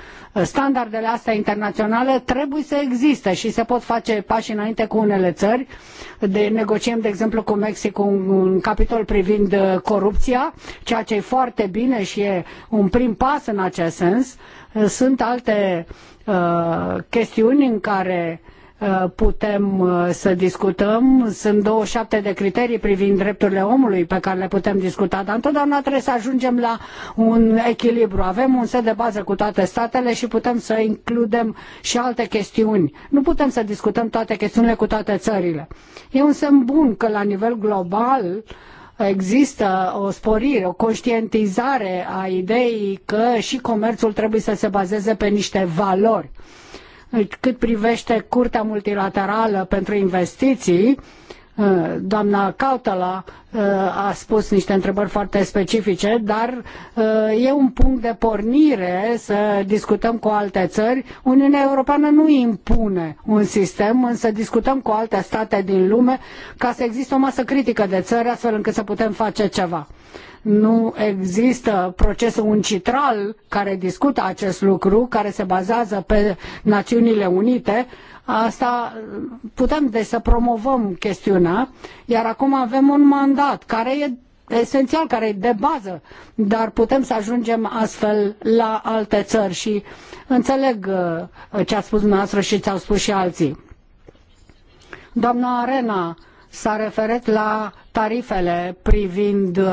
standardele astea internaționale trebuie să existe și se pot face pași înainte cu unele țări. De, negociem, de exemplu, cu Mexic un, un capitol privind uh, corupția, ceea ce e foarte bine și e un prim pas în acest sens. Sunt alte uh, chestiuni în care uh, Uh, putem uh, să discutăm. Sunt 27 de criterii privind drepturile omului pe care le putem discuta, dar întotdeauna trebuie să ajungem la un echilibru. Avem un set de bază cu toate statele și putem să includem și alte chestiuni. Nu putem să discutăm toate chestiunile cu toate țările. E un semn bun că la nivel global există o sporire, o conștientizare a ideii că și comerțul trebuie să se bazeze pe niște valori cât privește Curtea Multilaterală pentru Investiții, uh, doamna Cautala uh, a spus niște întrebări foarte specifice, dar uh, e un punct de pornire să discutăm cu alte țări. Uniunea Europeană nu impune un sistem, însă discutăm cu alte state din lume ca să existe o masă critică de țări astfel încât să putem face ceva nu există procesul uncitral care discută acest lucru, care se bazează pe Națiunile Unite, asta putem deci să promovăm chestiunea, iar acum avem un mandat care e esențial, care e de bază, dar putem să ajungem astfel la alte țări și înțeleg uh, ce a spus dumneavoastră și ce au spus și alții. Doamna Arena, s-a referit la tarifele privind uh,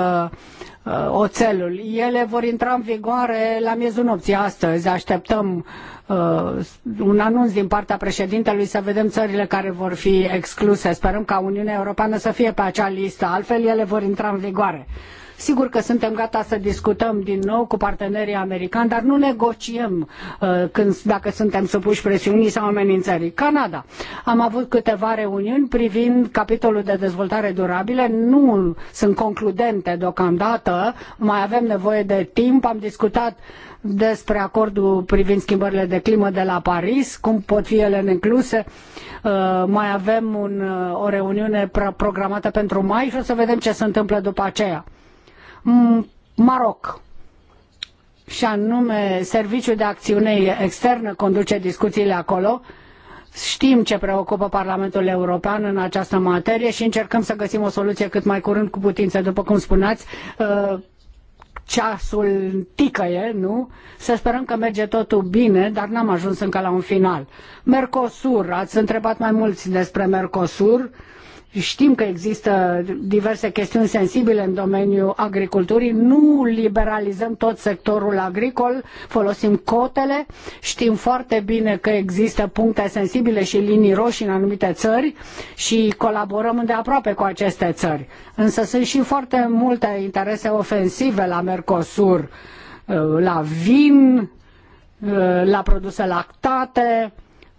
uh, oțelul. Ele vor intra în vigoare la miezul nopții astăzi. Așteptăm uh, un anunț din partea președintelui să vedem țările care vor fi excluse. Sperăm ca Uniunea Europeană să fie pe acea listă, altfel ele vor intra în vigoare. Sigur că suntem gata să discutăm din nou cu partenerii americani, dar nu negociem uh, când, dacă suntem supuși presiunii sau amenințării. Canada. Am avut câteva reuniuni privind capitolul de dezvoltare durabilă. Nu sunt concludente deocamdată. Mai avem nevoie de timp. Am discutat despre acordul privind schimbările de climă de la Paris, cum pot fi ele incluse. Uh, mai avem un, uh, o reuniune programată pentru mai și o să vedem ce se întâmplă după aceea. Maroc și anume Serviciul de Acțiune Externă conduce discuțiile acolo. Știm ce preocupă Parlamentul European în această materie și încercăm să găsim o soluție cât mai curând cu putință. După cum spuneați, ă, ceasul ticăie, nu? Să sperăm că merge totul bine, dar n-am ajuns încă la un final. Mercosur, ați întrebat mai mulți despre Mercosur. Uh, Știm că există diverse chestiuni sensibile în domeniul agriculturii, nu liberalizăm tot sectorul agricol, folosim cotele, știm foarte bine că există puncte sensibile și linii roșii în anumite țări și colaborăm îndeaproape cu aceste țări. Însă sunt și foarte multe interese ofensive la Mercosur, la vin, la produse lactate,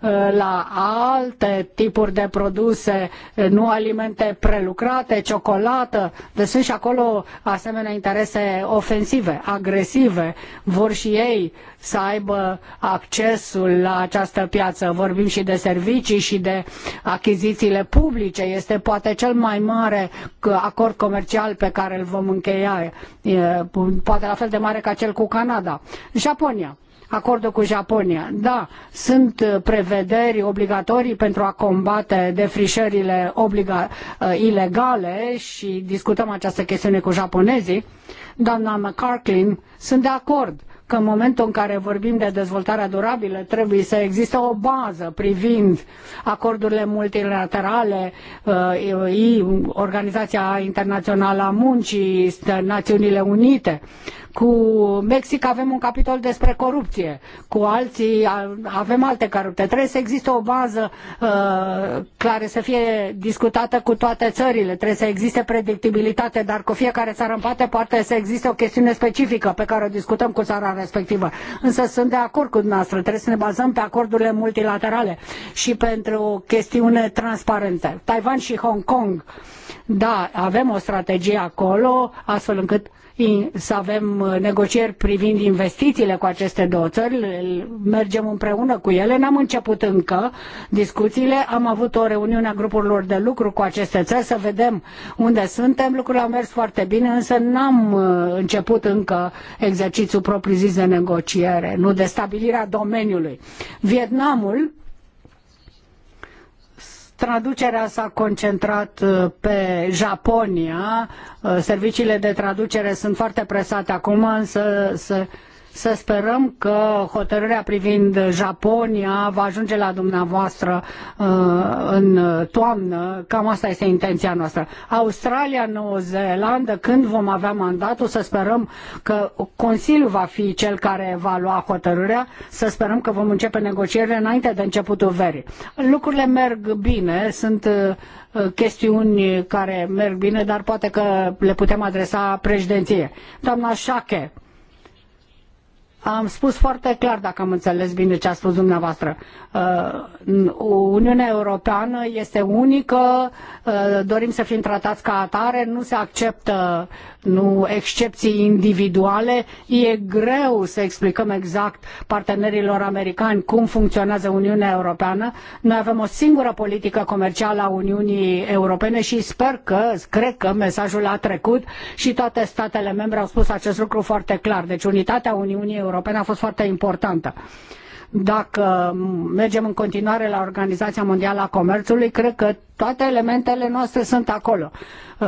Uh, la alte tipuri de produse, uh, nu alimente prelucrate, ciocolată, deci sunt și acolo asemenea interese ofensive, agresive, vor și ei să aibă accesul la această piață. Vorbim și de servicii și de achizițiile publice, este poate cel mai mare uh, acord comercial pe care îl vom încheia, e, poate la fel de mare ca cel cu Canada. Japonia acordul cu Japonia. Da, sunt uh, prevederi obligatorii pentru a combate defrișările obliga- uh, ilegale și discutăm această chestiune cu japonezii. Doamna McCarklin, sunt de acord că în momentul în care vorbim de dezvoltarea durabilă trebuie să existe o bază privind acordurile multilaterale, uh, Organizația Internațională a Muncii, Națiunile Unite. Cu Mexic avem un capitol despre corupție, cu alții avem alte corupte. Trebuie să existe o bază uh, care să fie discutată cu toate țările, trebuie să existe predictibilitate, dar cu fiecare țară în parte poate să existe o chestiune specifică pe care o discutăm cu țara respectivă. Însă sunt de acord cu dumneavoastră, trebuie să ne bazăm pe acordurile multilaterale și pentru o chestiune transparentă. Taiwan și Hong Kong da, avem o strategie acolo, astfel încât să avem uh, negocieri privind investițiile cu aceste două țări, mergem împreună cu ele, n-am început încă discuțiile, am avut o reuniune a grupurilor de lucru cu aceste țări să vedem unde suntem, lucrurile au mers foarte bine, însă n-am uh, început încă exercițiul propriu-zis de negociere, nu de stabilirea domeniului. Vietnamul Traducerea s-a concentrat uh, pe Japonia. Uh, serviciile de traducere sunt foarte presate acum, însă să sperăm că hotărârea privind Japonia va ajunge la dumneavoastră uh, în toamnă. Cam asta este intenția noastră. Australia, Noua Zeelandă, când vom avea mandatul, să sperăm că Consiliul va fi cel care va lua hotărârea, să sperăm că vom începe negocierile înainte de începutul verii. Lucrurile merg bine, sunt uh, chestiuni care merg bine, dar poate că le putem adresa președinție. Doamna Șache, am spus foarte clar, dacă am înțeles bine ce a spus dumneavoastră, uh, Uniunea Europeană este unică, uh, dorim să fim tratați ca atare, nu se acceptă nu, excepții individuale, e greu să explicăm exact partenerilor americani cum funcționează Uniunea Europeană. Noi avem o singură politică comercială a Uniunii Europene și sper că, cred că mesajul a trecut și toate statele membre au spus acest lucru foarte clar. Deci unitatea Uniunii Europene europene a fost foarte importantă. Dacă mergem în continuare la Organizația Mondială a Comerțului, cred că toate elementele noastre sunt acolo. Uh,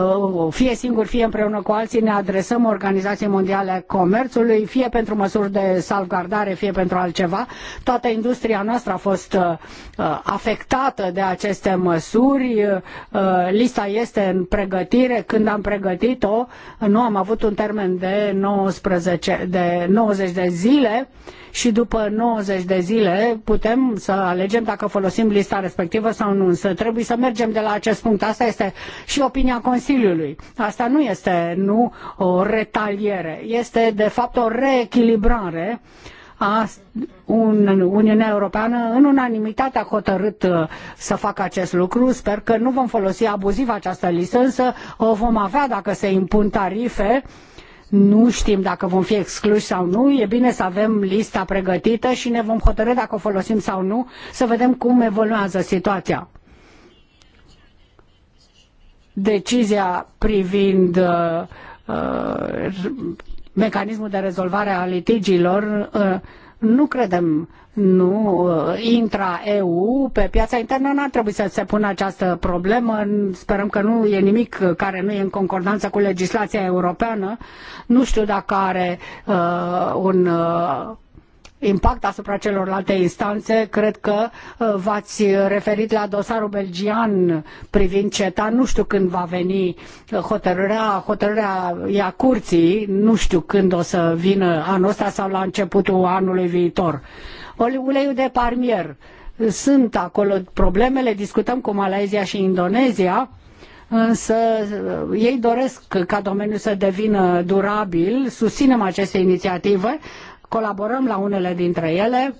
fie singur, fie împreună cu alții ne adresăm Organizației Mondiale a Comerțului, fie pentru măsuri de salvgardare, fie pentru altceva. Toată industria noastră a fost uh, uh, afectată de aceste măsuri. Lista este în pregătire. Când am pregătit-o, nu am avut un termen de, 19, de 90 de zile și după 90 de zile putem să alegem dacă folosim lista respectivă sau nu. Însă trebuie să mergem mergem de la acest punct. Asta este și opinia Consiliului. Asta nu este nu o retaliere, este de fapt o reechilibrare a Uniunea Europeană în unanimitate a hotărât uh, să facă acest lucru. Sper că nu vom folosi abuziv această licență, o vom avea dacă se impun tarife. Nu știm dacă vom fi excluși sau nu, e bine să avem lista pregătită și ne vom hotărâ dacă o folosim sau nu, să vedem cum evoluează situația decizia privind uh, uh, mecanismul de rezolvare a litigiilor, uh, nu credem, nu, uh, intra-EU, pe piața internă nu ar trebui să se pună această problemă. Sperăm că nu e nimic care nu e în concordanță cu legislația europeană. Nu știu dacă are uh, un uh, impact asupra celorlalte instanțe. Cred că uh, v-ați referit la dosarul belgian privind CETA. Nu știu când va veni uh, hotărârea, hotărârea a curții, nu știu când o să vină anul ăsta sau la începutul anului viitor. Uleiul de parmier. Sunt acolo problemele, discutăm cu Malaezia și Indonezia însă uh, ei doresc ca domeniul să devină durabil, susținem aceste inițiative, colaborăm la unele dintre ele,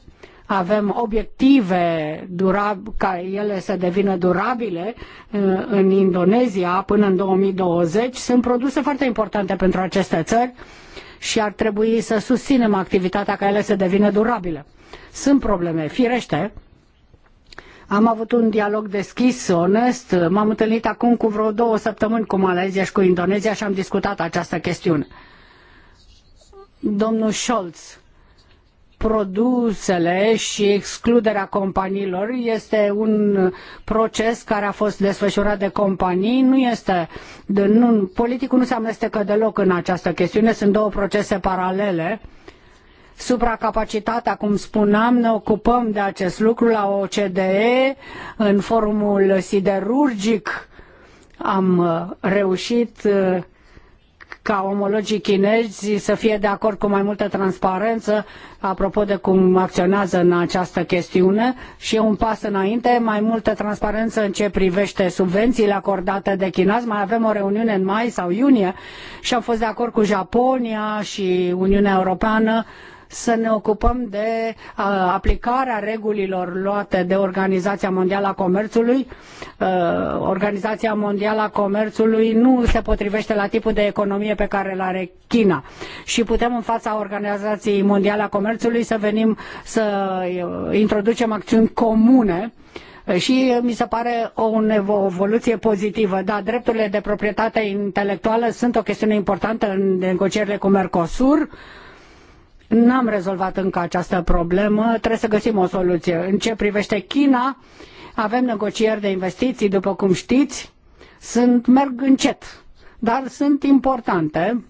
avem obiective durab, ca ele să devină durabile uh, în Indonezia până în 2020. Sunt produse foarte importante pentru aceste țări și ar trebui să susținem activitatea ca ele să devină durabile. Sunt probleme, firește. Am avut un dialog deschis, onest. M-am întâlnit acum cu vreo două săptămâni cu Malezia și cu Indonezia și am discutat această chestiune domnul Scholz. Produsele și excluderea companiilor este un proces care a fost desfășurat de companii, nu este, de, nu, politicul nu se amestecă deloc în această chestiune, sunt două procese paralele supracapacitatea, cum spuneam, ne ocupăm de acest lucru la OCDE, în forumul siderurgic am uh, reușit uh, ca omologii chinezi să fie de acord cu mai multă transparență apropo de cum acționează în această chestiune și un pas înainte, mai multă transparență în ce privește subvențiile acordate de chinezi. Mai avem o reuniune în mai sau iunie și am fost de acord cu Japonia și Uniunea Europeană să ne ocupăm de aplicarea regulilor luate de Organizația Mondială a Comerțului. Organizația Mondială a Comerțului nu se potrivește la tipul de economie pe care îl are China și putem în fața Organizației Mondiale a Comerțului să venim să introducem acțiuni comune și mi se pare o, evoluție pozitivă. Da, drepturile de proprietate intelectuală sunt o chestiune importantă în negocierile cu Mercosur. Uh, N-am rezolvat încă această problemă, trebuie să găsim o soluție. În ce privește China, avem negocieri de investiții, după cum știți, sunt, merg încet, dar sunt importante.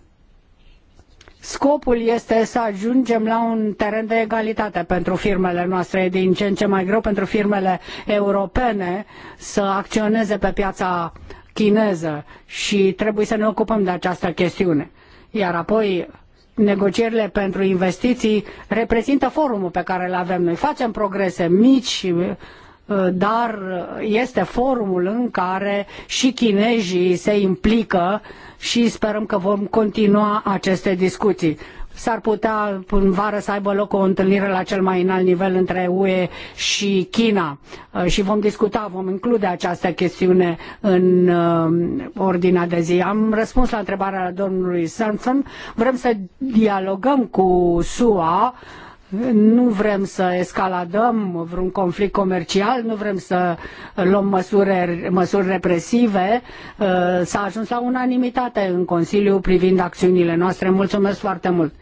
Scopul este să ajungem la un teren de egalitate pentru firmele noastre. E din ce în ce mai greu pentru firmele europene să acționeze pe piața chineză și trebuie să ne ocupăm de această chestiune. Iar apoi negocierile pentru investiții reprezintă forumul pe care îl avem noi. Facem progrese mici, uh, dar este forumul în care și chinezii se implică și sperăm că vom continua aceste discuții. S-ar putea în vară să aibă loc o întâlnire la cel mai înalt nivel între UE și China uh, și vom discuta, vom include această chestiune în uh, ordinea de zi. Am răspuns la întrebarea domnului Samson. Vrem să dialogăm cu SUA nu vrem să escaladăm vreun conflict comercial, nu vrem să luăm măsuri, măsuri represive. Uh, s-a ajuns la unanimitate în Consiliu privind acțiunile noastre. Mulțumesc foarte mult!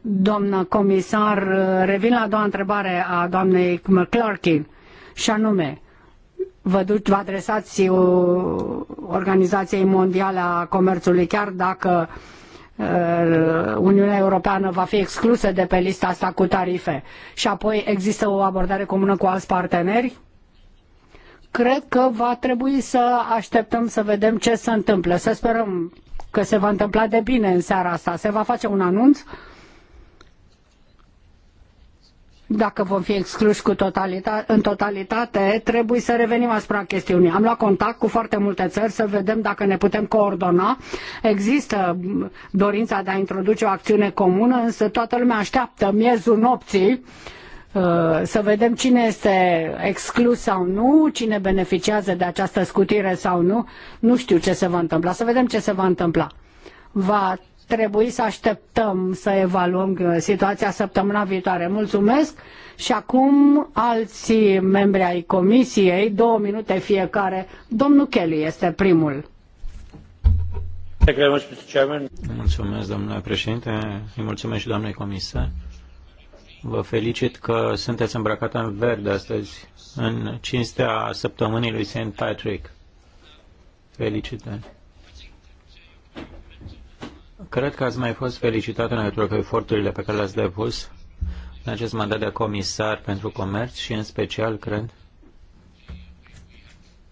Doamna comisar, uh, revin la a doua întrebare a doamnei McClarkin și anume, vă, duci, vă adresați o Organizației Mondiale a Comerțului, chiar dacă uh, Uh, Uniunea Europeană va fi exclusă de pe lista asta cu tarife și apoi există o abordare comună cu alți parteneri? Cred că va trebui să așteptăm să vedem ce se întâmplă. Să sperăm că se va întâmpla de bine în seara asta. Se va face un anunț uh, dacă vom fi excluși cu totalitate, în totalitate, trebuie să revenim asupra chestiunii. Am luat contact cu foarte multe țări să vedem dacă ne putem coordona. Există dorința de a introduce o acțiune comună, însă toată lumea așteaptă miezul nopții uh, să vedem cine este exclus sau nu, cine beneficiază de această scutire sau nu. Nu știu ce se va întâmpla. Să vedem ce se va întâmpla. Va trebui să așteptăm să evaluăm uh, situația săptămâna viitoare. Mulțumesc și acum alții membri ai comisiei, două minute fiecare. Domnul Kelly este primul. Mulțumesc, domnule președinte, îi mulțumesc și doamnei comisar. Vă felicit că sunteți îmbrăcată în verde astăzi, în cinstea săptămânii lui St. Patrick. Felicitări. Cred că ați mai fost felicitat în legătură cu eforturile pe care le-ați depus în acest mandat de comisar pentru comerț și în special, cred,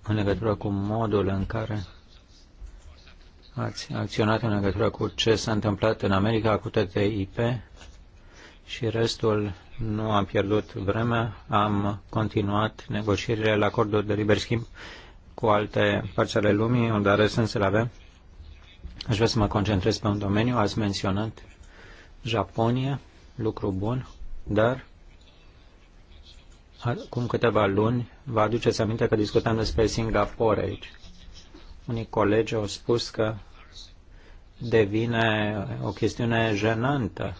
în legătură cu modul în care ați acționat în legătură cu ce s-a întâmplat în America cu TTIP și restul nu am pierdut vremea, am continuat negocierile la acordul de liber schimb cu alte părți ale lumii, unde are sens să le avem Aș vrea să mă concentrez pe un domeniu, ați menționat Japonia, lucru bun, dar acum câteva luni vă aduceți aminte că discutam despre Singapore aici. Unii colegi au spus că devine o chestiune jenantă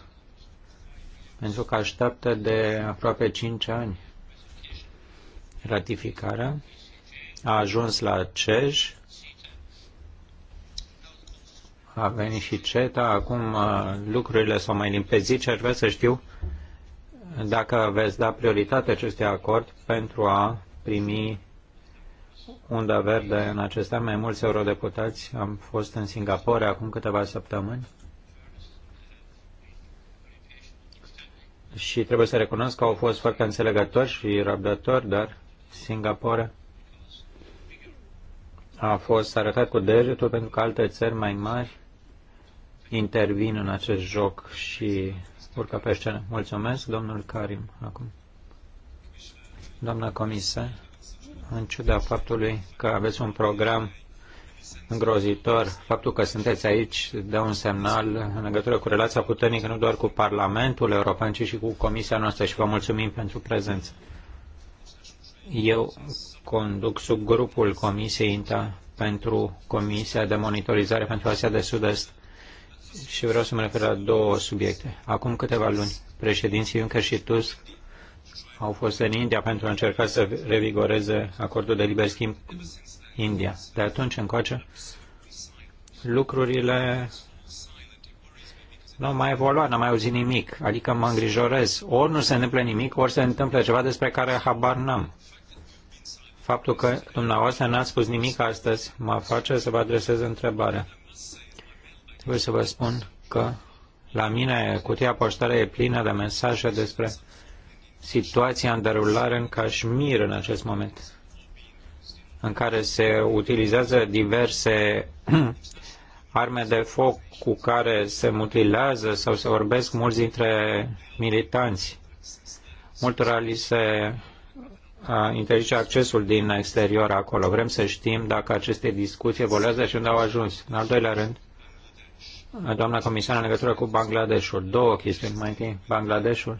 pentru că așteaptă de aproape 5 ani ratificarea. A ajuns la CEJ, a venit și CETA, acum uh, lucrurile s-au mai limpezit și aș vrea să știu dacă veți da prioritate acestui acord pentru a primi unda verde în acestea. Mai mulți eurodeputați am fost în Singapore acum câteva săptămâni și trebuie să recunosc că au fost foarte înțelegători și răbdători, dar Singapore a fost arătat cu degetul pentru că alte țări mai mari intervin în acest joc și urcă pe scenă. Mulțumesc, domnul Karim, acum. Doamna Comisă, în ciuda faptului că aveți un program îngrozitor, faptul că sunteți aici dă un semnal în legătură cu relația puternică nu doar cu Parlamentul European, ci și cu Comisia noastră și vă mulțumim pentru prezență. Eu conduc sub grupul Comisiei INTA pentru Comisia de Monitorizare pentru Asia de Sud-Est și vreau să mă refer la două subiecte. Acum câteva luni, președinții Juncker și Tusk au fost în India pentru a încerca să revigoreze acordul de liber schimb India. De atunci încoace, lucrurile nu au mai evoluat, n-am mai auzit nimic. Adică mă îngrijorez. Ori nu se întâmplă nimic, ori se întâmplă ceva despre care habar n-am. Faptul că dumneavoastră n-ați spus nimic astăzi mă face să vă adresez întrebarea. Trebuie să vă spun că la mine cutia poștală e plină de mesaje despre situația în derulare în Cașmir în acest moment, în care se utilizează diverse arme de foc cu care se mutilează sau se vorbesc mulți dintre militanți. Multora li se interzice accesul din exterior acolo. Vrem să știm dacă aceste discuții evoluează și unde au ajuns. În al doilea rând, doamna comisară, în legătură cu Bangladeshul. Două chestiuni. Mai întâi, Bangladeshul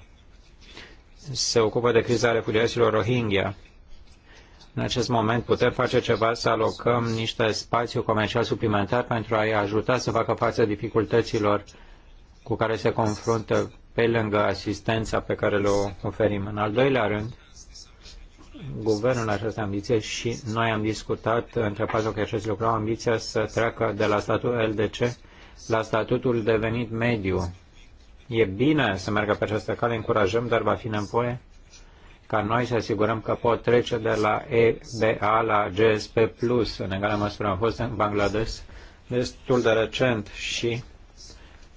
se ocupă de criza refugiaților Rohingya. În acest moment putem face ceva să alocăm niște spațiu comercial suplimentar pentru a-i ajuta să facă față dificultăților cu care se confruntă pe lângă asistența pe care le oferim. În al doilea rând, guvernul are această ambiție și noi am discutat între patru că acest lucru, ambiția să treacă de la statul LDC la statutul devenit mediu. E bine să meargă pe această cale, încurajăm, dar va fi nevoie ca noi să asigurăm că pot trece de la EBA la GSP+. În egală măsură am fost în Bangladesh destul de recent și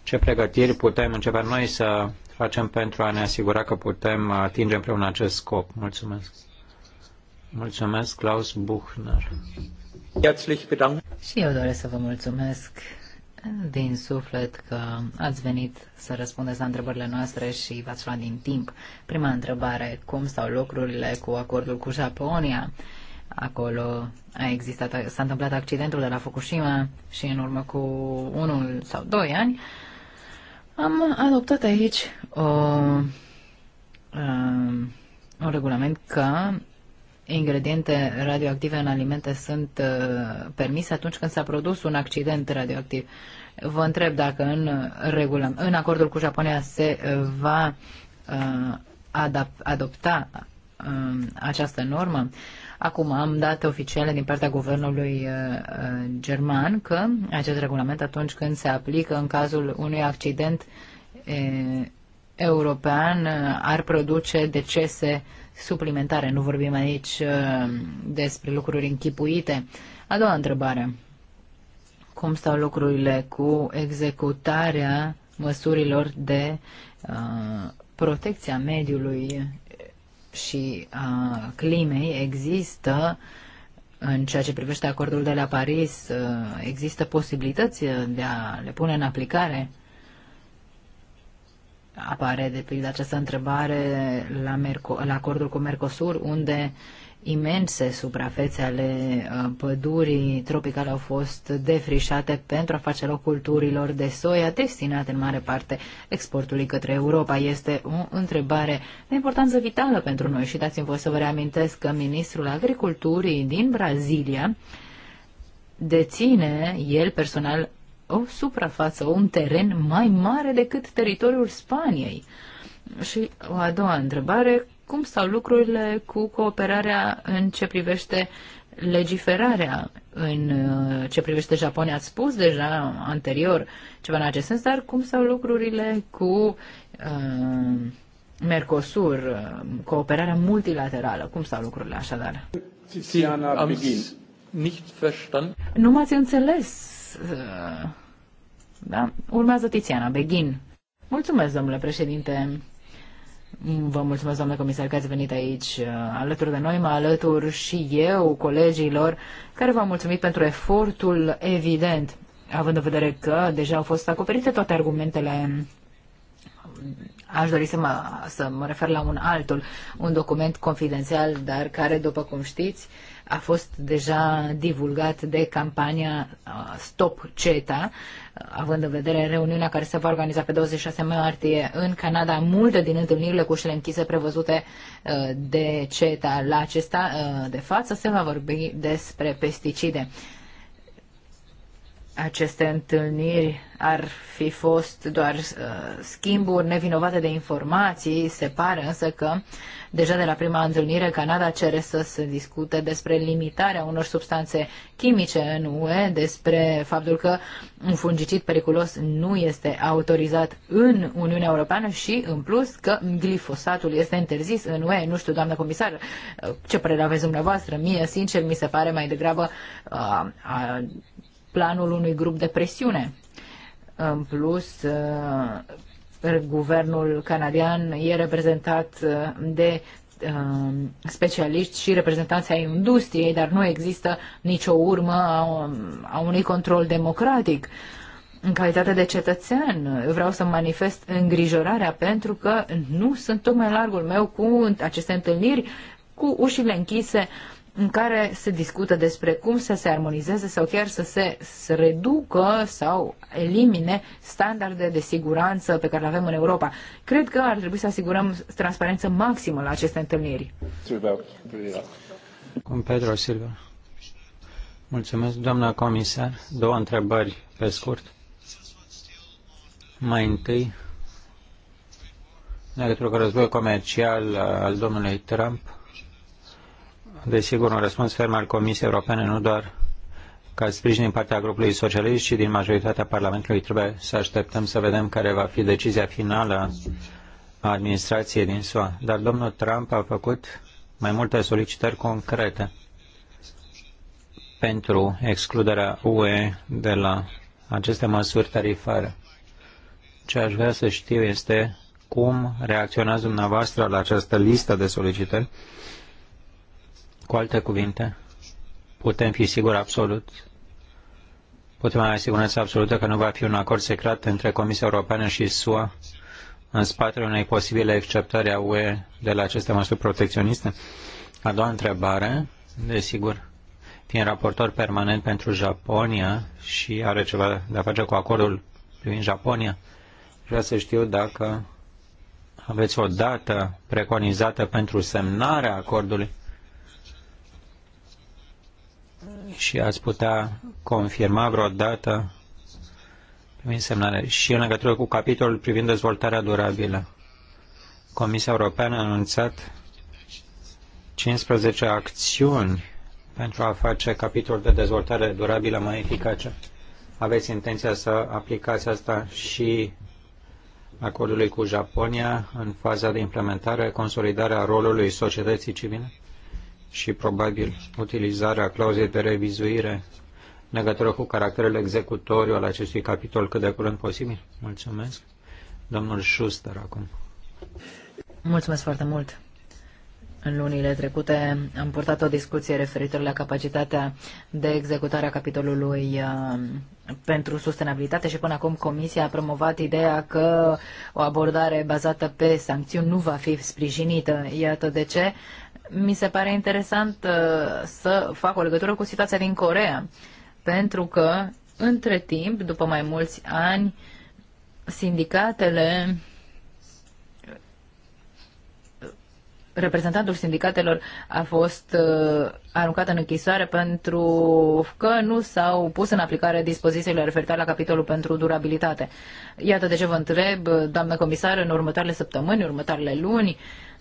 ce pregătiri putem începe noi să facem pentru a ne asigura că putem atinge împreună acest scop. Mulțumesc. Mulțumesc, Klaus Buchner. Și eu doresc să vă mulțumesc din suflet că ați venit să răspundeți la întrebările noastre și v-ați luat din timp. Prima întrebare, cum stau lucrurile cu acordul cu Japonia? Acolo a existat, s-a întâmplat accidentul de la Fukushima și în urmă cu unul sau doi ani am adoptat aici o, o, um, un regulament că ingrediente radioactive în alimente sunt uh, permise atunci când s-a produs un accident radioactiv. Vă întreb dacă în regulă, în acordul cu Japonia se uh, va uh, adopta um, această normă. Acum am date oficiale din partea guvernului german că acest regulament atunci când se aplică în cazul unui accident european ar produce decese uh, suplimentare. Nu vorbim aici uh, despre lucruri închipuite. A doua întrebare. Cum stau lucrurile cu executarea măsurilor de uh, protecția mediului și a climei? Există în ceea ce privește acordul de la Paris, uh, există posibilități de a le pune în aplicare? apare de pildă această întrebare la, Merco- la acordul cu Mercosur, unde imense suprafețe ale uh, pădurii tropicale au fost defrișate pentru a face loc culturilor de soia destinate în mare parte exportului către Europa. Este o întrebare de importanță vitală pentru noi și dați-mi voi să vă reamintesc că ministrul agriculturii din Brazilia deține el personal o suprafață, un teren mai mare decât teritoriul Spaniei. Și o a doua întrebare, cum stau lucrurile cu cooperarea în ce privește legiferarea în uh, ce privește Japonia. Ați spus deja anterior ceva în acest sens, dar cum stau lucrurile cu uh, Mercosur, uh, cooperarea multilaterală? Cum stau lucrurile așadar? Nu m-ați înțeles. Uh, da? Urmează Tiziana Beghin. Mulțumesc, domnule președinte. Vă mulțumesc, doamnă comisar, că ați venit aici uh, alături de noi, mă alătur și eu, colegilor, care v am mulțumit pentru efortul evident, având în vedere că deja au fost acoperite toate argumentele aș dori să mă, să mă refer la un altul, un document confidențial, dar care, după cum știți, uh, a fost deja divulgat de campania uh, Stop CETA, uh, având în vedere reuniunea care se va organiza pe 26 martie în Canada, multe din întâlnirile cu ușile închise prevăzute uh, de CETA la acesta de față se va vorbi despre pesticide aceste întâlniri ar fi fost doar uh, schimburi nevinovate de informații. Se pare însă că deja de la prima întâlnire Canada cere să se discute despre limitarea unor substanțe chimice în UE, despre faptul că un fungicid periculos nu este autorizat în Uniunea Europeană și, în plus, că glifosatul este interzis în UE. Nu știu, doamnă comisar, uh, ce părere aveți dumneavoastră? Mie, sincer, mi se pare mai degrabă uh, uh, planul unui grup de presiune. În plus, uh, guvernul canadian e reprezentat uh, de uh, specialiști și reprezentanți ai industriei, dar nu există nicio urmă a unui control democratic. În calitate de cetățean, vreau să manifest îngrijorarea pentru că nu sunt tocmai largul meu cu aceste întâlniri, cu ușile închise uh, în care se discută despre cum să se armonizeze sau chiar să se reducă sau elimine standarde de siguranță pe care le avem în Europa. Cred că ar trebui să asigurăm transparență maximă la aceste întâlniri. Cum Pedro Silva. Mulțumesc, doamna comisar. Două întrebări pe scurt. Mai întâi, în legătură cu războiul comercial al domnului Trump, desigur, un răspuns ferm al Comisiei Europene, nu doar ca sprijin din partea grupului socialist, ci din majoritatea Parlamentului. Trebuie să așteptăm să vedem care va fi decizia finală a administrației din SUA. Dar domnul Trump a făcut mai multe solicitări concrete pentru excluderea UE de la aceste măsuri tarifare. Ce aș vrea să știu este cum reacționați dumneavoastră la această listă de solicitări cu alte cuvinte, putem fi siguri absolut, putem avea siguranță absolută că nu va fi un acord secret între Comisia Europeană și SUA în spatele unei posibile acceptări a UE de la aceste măsuri protecționiste? A doua întrebare, desigur, fiind raportor permanent pentru Japonia și are ceva de a face cu acordul privind Japonia, vreau să știu dacă aveți o dată preconizată pentru semnarea acordului și ați putea confirma vreodată prin semnare și în legătură cu capitolul privind dezvoltarea durabilă. Comisia Europeană a anunțat 15 acțiuni pentru a face capitolul de dezvoltare durabilă mai eficace. Aveți intenția să aplicați asta și acordului cu Japonia în faza de implementare, consolidarea rolului societății civile? și probabil utilizarea clauzei de revizuire în legătură cu caracterul executoriu al acestui capitol cât de curând posibil. Mulțumesc. Domnul Schuster acum. Mulțumesc foarte mult. În lunile trecute am purtat o discuție referitor la capacitatea de executare a capitolului uh, pentru sustenabilitate și până acum Comisia a promovat ideea că o abordare bazată pe sancțiuni nu va fi sprijinită. Iată de ce mi se pare interesant uh, să fac o legătură cu situația din Corea, pentru că între timp, după mai mulți ani, sindicatele reprezentantul sindicatelor a fost uh, aruncat în închisoare pentru că nu s-au pus în aplicare dispozițiile referitoare la capitolul pentru durabilitate. Iată de ce vă întreb, doamnă comisar, în următoarele săptămâni, următoarele luni, uh,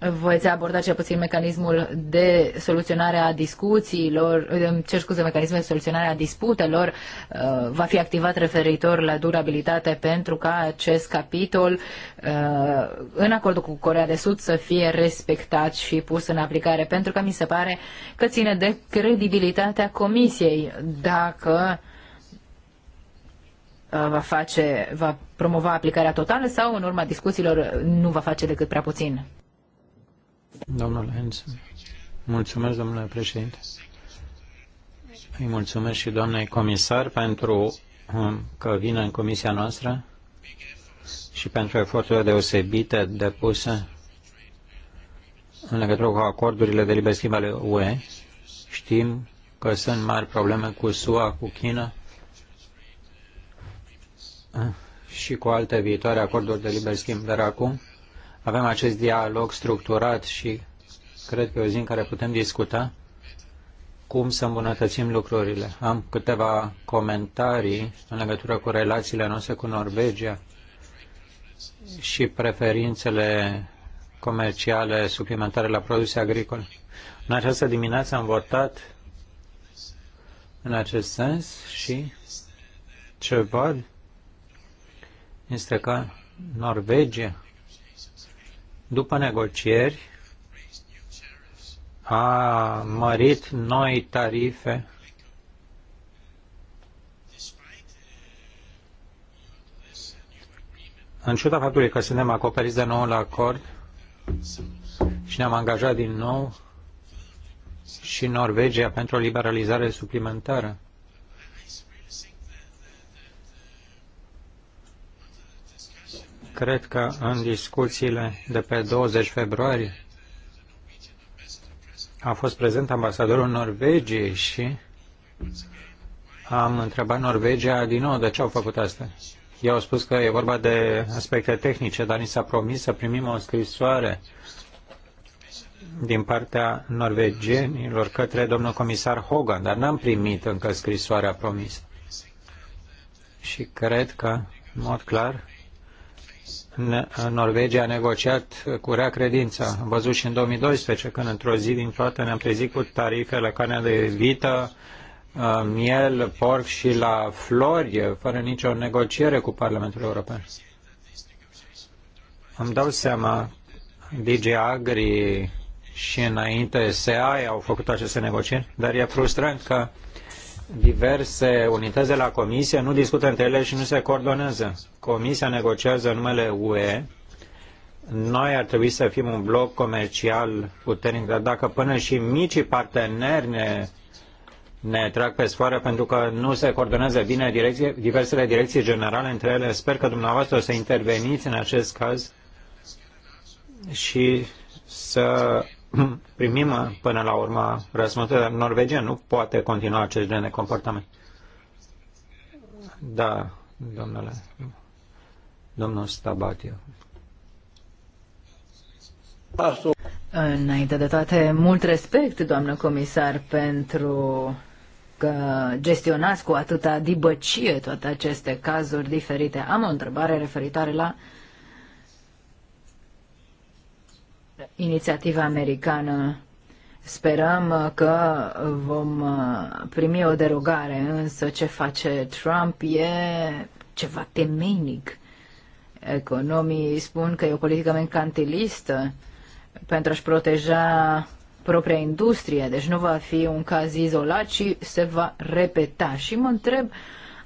voi aborda cel puțin mecanismul de soluționare a discuțiilor, cer scuze, mecanismul de soluționare a disputelor, uh, va fi activat referitor la durabilitate pentru ca acest capitol uh, în acordul cu Corea de Sud să fie respectat și pus în aplicare, pentru că mi se pare că ține de credibilitatea Comisiei dacă uh, va face, va promova aplicarea totală sau în urma discuțiilor nu va face decât prea puțin. Domnul Hens, mulțumesc, domnule președinte. Îi mulțumesc și doamnei comisar pentru um, că vine în comisia noastră și pentru eforturile deosebite depuse în legătură cu acordurile de liber schimb ale UE. Știm că sunt mari probleme cu SUA, cu China uh, și cu alte viitoare acorduri de liber schimb. Dar acum avem acest dialog structurat și cred că e o zi în care putem discuta cum să îmbunătățim lucrurile. Am câteva comentarii în legătură cu relațiile noastre cu Norvegia și preferințele comerciale suplimentare la produse agricole. În această dimineață am votat în acest sens și ce văd este că Norvegia după negocieri, a mărit noi tarife în ciuda faptului că suntem acoperiți de nou la acord și ne-am angajat din nou și Norvegia pentru o liberalizare suplimentară. Cred că în discuțiile de pe 20 februarie a fost prezent ambasadorul Norvegiei și am întrebat Norvegia din nou de ce au făcut asta. Ei au spus că e vorba de aspecte tehnice, dar ni s-a promis să primim o scrisoare din partea norvegienilor către domnul comisar Hogan, dar n-am primit încă scrisoarea promisă. Și cred că, în mod clar, Norvegia a negociat cu rea credință. Am văzut și în 2012 când într-o zi din toată ne-am trezit cu tarife la carne de vită, uh, miel, porc și la flori, fără nicio negociere cu Parlamentul European. Îmi dau seama, DG Agri și înainte SEA au făcut aceste negocieri, dar e frustrant că diverse unități de la Comisie nu discută între ele și nu se coordonează. Comisia negociază numele UE. Noi ar trebui să fim un bloc comercial puternic, dar dacă până și micii parteneri ne, ne trag pe sfoară pentru că nu se coordonează bine direcție, diversele direcții generale între ele, sper că dumneavoastră o să interveniți în acest caz și să primim până la urmă răspunsul, dar Norvegia nu poate continua acest gen de comportament. Da, domnule, domnul Stabatiu. Înainte de toate, mult respect, doamnă comisar, pentru că gestionați cu atâta dibăcie toate aceste cazuri diferite. Am o întrebare referitoare la uh, inițiativa americană. Sperăm că vom uh, primi o derogare, însă ce face Trump e ceva temenic. Economii spun că e o politică mercantilistă pentru a-și proteja propria industrie, deci nu va fi un caz izolat, ci se va repeta. Și mă întreb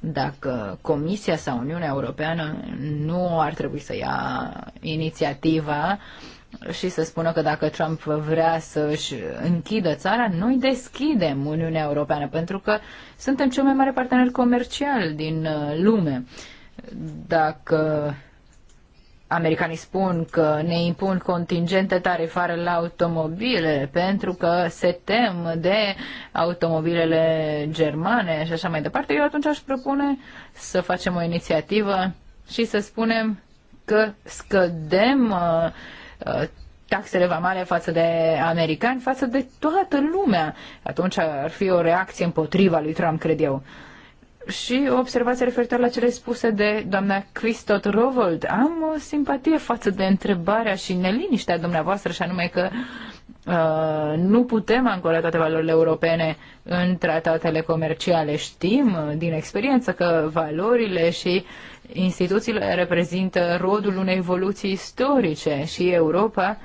dacă Comisia sau Uniunea Europeană nu ar trebui să ia inițiativa uh, și să spună că dacă Trump vrea să-și închidă țara, noi deschidem Uniunea Europeană, pentru că suntem cel mai mare partener comercial din uh, lume. Dacă americanii spun că ne impun contingente tarifare la automobile pentru că se tem de automobilele germane și așa mai departe, eu atunci aș propune să facem o inițiativă și să spunem că scădem uh, Uh, taxele vamale față de americani, față de toată lumea. Atunci ar fi o reacție împotriva lui Trump, cred eu. Și o observație referitoare la cele spuse de doamna Christot Rovold. Am o simpatie față de întrebarea și neliniștea dumneavoastră, și anume că uh, nu putem ancora toate valorile europene în tratatele comerciale. Știm uh, din experiență că valorile și uh, Instituțiile reprezintă rodul unei evoluții istorice și Europa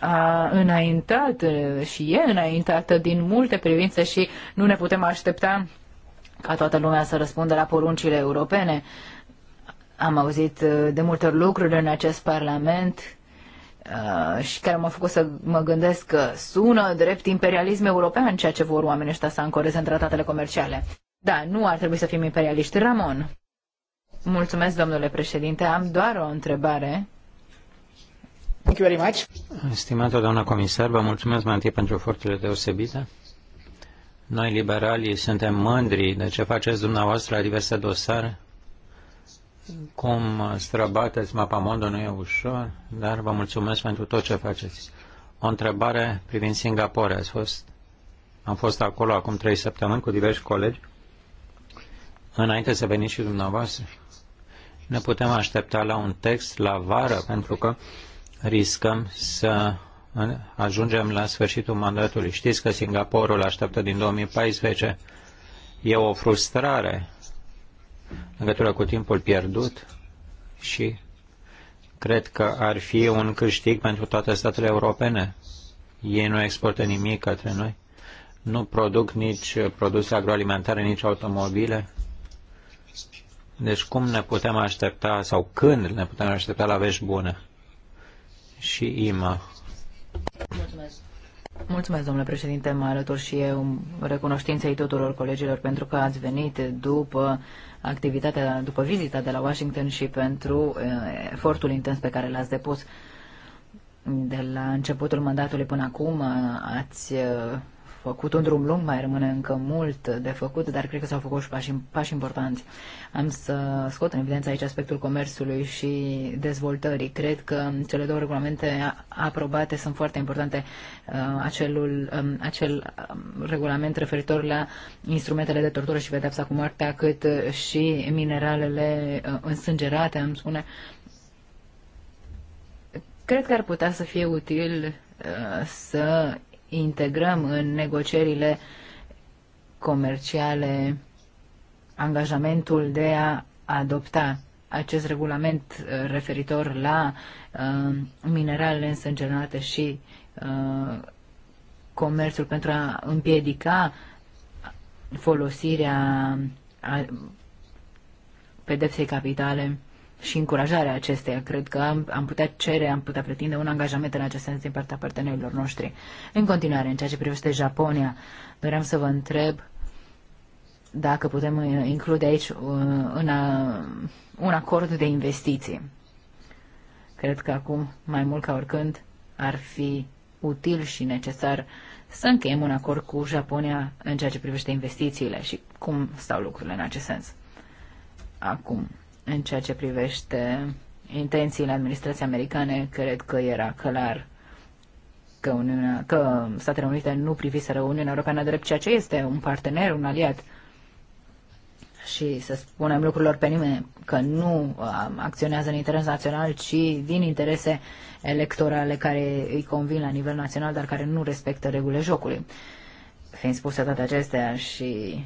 a înaintat și e înaintată din multe privințe și nu ne putem aștepta ca toată lumea să răspundă la poruncile europene. Am auzit uh, de multe ori lucruri în acest Parlament uh, și care m-au făcut să mă gândesc că sună drept imperialism european ceea ce vor oamenii ăștia să ancoreze în tratatele comerciale. Da, nu ar trebui să fim imperialiști. Ramon. Mulțumesc, domnule președinte. Am doar o întrebare. Thank you very much. Stimată doamnă comisar, vă mulțumesc mai întâi pentru eforturile deosebite. Noi, liberalii, suntem mândri de ce faceți dumneavoastră la diverse dosare. Cum străbateți mapa mondo nu e ușor, dar vă mulțumesc pentru tot ce faceți. O întrebare privind Singapore. Ați fost, am fost acolo acum trei săptămâni cu diversi colegi, înainte să veniți și dumneavoastră ne putem aștepta la un text la vară, pentru că riscăm să ajungem la sfârșitul mandatului. Știți că Singaporul așteaptă din 2014. E o frustrare în legătură cu timpul pierdut și cred că ar fi un câștig pentru toate statele europene. Ei nu exportă nimic către noi. Nu produc nici produse agroalimentare, nici automobile. Deci cum ne putem aștepta sau când ne putem aștepta la vești bune? Și Ima. Mulțumesc. Mulțumesc, domnule președinte, mă alătur și eu recunoștinței tuturor colegilor pentru că ați venit după activitatea, după vizita de la Washington și pentru eh, efortul intens pe care l-ați depus de la începutul mandatului până acum eh, ați eh, făcut un drum lung, mai rămâne încă mult de făcut, dar cred că s-au făcut și pași, pași importanți. Am să scot în evidență aici aspectul comerțului și dezvoltării. Cred că cele două regulamente aprobate sunt foarte importante. Uh, acelul, um, acel um, regulament referitor la instrumentele de tortură și pedepsa cu moartea, cât și mineralele uh, însângerate, am spune, cred că ar putea să fie util uh, să integrăm în negocierile comerciale angajamentul de a adopta acest regulament uh, referitor la uh, mineralele însângerate și uh, comerțul pentru a împiedica folosirea a pedepsei capitale și încurajarea acesteia. Cred că am, am putea cere, am putea pretinde un angajament în acest sens din partea partenerilor noștri. În continuare, în ceea ce privește Japonia, doream să vă întreb dacă putem uh, include aici un, uh, un acord de investiții. Cred că acum, mai mult ca oricând, ar fi util și necesar să încheiem un acord cu Japonia în ceea ce privește investițiile și cum stau lucrurile în acest sens. Acum, în ceea ce privește intențiile administrației americane, cred că era clar că, Uniunea, că Statele Unite nu priviseră Uniunea Europeană drept ceea ce este, un partener, un aliat. Și să spunem lucrurilor pe nimeni că nu um, acționează în interes național, ci din interese electorale care îi convin la nivel național, dar care nu respectă regulile jocului. Fiind spuse toate acestea și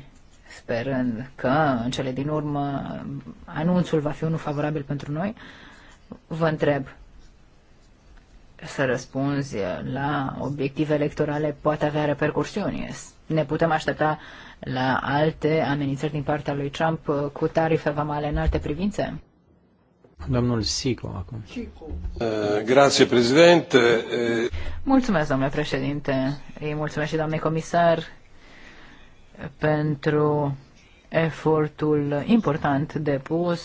sperând că în cele din urmă anunțul va fi unul favorabil pentru noi, vă întreb să răspunzi la obiective electorale poate avea repercursiuni. Ne putem aștepta la alte amenințări din partea lui Trump cu tarife vamale în alte privințe? Domnul Sico acum. Uh, grazie, președinte. Eh, mulțumesc, domnule președinte. Îi mulțumesc și doamnei comisar pentru efortul important depus,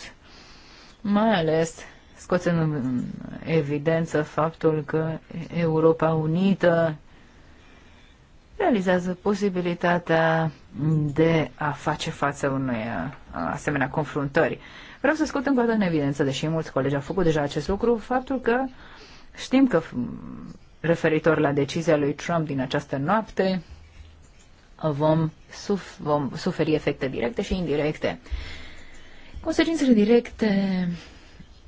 mai ales scoțând în evidență faptul că Europa Unită realizează posibilitatea de a face față unei asemenea confruntări. Vreau să scot încă o dată în evidență, deși mulți colegi au făcut deja acest lucru, faptul că știm că referitor la decizia lui Trump din această noapte, vom, suf- vom suferi efecte directe și indirecte. Consecințele directe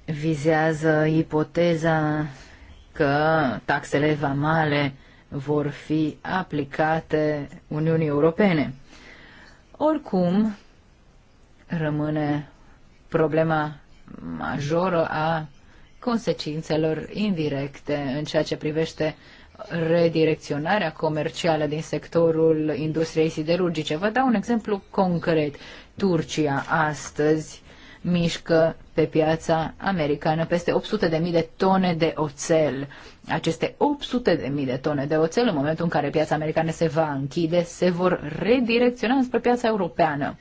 vizează ipoteza că taxele vamale vor fi aplicate Uniunii Europene. Oricum, rămâne problema majoră a consecințelor indirecte în ceea ce privește redirecționarea comercială din sectorul industriei siderurgice. Vă dau un exemplu concret. Turcia astăzi mișcă pe piața americană peste 800.000 de tone de oțel. Aceste 800.000 de tone de oțel, în momentul în care piața americană se va închide, se vor redirecționa spre piața europeană.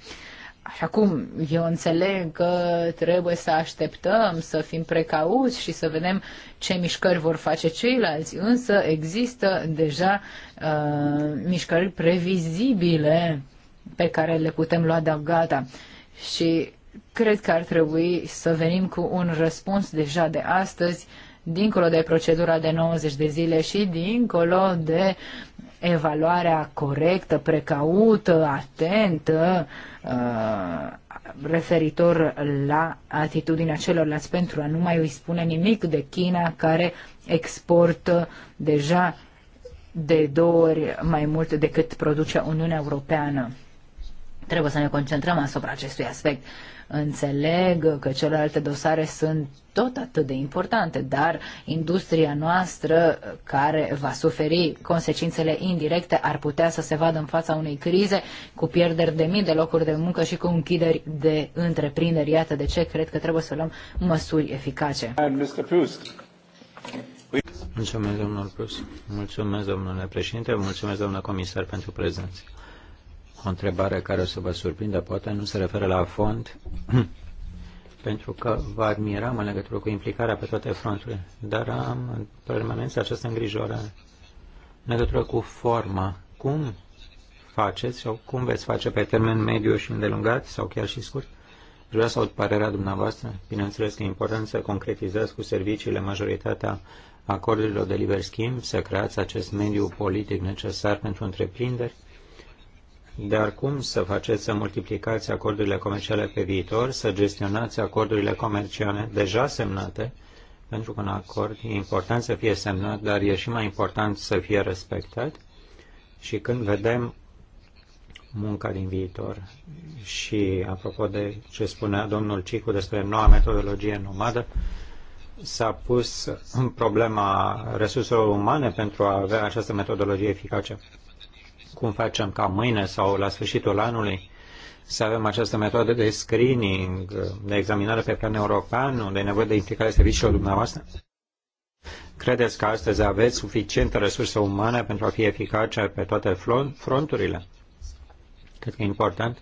Așa cum eu înțeleg că trebuie să așteptăm, să fim precauți și să vedem ce mișcări vor face ceilalți, însă există deja uh, mișcări previzibile pe care le putem lua de gata. Și cred că ar trebui să venim cu un răspuns deja de astăzi, dincolo de procedura de 90 de zile și dincolo de evaluarea corectă, precaută, atentă, uh, referitor la atitudinea celorlalți pentru a nu mai îi spune nimic de China care exportă deja de două ori mai mult decât produce Uniunea Europeană. Trebuie să ne concentrăm asupra acestui aspect. Înțeleg că celelalte dosare sunt tot atât de importante, dar industria noastră care va suferi consecințele indirecte ar putea să se vadă în fața unei crize cu pierderi de mii de locuri de muncă și cu închideri de întreprinderi. Iată de ce cred că trebuie să luăm măsuri eficace. Mulțumesc, domnul Prus. Mulțumesc, domnule președinte. Mulțumesc, domnule comisar, pentru prezență. O întrebare care o să vă surprindă, poate nu se referă la fond, pentru că vă admiram în legătură cu implicarea pe toate fronturile, dar am în permanență această îngrijorare în legătură cu forma. Cum faceți sau cum veți face pe termen mediu și îndelungat sau chiar și scurt? Vreau să aud părerea dumneavoastră. Bineînțeles că e important să concretizați cu serviciile majoritatea acordurilor de liber schimb, să creați acest mediu politic necesar pentru întreprinderi, dar cum să faceți să multiplicați acordurile comerciale pe viitor, să gestionați acordurile comerciale deja semnate, pentru că un acord e important să fie semnat, dar e și mai important să fie respectat. Și când vedem munca din viitor. Și apropo de ce spunea domnul Cicu despre noua metodologie nomadă, s-a pus în problema resurselor umane pentru a avea această metodologie eficace cum facem ca mâine sau la sfârșitul anului să avem această metodă de screening, de examinare pe plan european, unde e nevoie de implicarea serviciilor dumneavoastră? Credeți că astăzi aveți suficiente resurse umane pentru a fi eficace pe toate fronturile? Cred că e important.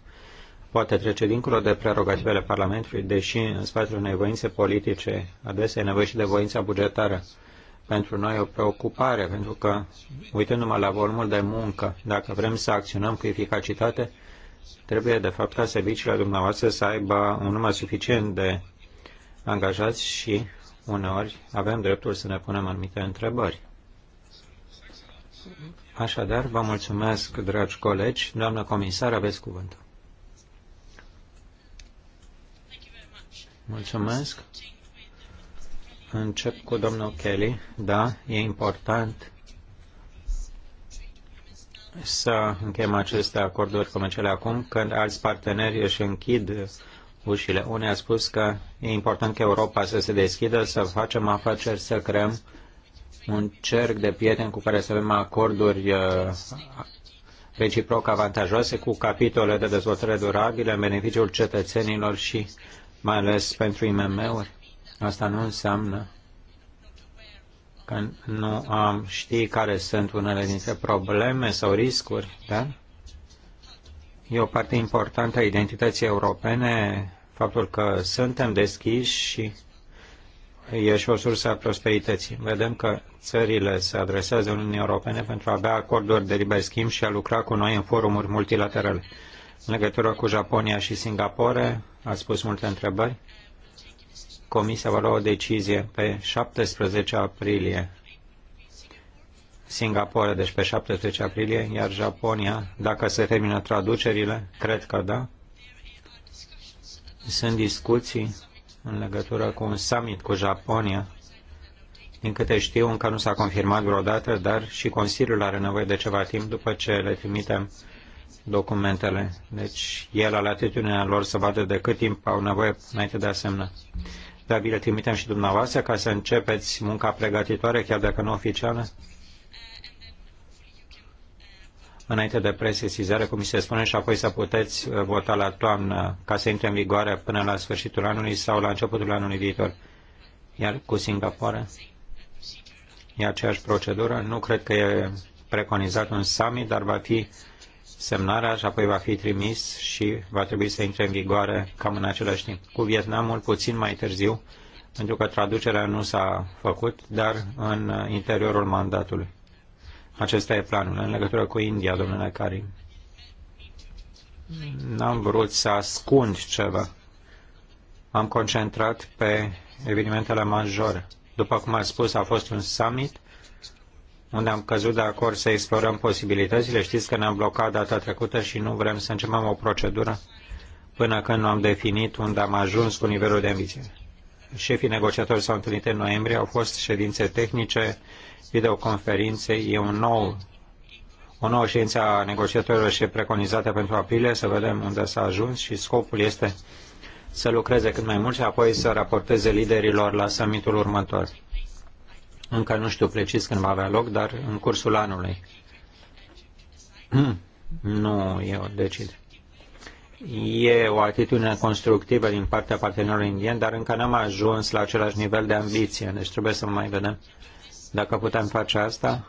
Poate trece dincolo de prerogativele Parlamentului, deși în spatele unei voințe politice adesea e nevoie și de voința bugetară pentru noi o preocupare, pentru că, uitându-mă la volumul de muncă, dacă vrem să acționăm cu eficacitate, trebuie, de fapt, ca serviciile dumneavoastră să aibă un număr suficient de angajați și, uneori, avem dreptul să ne punem anumite întrebări. Așadar, vă mulțumesc, dragi colegi. Doamnă comisar, aveți cuvântul. Mulțumesc. Încep cu domnul Kelly. Da, e important să încheiem aceste acorduri comerciale acum, când alți parteneri își închid ușile. Unii a spus că e important ca Europa să se deschidă, să facem afaceri, să creăm un cerc de prieteni cu care să avem acorduri uh, reciproc avantajoase cu capitole de dezvoltare durabile, în beneficiul cetățenilor și mai ales pentru IMM-uri Asta nu înseamnă că nu am ști care sunt unele dintre probleme sau riscuri, da? e o parte importantă a identității europene faptul că suntem deschiși și e și o sursă a prosperității. Vedem că țările se adresează Uniunii Europene pentru a avea acorduri de liber schimb și a lucra cu noi în forumuri multilaterale. În legătură cu Japonia și Singapore, a spus multe întrebări. Comisia va lua o decizie pe 17 aprilie. Singapore, deci pe 17 aprilie, iar Japonia, dacă se termină traducerile, cred că da, sunt discuții în legătură cu un summit cu Japonia. Din câte știu, încă nu s-a confirmat vreodată, dar și Consiliul are nevoie de ceva timp după ce le trimitem documentele. Deci el la latitudinea lor să vadă de cât timp au nevoie înainte de a semna dar vi le trimitem și dumneavoastră ca să începeți munca pregătitoare, chiar dacă nu oficială? înainte de presesizare, cum se spune, și apoi să puteți uh, vota la toamnă ca să intre în vigoare până la sfârșitul anului sau la începutul anului viitor. Iar cu Singapore e aceeași procedură. Nu cred că e preconizat un summit, dar va fi semnarea și apoi va fi trimis și va trebui să intre în vigoare cam în același timp. Cu Vietnamul puțin mai târziu, pentru că traducerea nu s-a făcut, dar în interiorul mandatului. Acesta e planul. În legătură cu India, domnule Karim, n-am vrut să ascund ceva. am concentrat pe evenimentele majore. După cum ați spus, a fost un summit unde am căzut de acord să explorăm posibilitățile. Știți că ne-am blocat data trecută și nu vrem să începem o procedură până când nu am definit unde am ajuns cu nivelul de ambiție. Șefii negociatori s-au întâlnit în noiembrie, au fost ședințe tehnice, videoconferințe, e un nou, o nouă ședință a negociatorilor și preconizată pentru aprilie, să vedem unde s-a ajuns și scopul este să lucreze cât mai mult și apoi să raporteze liderilor la summitul următor. Încă nu știu precis când va avea loc, dar în cursul anului. nu eu decid. E o atitudine constructivă din partea partenerului indien, dar încă n-am ajuns la același nivel de ambiție, deci trebuie să mai vedem dacă putem face asta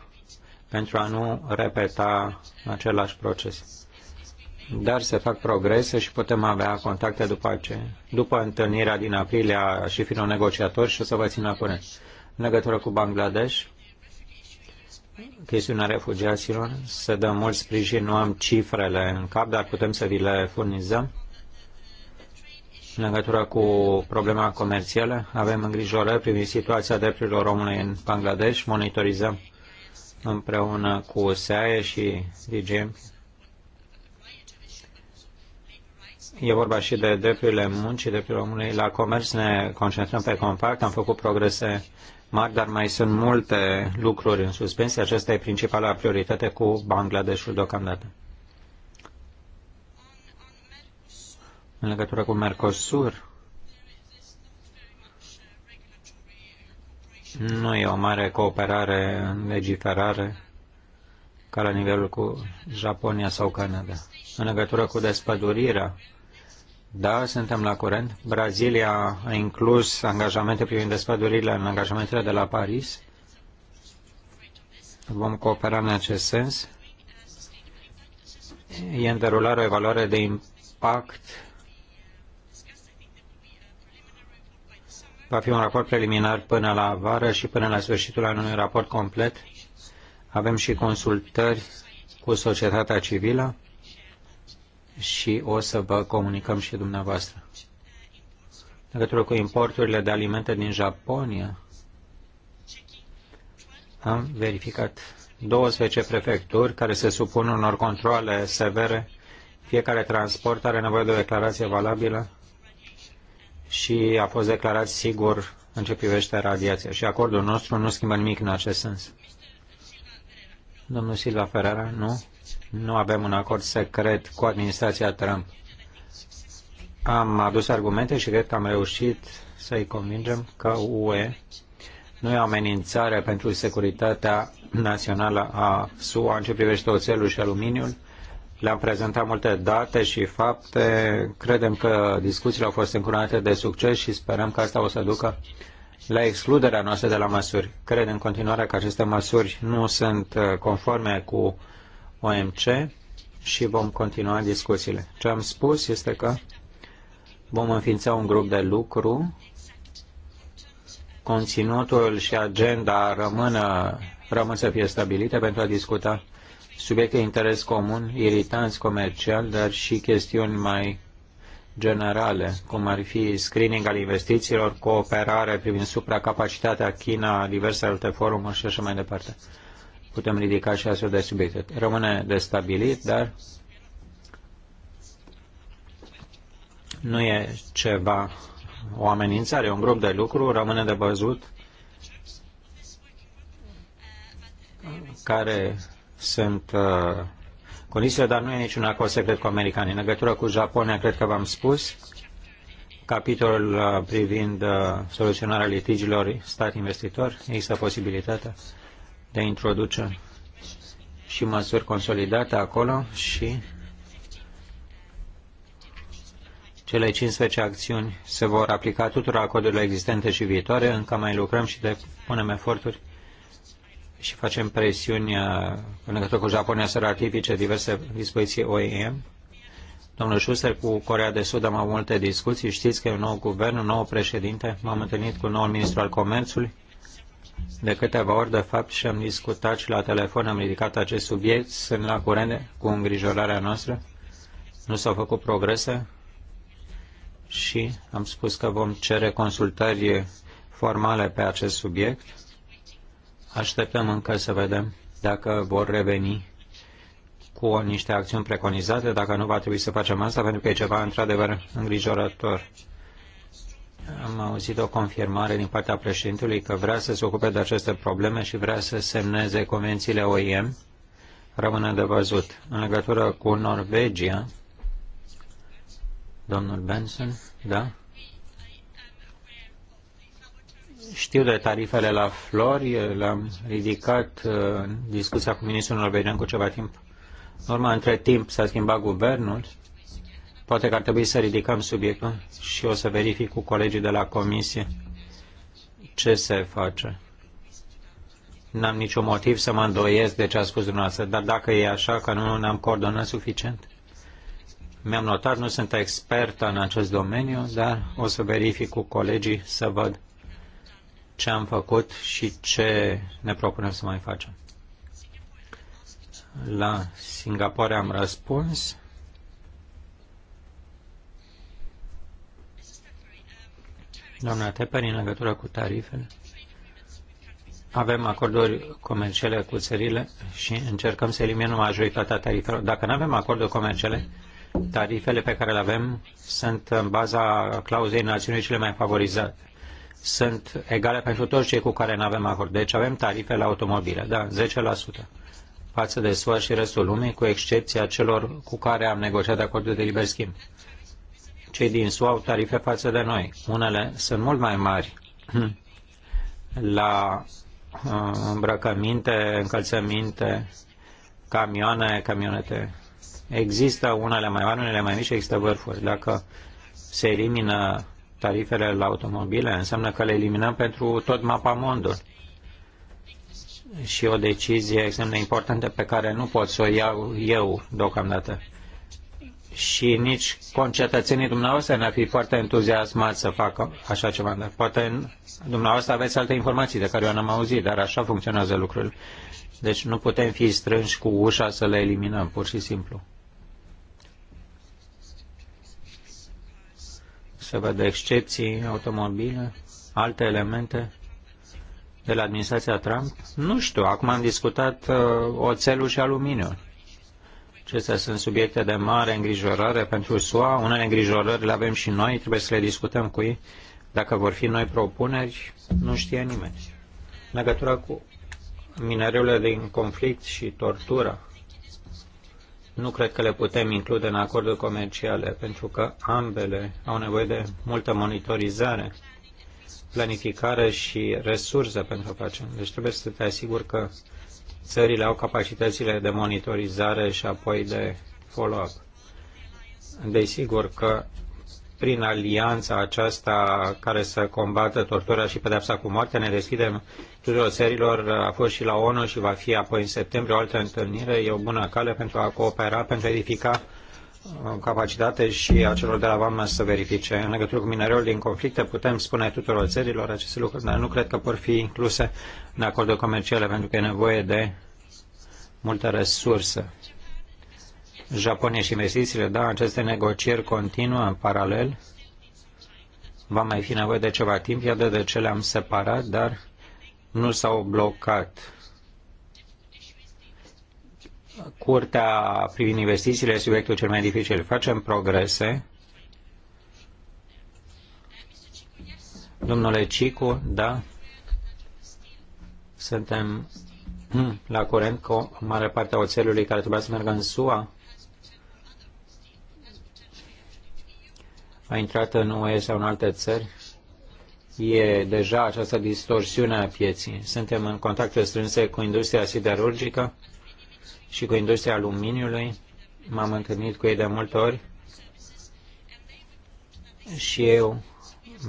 pentru a nu repeta același proces. Dar se fac progrese și putem avea contacte după ce, după întâlnirea din aprilie și un negociator și o să vă țin la curent în legătură cu Bangladesh, chestiunea refugiaților, să dăm mult sprijin, nu am cifrele în cap, dar putem să vi le furnizăm. În legătură cu problema comercială, avem îngrijorări privind situația drepturilor omului în Bangladesh, monitorizăm împreună cu SEAE și DGM. E vorba și de drepturile muncii, drepturile omului. La comerț ne concentrăm pe compact, am făcut progrese mari, dar mai sunt multe lucruri în suspensie. Aceasta e principala prioritate cu Bangladeshul deocamdată. În legătură cu Mercosur, nu e o mare cooperare în legiferare ca la nivelul cu Japonia sau Canada. În legătură cu despădurirea, da, suntem la curent. Brazilia a inclus angajamente privind despădurile în angajamentele de la Paris. Vom coopera în acest sens. E în derulare o evaluare de impact. Va fi un raport preliminar până la vară și până la sfârșitul anului raport complet. Avem și consultări cu societatea civilă și o să vă comunicăm și dumneavoastră. În legătură cu importurile de alimente din Japonia, am verificat 12 prefecturi care se supun unor controle severe. Fiecare transport are nevoie de o declarație valabilă și a fost declarat sigur în ce privește radiația. Și acordul nostru nu schimbă nimic în acest sens. Domnul Silva Ferrara, nu? Nu avem un acord secret cu administrația Trump. Am adus argumente și cred că am reușit să-i convingem că UE nu e o amenințare pentru securitatea națională a SUA în ce privește oțelul și aluminiul. Le-am prezentat multe date și fapte. Credem că discuțiile au fost încurajate de succes și sperăm că asta o să ducă la excluderea noastră de la măsuri. Cred în continuare că aceste măsuri nu sunt uh, conforme cu OMC și vom continua discuțiile. Ce am spus este că vom înființa un grup de lucru, conținutul și agenda rămână, rămân să fie stabilite pentru a discuta subiecte de interes comun, iritanți comercial, dar și chestiuni mai generale, cum ar fi screening al investițiilor, cooperare privind supracapacitatea China, diverse alte forumuri și așa mai departe putem ridica și astfel de subiecte. Rămâne de stabilit, dar nu e ceva, o amenințare, un grup de lucru, rămâne de văzut care sunt uh, condițiile, dar nu e niciun acord secret cu americanii. În legătură cu Japonia, cred că v-am spus, capitolul uh, privind uh, soluționarea litigiilor stat investitor, există posibilitatea de introduce și măsuri consolidate acolo și cele 15 acțiuni se vor aplica tuturor acordurilor existente și viitoare. Încă mai lucrăm și depunem eforturi și facem presiuni uh, în legătură cu Japonia să ratifice diverse dispoziții OEM. Domnul Schuster, cu Corea de Sud am avut multe discuții. Știți că e un nou guvern, un nou președinte. M-am întâlnit cu noul ministru al comerțului de câteva ori, de fapt, și am discutat și la telefon, am ridicat acest subiect, sunt la curent cu îngrijorarea noastră, nu s-au făcut progrese și am spus că vom cere consultări formale pe acest subiect. Așteptăm încă să vedem dacă vor reveni cu niște acțiuni preconizate, dacă nu va trebui să facem asta, pentru că e ceva într-adevăr îngrijorător. Am auzit o confirmare din partea președintelui că vrea să se ocupe de aceste probleme și vrea să semneze convențiile OIM. Rămâne de văzut. În legătură cu Norvegia, domnul Benson, da? Știu de tarifele la flori, le-am ridicat uh, în discuția cu ministrul norvegian cu ceva timp. În urmă, între timp s-a schimbat guvernul Poate că ar trebui să ridicăm subiectul și o să verific cu colegii de la comisie ce se face. N-am niciun motiv să mă îndoiesc de ce a spus dumneavoastră, dar dacă e așa că nu ne-am coordonat suficient, mi-am notat, nu sunt expert în acest domeniu, dar o să verific cu colegii să văd ce am făcut și ce ne propunem să mai facem. La Singapore am răspuns. doamna Tepper, în legătură cu tarifele. Avem acorduri comerciale cu țările și încercăm să eliminăm majoritatea tarifelor. Dacă nu avem acorduri comerciale, tarifele pe care le avem sunt în baza clauzei națiunii cele mai favorizate. Sunt egale pentru toți cei cu care nu avem acord. Deci avem tarife la automobile, da, 10% față de SUA și restul lumii, cu excepția celor cu care am negociat acordul de liber schimb. Cei din SUA au tarife față de noi. Unele sunt mult mai mari la uh, îmbrăcăminte, încălțăminte, camioane, camionete. Există unele mai mari, unele mai mici, există vârfuri. Dacă se elimină tarifele la automobile, înseamnă că le eliminăm pentru tot mapamondul. Și o decizie extrem de importantă pe care nu pot să o iau eu deocamdată și nici concetățenii dumneavoastră n-ar fi foarte entuziasmați să facă așa ceva. Dar poate dumneavoastră aveți alte informații de care eu n-am auzit, dar așa funcționează lucrurile. Deci nu putem fi strânși cu ușa să le eliminăm, pur și simplu. Se văd excepții, automobile, alte elemente de la administrația Trump? Nu știu, acum am discutat uh, oțelul și aluminiul. Acestea sunt subiecte de mare îngrijorare pentru SUA. Unele îngrijorări le avem și noi, trebuie să le discutăm cu ei. Dacă vor fi noi propuneri, nu știe nimeni. În legătură cu minereurile din conflict și tortura, nu cred că le putem include în acorduri comerciale, pentru că ambele au nevoie de multă monitorizare, planificare și resurse pentru a face. Deci trebuie să te asiguri că țările au capacitățile de monitorizare și apoi de follow-up. Desigur că prin alianța aceasta care să combată tortura și pedepsa cu moartea, ne deschidem tuturor țărilor, a fost și la ONU și va fi apoi în septembrie o altă întâlnire, e o bună cale pentru a coopera, pentru a edifica Uh, capacitate și a celor de la VAMA să verifice. În legătură cu mineralul din conflicte, putem spune tuturor țărilor aceste lucruri, dar nu cred că vor fi incluse în acorduri comerciale, pentru că e nevoie de multă resursă. Japonia și investițiile, da, aceste negocieri continuă în paralel. Va mai fi nevoie de ceva timp, iată de ce le-am separat, dar nu s-au blocat Curtea privind investițiile este subiectul cel mai dificil. Facem progrese. Domnule Cicu, da, suntem hmm, la curent cu o mare parte a oțelului care trebuia să meargă în SUA a intrat în UE sau în alte țări. E deja această distorsiune a pieții. Suntem în contacte strânse cu industria siderurgică și cu industria aluminiului. M-am întâlnit cu ei de multe ori și eu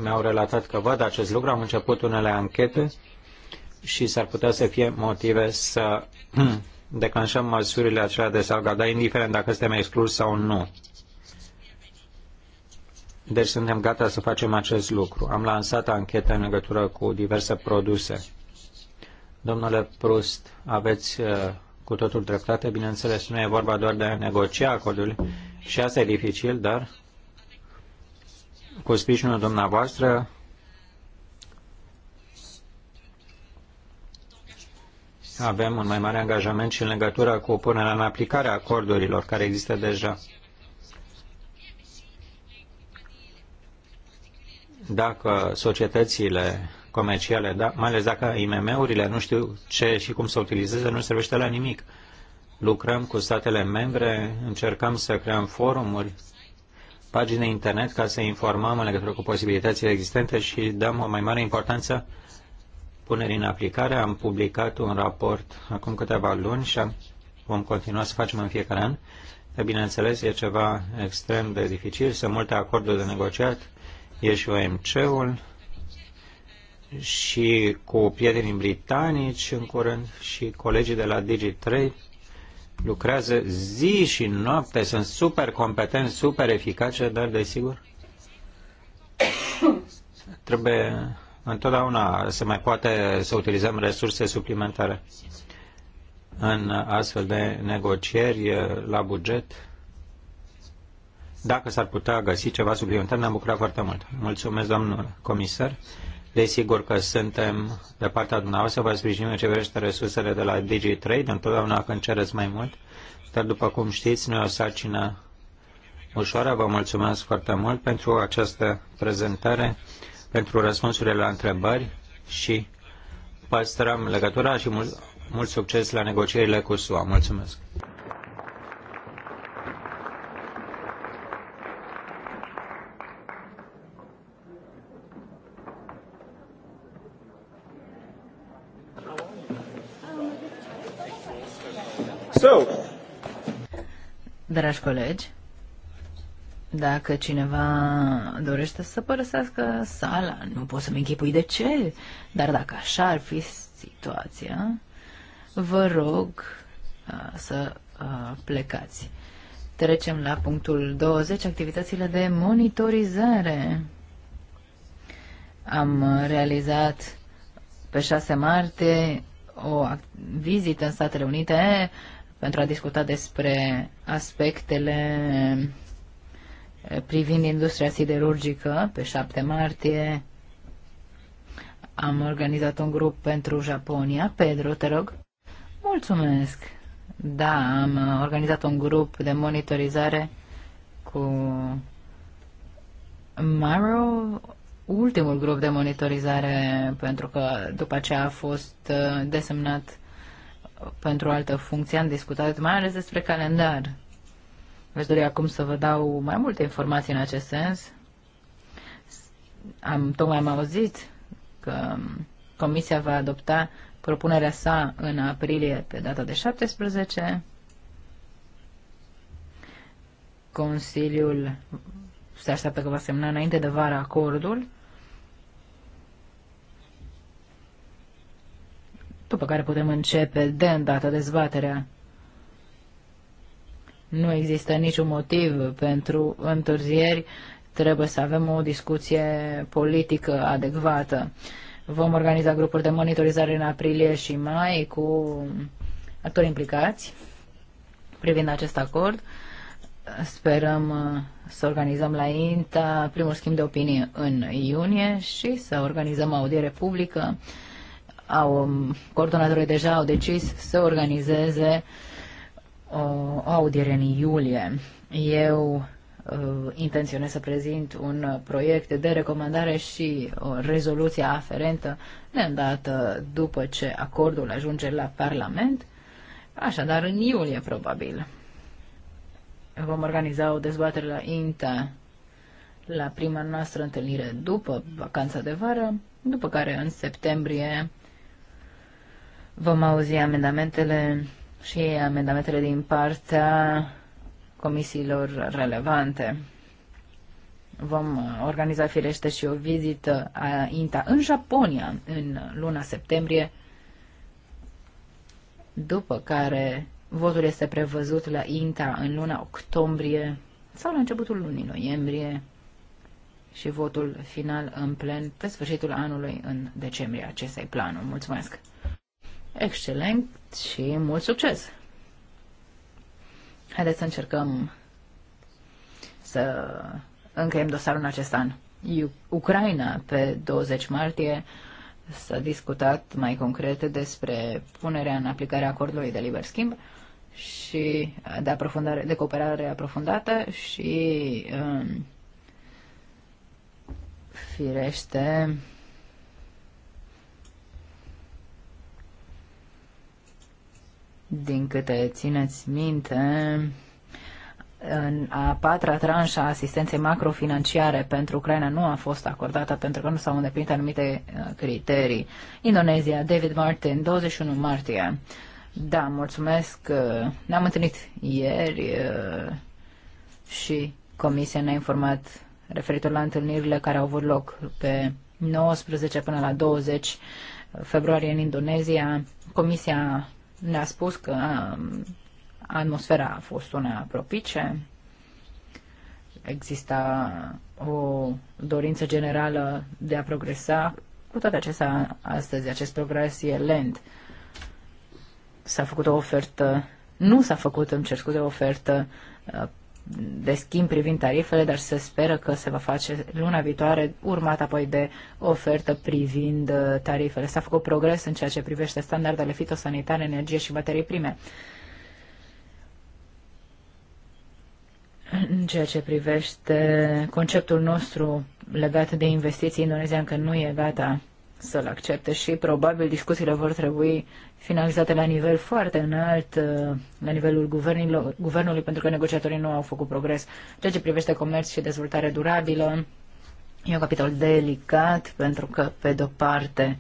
mi-au relatat că văd acest lucru, am început unele anchete și s-ar putea să fie motive să declanșăm măsurile acelea de dar indiferent dacă suntem exclus sau nu. Deci suntem gata să facem acest lucru. Am lansat anchete în legătură cu diverse produse. Domnule Prust, aveți uh, cu totul dreptate. Bineînțeles, nu e vorba doar de a negocia acordul și asta e dificil, dar cu sprijinul dumneavoastră avem un mai mare angajament și în legătură cu punerea în aplicare a acordurilor care există deja. Dacă societățile comerciale, da, mai ales dacă IMM-urile nu știu ce și cum să utilizeze, nu servește la nimic. Lucrăm cu statele membre, încercăm să creăm forumuri, pagine internet ca să informăm în legătură cu posibilitățile existente și dăm o mai mare importanță punerii în aplicare. Am publicat un raport acum câteva luni și vom continua să facem în fiecare an. Dar, bineînțeles, e ceva extrem de dificil, sunt multe acorduri de negociat, e și OMC-ul, și cu prietenii britanici în curând și colegii de la Digi3 lucrează zi și noapte, sunt super competenți, super eficace, dar desigur trebuie întotdeauna să mai poate să utilizăm resurse suplimentare în astfel de negocieri la buget. Dacă s-ar putea găsi ceva suplimentar, ne-am bucurat foarte mult. Mulțumesc, domnul comisar. Desigur că suntem de partea dumneavoastră, vă sprijinim în ce privește resursele de la DigiTrade, întotdeauna când cereți mai mult, dar după cum știți, nu e o sarcină ușoară. Vă mulțumesc foarte mult pentru această prezentare, pentru răspunsurile la întrebări și păstrăm legătura și mult, mult succes la negocierile cu SUA. Mulțumesc! Dragi colegi, dacă cineva dorește să părăsească sala, nu pot să-mi închipui de ce, dar dacă așa ar fi situația, vă rog uh, să uh, plecați. Trecem la punctul 20, activitățile de monitorizare. Am realizat pe 6 martie o vizită în Statele Unite pentru a discuta despre aspectele privind industria siderurgică. Pe 7 martie am organizat un grup pentru Japonia. Pedro, te rog. Mulțumesc! Da, am organizat un grup de monitorizare cu Maro, ultimul grup de monitorizare, pentru că după aceea a fost uh, desemnat pentru o altă funcție. Am discutat mai ales despre calendar. Aș dori acum să vă dau mai multe informații în acest sens. Am tocmai am auzit că Comisia va adopta propunerea sa în aprilie pe data de 17. Consiliul se așteaptă că va semna înainte de vară acordul după care putem începe de îndată dezbaterea. Nu există niciun motiv pentru întârzieri, trebuie să avem o discuție politică adecvată. Vom organiza grupuri de monitorizare în aprilie și mai cu actori implicați privind acest acord. Sperăm uh, să organizăm la INTA primul schimb de opinie în iunie și să organizăm audiere publică au, um, coordonatorii deja au decis să organizeze o, o audiere în iulie. Eu uh, intenționez să prezint un proiect de recomandare și o rezoluție aferentă de îndată după ce acordul ajunge la Parlament, așadar în iulie probabil. Vom organiza o dezbatere la INTA la prima noastră întâlnire după vacanța de vară, după care în septembrie Vom auzi amendamentele și amendamentele din partea comisiilor relevante. Vom organiza firește și o vizită a INTA în Japonia în luna septembrie, după care votul este prevăzut la INTA în luna octombrie sau la începutul lunii noiembrie și votul final în plen pe sfârșitul anului în decembrie. Acesta e planul. Mulțumesc! Excelent și mult succes! Haideți să încercăm să încheiem dosarul în acest an. Ucraina, pe 20 martie, s-a discutat mai concret despre punerea în aplicare a acordului de liber schimb și de, aprofundare, de cooperare aprofundată și um, firește Din câte țineți minte, în a patra tranșă a asistenței macrofinanciare pentru Ucraina nu a fost acordată pentru că nu s-au îndeplinit anumite uh, criterii. Indonezia, David Martin, 21 martie. Da, mulțumesc. Uh, ne-am întâlnit ieri uh, și Comisia ne-a informat referitor la întâlnirile care au avut loc pe 19 până la 20 februarie în Indonezia. Comisia ne-a spus că um, atmosfera a fost una propice, exista o dorință generală de a progresa. Cu toate acestea, astăzi acest progres e lent. S-a făcut o ofertă, nu s-a făcut, îmi cer scuze, o ofertă uh, de schimb privind tarifele, dar se speră că se va face luna viitoare, urmat apoi de ofertă privind uh, tarifele. S-a făcut progres în ceea ce privește standardele fitosanitare, energie și baterii prime. În ceea ce privește conceptul nostru legat de investiții, Indonezia încă nu e gata să-l accepte și probabil discuțiile vor trebui finalizate la nivel foarte înalt, uh, la nivelul guvernului, pentru că negociatorii nu au făcut progres. Ceea ce privește comerț și dezvoltare durabilă, e un capitol delicat, pentru că, pe de-o parte,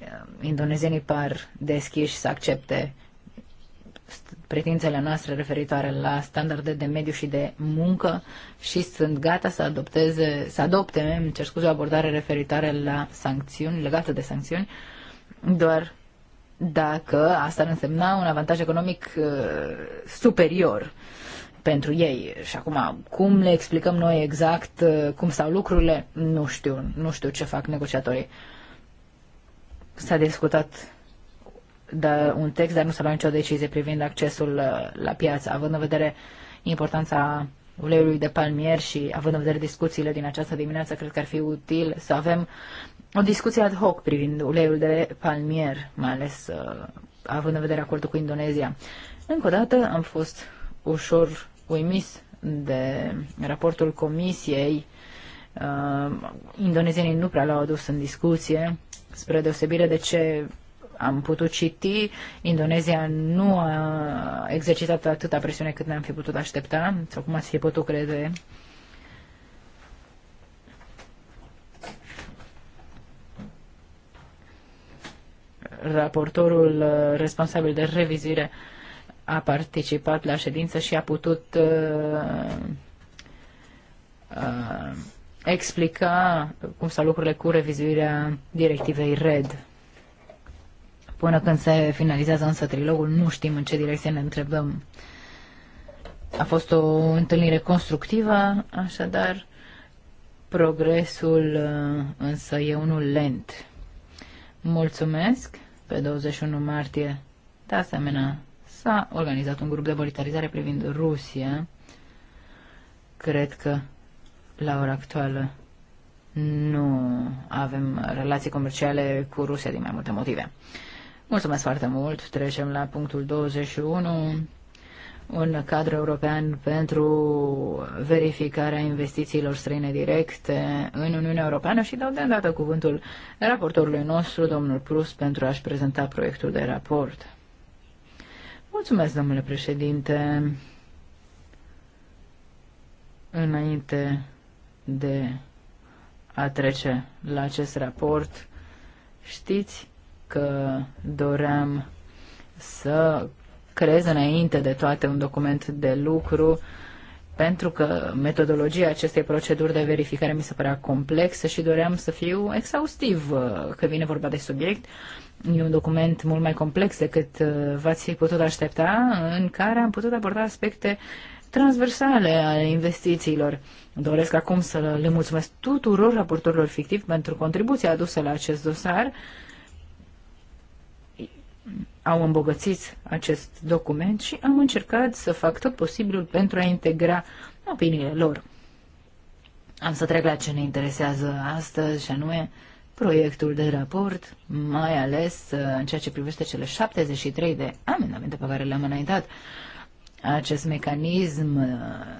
uh, indonezienii par deschiși să accepte pretințele noastre referitoare la standarde de mediu și de muncă și sunt gata să adopteze, să adopte, îmi cer scuze, o abordare referitoare la sancțiuni, legată de sancțiuni, doar dacă asta ar însemna un avantaj economic uh, superior pentru ei. Și acum, cum le explicăm noi exact uh, cum stau lucrurile, nu știu, nu știu ce fac negociatorii. S-a discutat de un text, dar nu s-a luat nicio decizie privind accesul uh, la piață, având în vedere importanța uleiului de palmier și având în vedere discuțiile din această dimineață, cred că ar fi util să avem o discuție ad hoc privind uleiul de palmier, mai ales uh, având în vedere acordul cu Indonezia. Încă o dată am fost ușor uimis de raportul comisiei. Uh, indonezienii nu prea l-au adus în discuție, spre deosebire de ce am putut citi, Indonezia nu a exercitat atâta presiune cât ne-am fi putut aștepta, sau cum ați fi putut crede. Raportorul uh, responsabil de revizuire a participat la ședință și a putut uh, uh, explica cum s-au lucrurile cu revizuirea directivei RED. Până când se finalizează însă trilogul, nu știm în ce direcție ne întrebăm. A fost o întâlnire constructivă, așadar progresul uh, însă e unul lent. Mulțumesc! Pe 21 martie, de asemenea, s-a organizat un grup de monitorizare privind Rusia. Cred că la ora actuală nu avem relații comerciale cu Rusia din mai multe motive. Mulțumesc foarte mult. Trecem la punctul 21. Un cadru european pentru verificarea investițiilor străine directe în Uniunea Europeană și dau de îndată cuvântul raportorului nostru, domnul Prus, pentru a-și prezenta proiectul de raport. Mulțumesc, domnule președinte. Înainte de a trece la acest raport, știți că doream să creez înainte de toate un document de lucru, pentru că metodologia acestei proceduri de verificare mi se părea complexă și doream să fiu exhaustiv uh, când vine vorba de subiect. E un document mult mai complex decât uh, v-ați fi putut aștepta, în care am putut aborda aspecte transversale ale investițiilor. Doresc acum să le mulțumesc tuturor raportorilor fictivi pentru contribuția adusă la acest dosar au îmbogățit acest document și am încercat să fac tot posibilul pentru a integra opiniile lor. Am să trec la ce ne interesează astăzi, și anume proiectul de raport, mai ales uh, în ceea ce privește cele 73 de amendamente pe care le-am înaintat. Acest mecanism uh,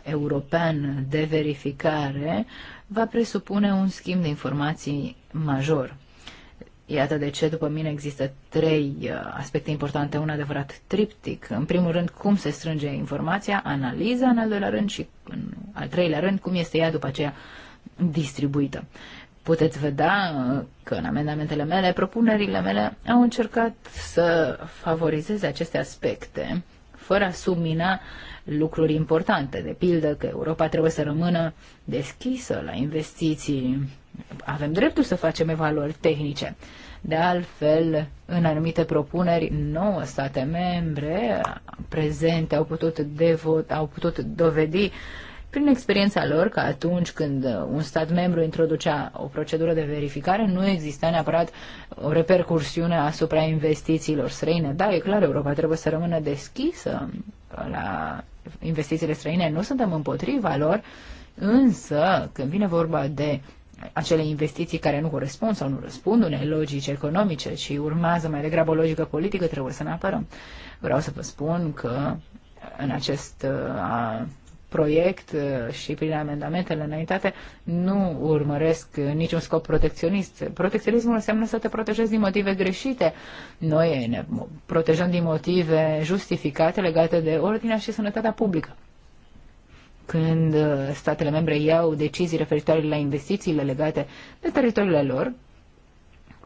european de verificare va presupune un schimb de informații major. Iată de ce, după mine, există trei uh, aspecte importante, un adevărat triptic. În primul rând, cum se strânge informația, analiza, în al doilea rând și în al treilea rând, cum este ea după aceea distribuită. Puteți vedea uh, că în amendamentele mele, propunerile mele au încercat să favorizeze aceste aspecte fără a submina lucruri importante, de pildă că Europa trebuie să rămână deschisă la investiții. Avem dreptul să facem evaluări tehnice. De altfel, în anumite propuneri, 9 state membre prezente au putut, devot, au putut dovedi prin experiența lor că atunci când un stat membru introducea o procedură de verificare, nu exista neapărat o repercursiune asupra investițiilor străine. Da, e clar, Europa trebuie să rămână deschisă la investițiile străine, nu suntem împotriva lor, însă când vine vorba de acele investiții care nu corespund sau nu răspund unei logici economice, ci urmează mai degrabă o logică politică, trebuie să ne apărăm. Vreau să vă spun că în acest uh, proiect uh, și prin amendamentele înaintate nu urmăresc uh, niciun scop protecționist. Protecționismul înseamnă să te protejezi din motive greșite. Noi ne protejăm din motive justificate legate de ordinea și sănătatea publică când uh, statele membre iau decizii referitoare la investițiile legate de teritoriile lor,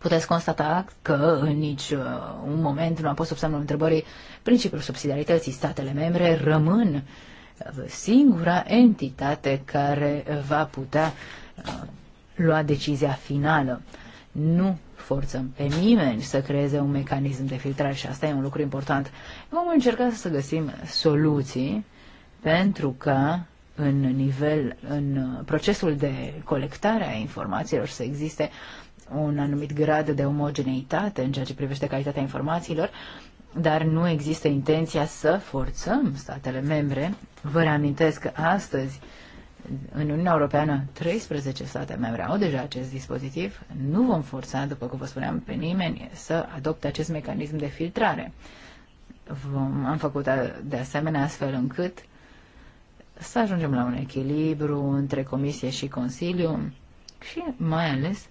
puteți constata că în nici uh, un moment nu am pus sub semnul întrebării principiul subsidiarității. Statele membre rămân uh, singura entitate care va putea lua decizia finală. Nu forțăm pe nimeni să creeze un mecanism de filtrare și asta e un lucru important. Vom încerca să găsim soluții pentru că în nivel, în procesul de colectare a informațiilor să existe un anumit grad de omogeneitate în ceea ce privește calitatea informațiilor, dar nu există intenția să forțăm statele membre. Vă reamintesc că astăzi în Uniunea Europeană 13 state membre au deja acest dispozitiv. Nu vom forța, după cum vă spuneam, pe nimeni să adopte acest mecanism de filtrare. Vom, am făcut de asemenea astfel încât să ajungem la un echilibru între Comisie și Consiliu și mai ales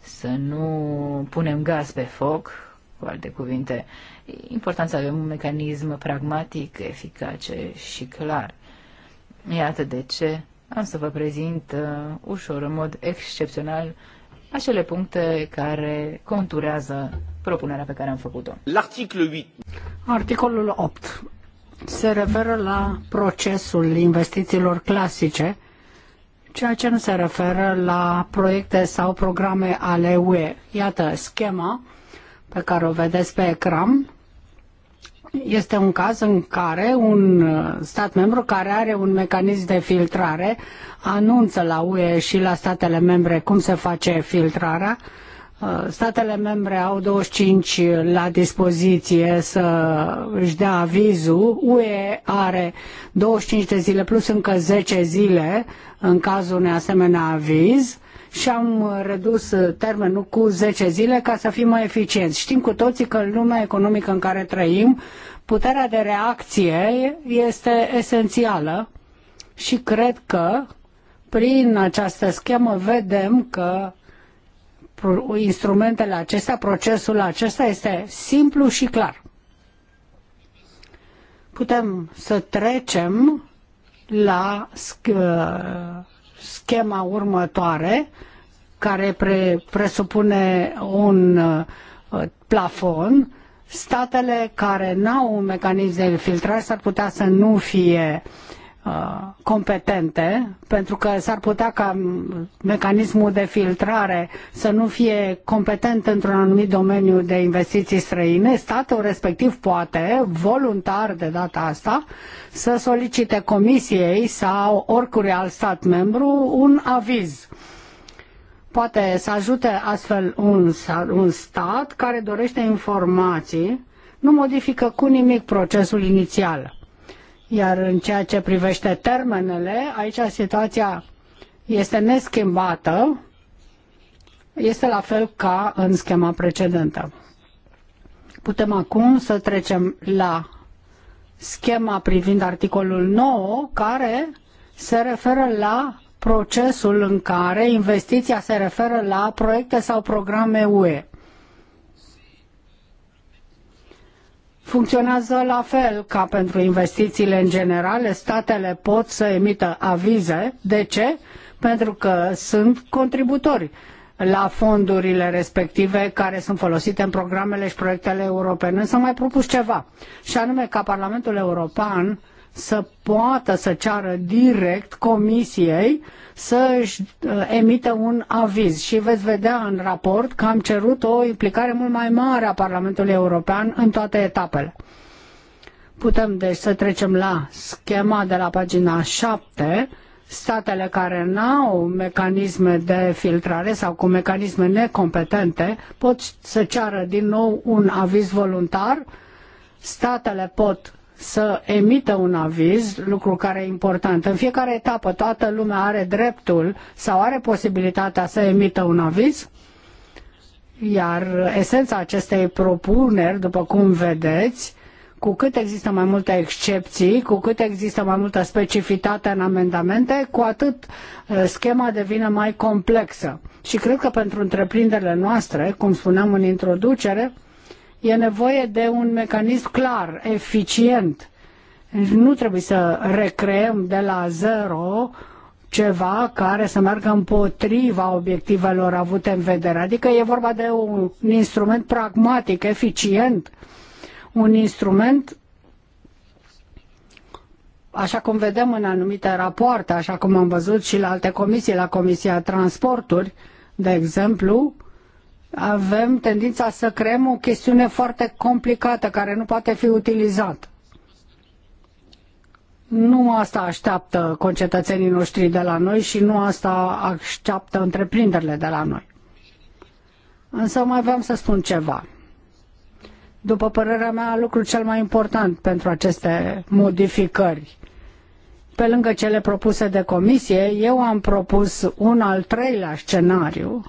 să nu punem gaz pe foc, cu alte cuvinte, important să avem un mecanism pragmatic, eficace și clar. Iată de ce am să vă prezint uh, ușor, în mod excepțional, acele puncte care conturează propunerea pe care am făcut-o. Articolul 8. Articolul 8 se referă la procesul investițiilor clasice, ceea ce nu se referă la proiecte sau programe ale UE. Iată, schema pe care o vedeți pe ecran este un caz în care un stat membru care are un mecanism de filtrare anunță la UE și la statele membre cum se face filtrarea Uh, statele membre au 25 la dispoziție să își dea avizul, UE are 25 de zile plus încă 10 zile în cazul unui asemenea aviz și am redus termenul cu 10 zile ca să fim mai eficienți. Știm cu toții că în lumea economică în care trăim, puterea de reacție este esențială și cred că prin această schemă vedem că instrumentele acestea, procesul acesta este simplu și clar. Putem să trecem la schema următoare, care pre, presupune un uh, plafon. Statele care n-au un mecanism de filtrare s-ar putea să nu fie uh, Uh, competente, pentru că s-ar putea ca mecanismul de filtrare să nu fie competent într-un anumit domeniu de investiții străine, statul respectiv poate, voluntar de data asta, să solicite comisiei sau oricui alt stat membru un aviz. Poate să ajute astfel un, un stat care dorește informații, nu modifică cu nimic procesul inițial iar în ceea ce privește termenele, aici situația este neschimbată, este la fel ca în schema precedentă. Putem acum să trecem la schema privind articolul 9, care se referă la procesul în care investiția se referă la proiecte sau programe UE. funcționează la fel ca pentru investițiile în general. Statele pot să emită avize. De ce? Pentru că sunt contributori la fondurile respective care sunt folosite în programele și proiectele europene. Însă mai propus ceva, și anume ca Parlamentul European să poată să ceară direct comisiei să își uh, emită un aviz. Și veți vedea în raport că am cerut o implicare mult mai mare a Parlamentului European în toate etapele. Putem deci să trecem la schema de la pagina 7, statele care n-au mecanisme de filtrare sau cu mecanisme necompetente pot să ceară din nou un aviz voluntar, statele pot să emită un aviz, lucru care e important. În fiecare etapă toată lumea are dreptul sau are posibilitatea să emită un aviz, iar esența acestei propuneri, după cum vedeți, cu cât există mai multe excepții, cu cât există mai multă specificitate în amendamente, cu atât uh, schema devine mai complexă. Și cred că pentru întreprinderile noastre, cum spuneam în introducere, E nevoie de un mecanism clar, eficient. Deci nu trebuie să recreăm de la zero ceva care să meargă împotriva obiectivelor avute în vedere. Adică e vorba de un instrument pragmatic, eficient, un instrument așa cum vedem în anumite rapoarte, așa cum am văzut și la alte comisii, la Comisia Transporturi, de exemplu, uh, avem tendința să creăm o chestiune foarte complicată care nu poate fi utilizată. Nu asta așteaptă concetățenii noștri de la noi și nu asta așteaptă întreprinderile de la noi. Însă mai vreau să spun ceva. După părerea mea, lucrul cel mai important pentru aceste modificări, pe lângă cele propuse de comisie, eu am propus un al treilea scenariu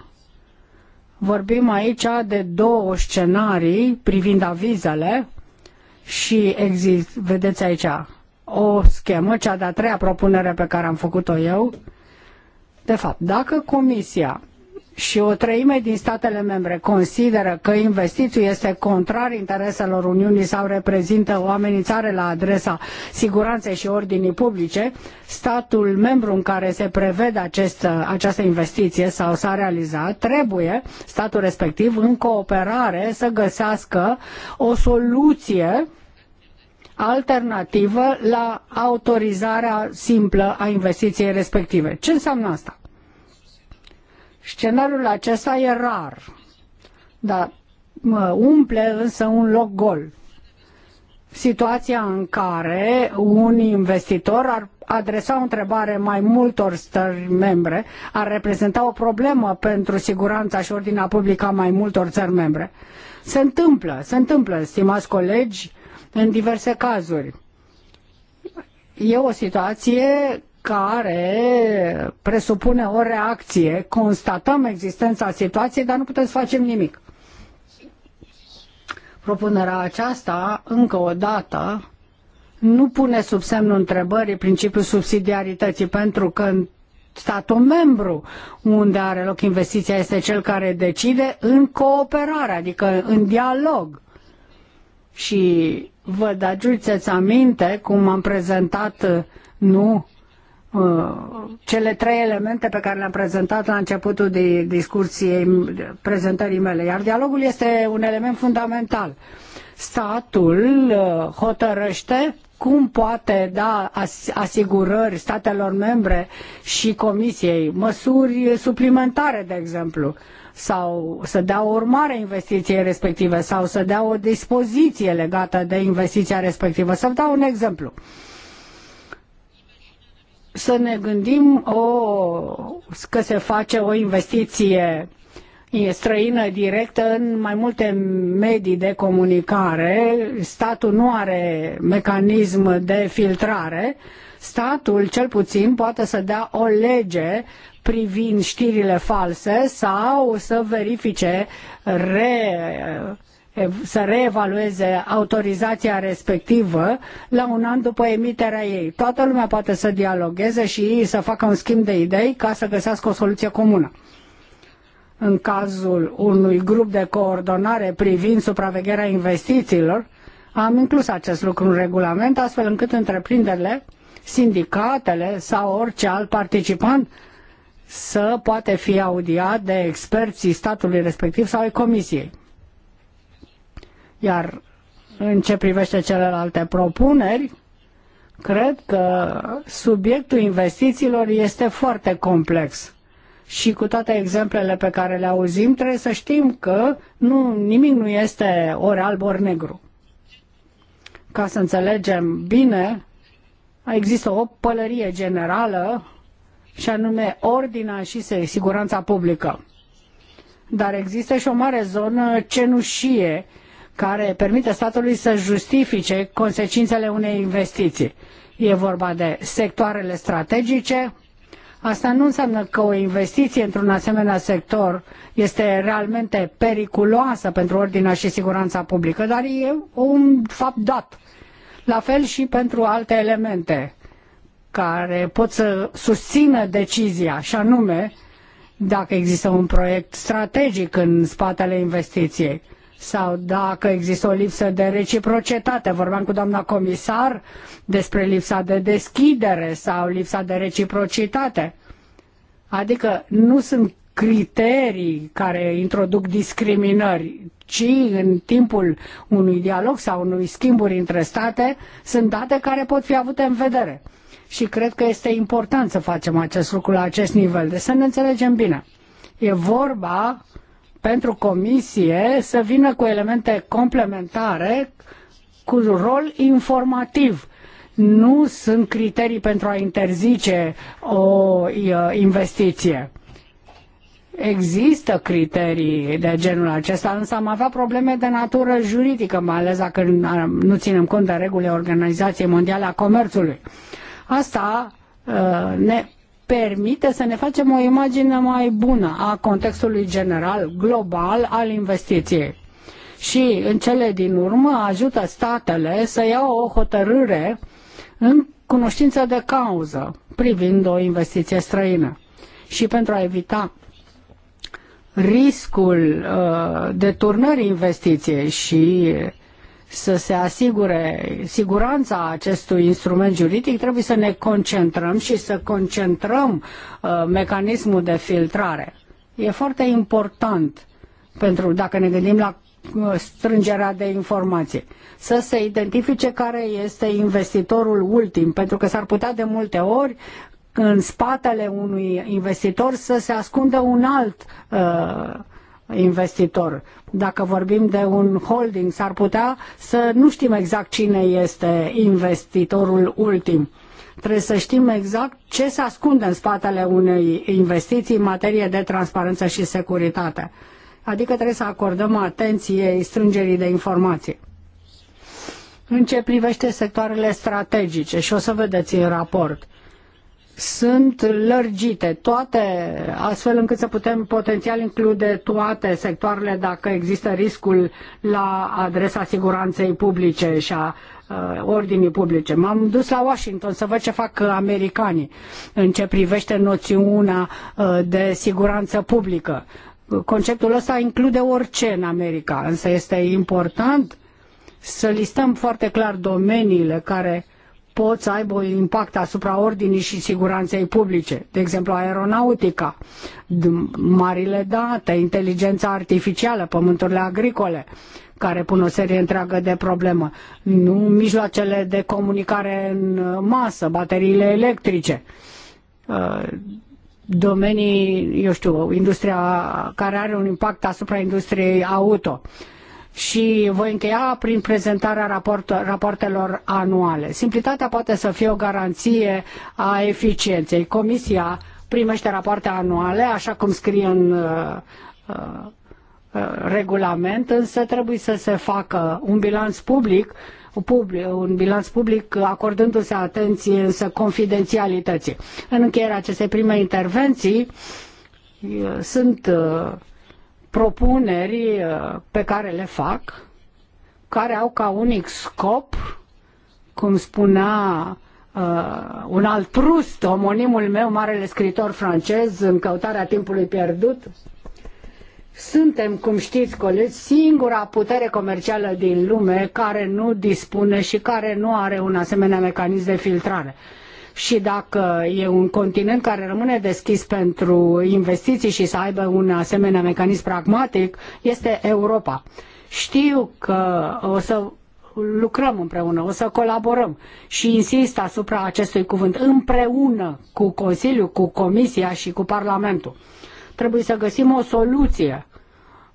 Vorbim aici de două scenarii privind avizele și exist, vedeți aici o schemă, cea de-a treia propunere pe care am făcut-o eu. De fapt, dacă comisia și o treime din statele membre consideră că investițiul este contrar intereselor Uniunii sau reprezintă o amenințare la adresa siguranței și ordinii publice, statul membru în care se prevede acest, această investiție sau s-a realizat, trebuie statul respectiv în cooperare să găsească o soluție alternativă la autorizarea simplă a investiției respective. Ce înseamnă asta? Scenariul acesta e rar, dar umple însă un loc gol. Situația în care un investitor ar adresa o întrebare mai multor stări membre, ar reprezenta o problemă pentru siguranța și ordinea publică a mai multor țări membre. Se întâmplă, se întâmplă, stimați colegi, în diverse cazuri. E o situație care presupune o reacție, constatăm existența situației, dar nu putem să facem nimic. Propunerea aceasta, încă o dată, nu pune sub semnul întrebării principiul subsidiarității, pentru că statul membru unde are loc investiția este cel care decide în cooperare, adică în dialog. Și vă aduceți aminte cum am prezentat nu Uh, cele trei elemente pe care le-am prezentat la începutul de discursiei prezentării mele. Iar dialogul este un element fundamental. Statul uh, hotărăște cum poate da asigurări statelor membre și comisiei, măsuri suplimentare, de exemplu, sau să dea o urmare investiției respective, sau să dea o dispoziție legată de investiția respectivă. Să vă dau un exemplu. Uh, să ne gândim o, că se face o investiție străină directă în mai multe medii de comunicare. Statul nu are mecanism de filtrare. Statul, cel puțin, poate să dea o lege privind știrile false sau să verifice re să reevalueze autorizația respectivă la un an după emiterea ei. Toată lumea poate să dialogueze și ei să facă un schimb de idei ca să găsească o soluție comună. În cazul unui grup de coordonare privind supravegherea investițiilor, am inclus acest lucru în regulament, astfel încât întreprinderile, sindicatele sau orice alt participant să poate fi audiat de experții statului respectiv sau ai comisiei. Iar în ce privește celelalte propuneri, cred că subiectul investițiilor este foarte complex. Și cu toate exemplele pe care le auzim, trebuie să știm că nu, nimic nu este ori alb, ori negru. Ca să înțelegem bine, există o pălărie generală și anume ordinea și siguranța publică. Dar există și o mare zonă cenușie care permite statului să justifice consecințele unei investiții. E vorba de sectoarele strategice. Asta nu înseamnă că o investiție într-un asemenea sector este realmente periculoasă pentru ordinea și siguranța publică, dar e un fapt dat. La fel și pentru alte elemente care pot să susțină decizia, și anume dacă există un proiect strategic în spatele investiției sau dacă există o lipsă de reciprocitate. Vorbeam cu doamna comisar despre lipsa de deschidere sau lipsa de reciprocitate. Adică nu sunt criterii care introduc discriminări, ci în timpul unui dialog sau unui schimburi între state sunt date care pot fi avute în vedere. Și cred că este important să facem acest lucru la acest nivel, de să ne înțelegem bine. E vorba pentru comisie să vină cu elemente complementare cu rol informativ. Nu sunt criterii pentru a interzice o uh, investiție. Există criterii de genul acesta, însă am avea probleme de natură juridică, mai ales dacă nu ținem cont de regulile Organizației Mondiale a Comerțului. Asta uh, ne permite să ne facem o imagine mai bună a contextului general, global, al investiției. Și, în cele din urmă, ajută statele să ia o hotărâre în cunoștință de cauză privind o investiție străină. Și pentru a evita riscul uh, deturnării investiției și să se asigure siguranța acestui instrument juridic, trebuie să ne concentrăm și să concentrăm uh, mecanismul de filtrare. E foarte important pentru dacă ne gândim la uh, strângerea de informații. Să se identifice care este investitorul ultim, pentru că s-ar putea de multe ori în spatele unui investitor să se ascundă un alt uh, investitor. Dacă vorbim de un holding, s-ar putea să nu știm exact cine este investitorul ultim. Trebuie să știm exact ce se ascunde în spatele unei investiții în materie de transparență și securitate. Adică trebuie să acordăm atenție strângerii de informații. În ce privește sectoarele strategice, și o să vedeți în raport, sunt lărgite toate, astfel încât să putem potențial include toate sectoarele dacă există riscul la adresa siguranței publice și a uh, ordinii publice. M-am dus la Washington să văd ce fac americanii în ce privește noțiunea uh, de siguranță publică. Conceptul ăsta include orice în America, însă este important să listăm foarte clar domeniile care uh, pot să aibă impact asupra ordinii și siguranței publice. De exemplu, aeronautica, marile date, inteligența artificială, pământurile agricole, care pun o serie întreagă de probleme. Nu mijloacele de comunicare în masă, bateriile electrice uh, domenii, eu știu, industria care are un impact asupra industriei auto și voi încheia prin prezentarea raport, rapoartelor anuale. Simplitatea poate să fie o garanție a eficienței. Comisia primește rapoarte anuale, așa cum scrie în uh, uh, regulament, însă trebuie să se facă un bilanț public, public un bilanț public acordându-se atenție însă confidențialității. În încheierea acestei prime intervenții uh, sunt uh, propuneri uh, pe care le fac, care au ca unic scop, cum spunea uh, un alt Proust, omonimul meu, marele scritor francez, în căutarea timpului pierdut, suntem, cum știți, colegi, singura putere comercială din lume care nu dispune și care nu are un asemenea mecanism de filtrare și dacă e un continent care rămâne deschis pentru investiții și să aibă un asemenea mecanism pragmatic, este Europa. Știu că o să lucrăm împreună, o să colaborăm și insist asupra acestui cuvânt, împreună cu Consiliul, cu Comisia și cu Parlamentul. Trebuie să găsim o soluție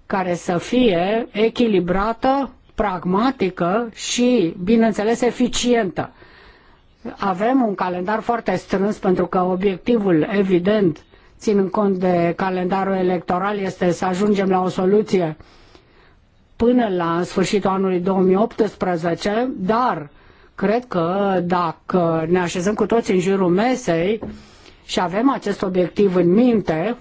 care să fie echilibrată, pragmatică și, bineînțeles, eficientă. Avem un calendar foarte strâns pentru că obiectivul, evident, ținând cont de calendarul electoral, este să ajungem la o soluție până la sfârșitul anului 2018, dar cred că dacă ne așezăm cu toți în jurul mesei și avem acest obiectiv în minte,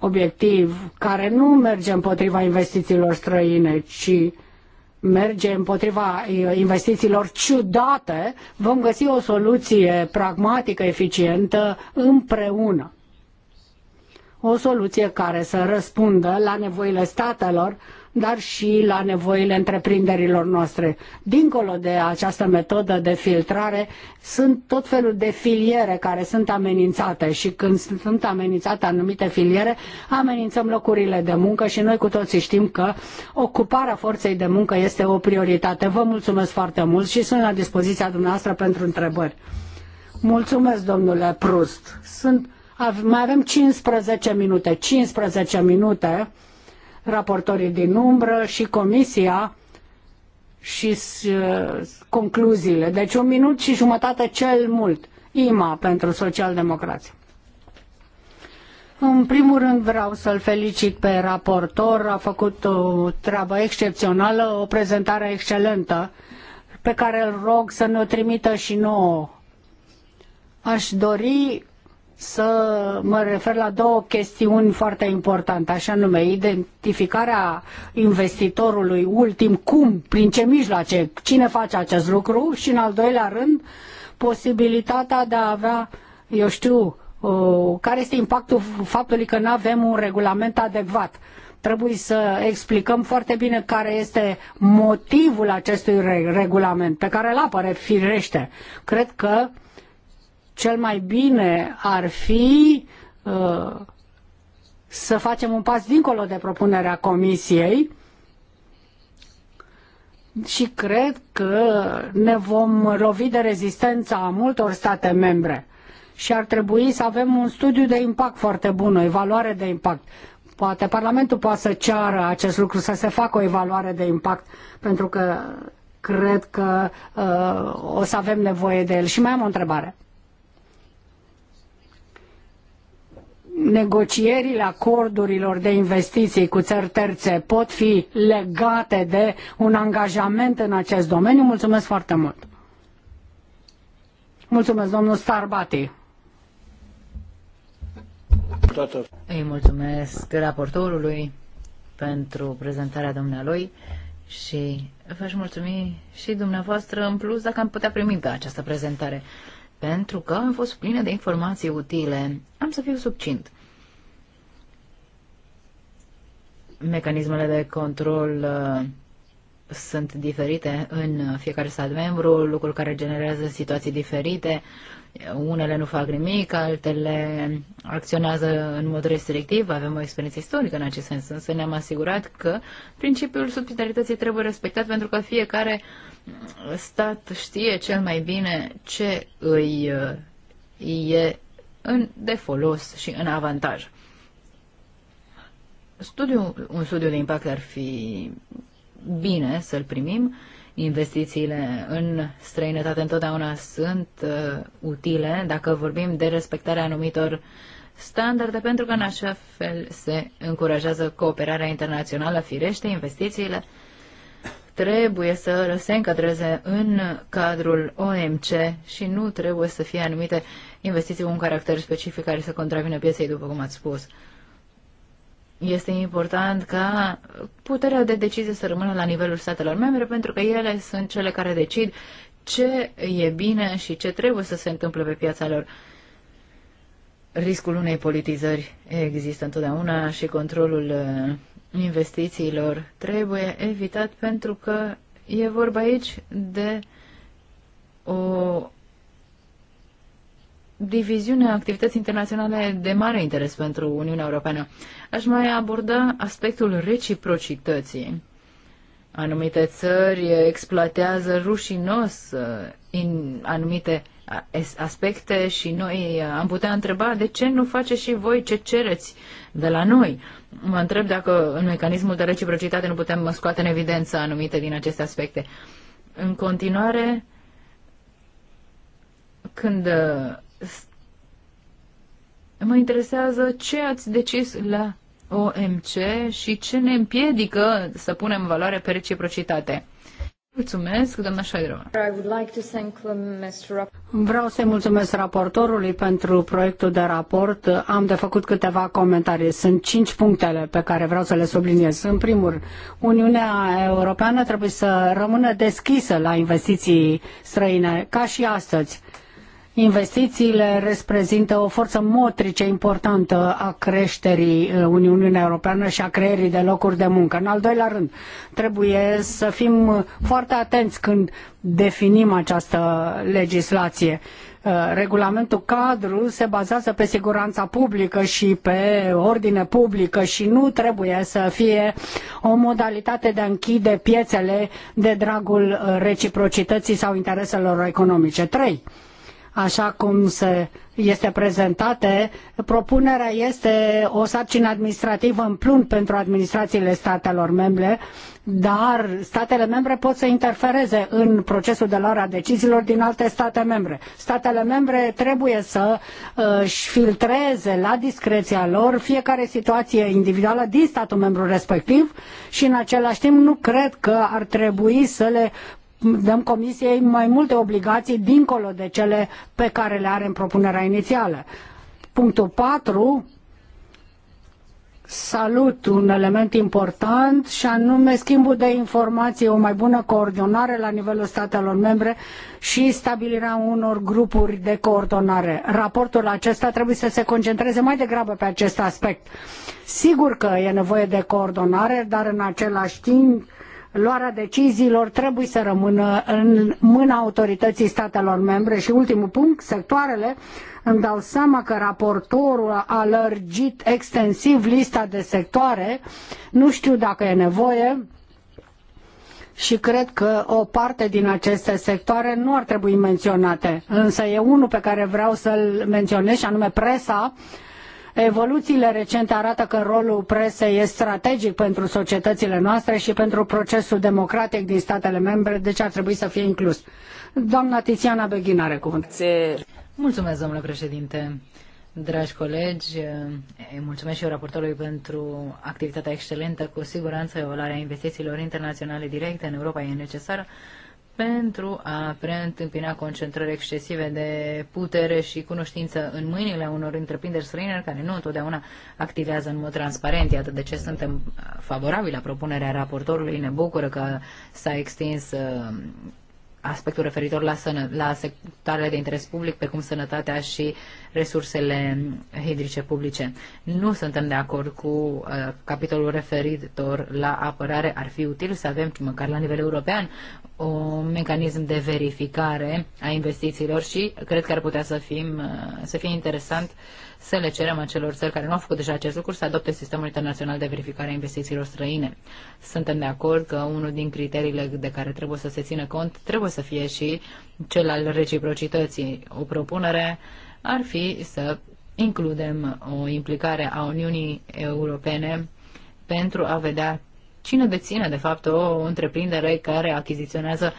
obiectiv care nu merge împotriva investițiilor străine, ci merge împotriva investițiilor ciudate, vom găsi o soluție pragmatică, eficientă, împreună. O soluție care să răspundă la nevoile statelor dar și la nevoile întreprinderilor noastre. Dincolo de această metodă de filtrare, sunt tot felul de filiere care sunt amenințate și când sunt amenințate anumite filiere, amenințăm locurile de muncă și noi cu toții știm că ocuparea forței de muncă este o prioritate. Vă mulțumesc foarte mult și sunt la dispoziția dumneavoastră pentru întrebări. Mulțumesc, domnule Prust. Sunt, mai avem 15 minute. 15 minute raportorii din umbră și comisia și uh, concluziile. Deci un minut și jumătate cel mult. IMA pentru socialdemocrație. În primul rând vreau să-l felicit pe raportor, a făcut o treabă excepțională, o prezentare excelentă pe care îl rog să ne-o trimită și nouă. Aș dori să mă refer la două chestiuni foarte importante, așa nume, identificarea investitorului ultim, cum, prin ce mijloace, cine face acest lucru și în al doilea rând posibilitatea de a avea, eu știu, care este impactul faptului că nu avem un regulament adecvat. Trebuie să explicăm foarte bine care este motivul acestui regulament pe care îl apără firește. Cred că uh, cel mai bine ar fi uh, să facem un pas dincolo de propunerea comisiei și cred că ne vom lovi de rezistența a multor state membre și ar trebui să avem un studiu de impact foarte bun, o evaluare de impact. Poate Parlamentul poate să ceară acest lucru, să se facă o evaluare de impact, pentru că cred că uh, o să avem nevoie de el. Și mai am o întrebare. negocierile acordurilor de investiții cu țări terțe pot fi legate de un angajament în acest domeniu? Mulțumesc foarte mult! Mulțumesc, domnul Starbati! Îi mulțumesc raportorului pentru prezentarea dumnealui și vă mulțumi și dumneavoastră în plus dacă am putea primi pe această prezentare, pentru că am fost plină de informații utile. Am să fiu subcint. mecanismele de control uh, sunt diferite în fiecare stat membru, lucruri care generează situații diferite. Unele nu fac nimic, altele acționează în mod restrictiv. Avem o experiență istorică în acest sens, însă ne-am asigurat că principiul subsidiarității trebuie respectat pentru că fiecare stat știe cel mai bine ce îi uh, e în de folos și în avantaj. Studiu, un studiu de impact ar fi bine să-l primim. Investițiile în străinătate întotdeauna sunt uh, utile dacă vorbim de respectarea anumitor standarde, pentru că în așa fel se încurajează cooperarea internațională, firește, investițiile trebuie să se încadreze în cadrul OMC și nu trebuie să fie anumite investiții cu un caracter specific care să contravină pieței, după cum ați spus. Este important ca puterea de decizie să rămână la nivelul statelor membre, pentru că ele sunt cele care decid ce e bine și ce trebuie să se întâmple pe piața lor. Riscul unei politizări există întotdeauna și controlul uh, investițiilor trebuie evitat pentru că e vorba aici de o diviziune a activității internaționale de mare interes pentru Uniunea Europeană. Aș mai aborda aspectul reciprocității. Anumite țări exploatează rușinos în uh, anumite uh, aspecte și noi uh, am putea întreba de ce nu faceți și voi ce cereți de la noi. Mă întreb dacă în mecanismul de reciprocitate nu putem scoate în evidență anumite din aceste aspecte. În continuare, când Mă interesează ce ați decis la OMC și ce ne împiedică să punem în valoare pe reciprocitate. Mulțumesc, doamna Șoidrova. Vreau să-i mulțumesc raportorului pentru proiectul de raport. Am de făcut câteva comentarii. Sunt cinci punctele pe care vreau să le subliniez. În primul Uniunea Europeană trebuie să rămână deschisă la investiții străine, ca și astăzi Investițiile reprezintă o forță motrice importantă a creșterii uh, Uniunii Europeană și a creierii de locuri de muncă. În al doilea rând, trebuie să fim foarte atenți când definim această legislație. Uh, regulamentul cadru se bazează pe siguranța publică și pe ordine publică și nu trebuie să fie o modalitate de a închide piețele de dragul uh, reciprocității sau intereselor economice. Trei așa cum se este prezentate, propunerea este o sarcină administrativă în plun pentru administrațiile statelor membre, dar statele membre pot să interfereze în procesul de luare a deciziilor din alte state membre. Statele membre trebuie să își filtreze la discreția lor fiecare situație individuală din statul membru respectiv și în același timp nu cred că ar trebui să le dăm comisiei mai multe obligații dincolo de cele pe care le are în propunerea inițială. Punctul 4 salut un element important și anume schimbul de informații, o mai bună coordonare la nivelul statelor membre și stabilirea unor grupuri de coordonare. Raportul acesta trebuie să se concentreze mai degrabă pe acest aspect. Sigur că e nevoie de coordonare, dar în același timp luarea deciziilor trebuie să rămână în mâna autorității statelor membre și ultimul punct, sectoarele, îmi dau seama că raportorul a lărgit extensiv lista de sectoare, nu știu dacă e nevoie, și cred că o parte din aceste sectoare nu ar trebui menționate. Însă e unul pe care vreau să-l menționez și anume presa, uh, Evoluțiile recente arată că rolul presei este strategic pentru societățile noastre și pentru procesul democratic din statele membre, deci ar trebui să fie inclus. Doamna Tiziana Beghin are cuvânt. Mulțumesc, domnule președinte. Dragi colegi, mulțumesc și eu raportorului pentru activitatea excelentă. Cu siguranță, evaluarea investițiilor internaționale directe în Europa e necesară pentru a preîntâmpina concentrări excesive de putere și cunoștință în mâinile unor întreprinderi străine care nu întotdeauna activează în mod transparent. Iată de ce suntem favorabili la propunerea raportorului. Ne bucură că s-a extins uh, aspectul referitor la, sănă, la sectoarele de interes public, precum sănătatea și resursele hidrice publice. Nu suntem de acord cu uh, capitolul referitor la apărare. Ar fi util să avem, măcar la nivel european, un mecanism de verificare a investițiilor și cred că ar putea să, fim, uh, să fie interesant să le cerem acelor țări care nu au făcut deja acest lucru să adopte sistemul internațional de verificare a investițiilor străine. Suntem de acord că unul din criteriile de care trebuie să se țină cont trebuie să fie și cel al reciprocității. O propunere ar fi să includem o implicare a Uniunii Europene pentru a vedea cine deține, de fapt, o întreprindere care achiziționează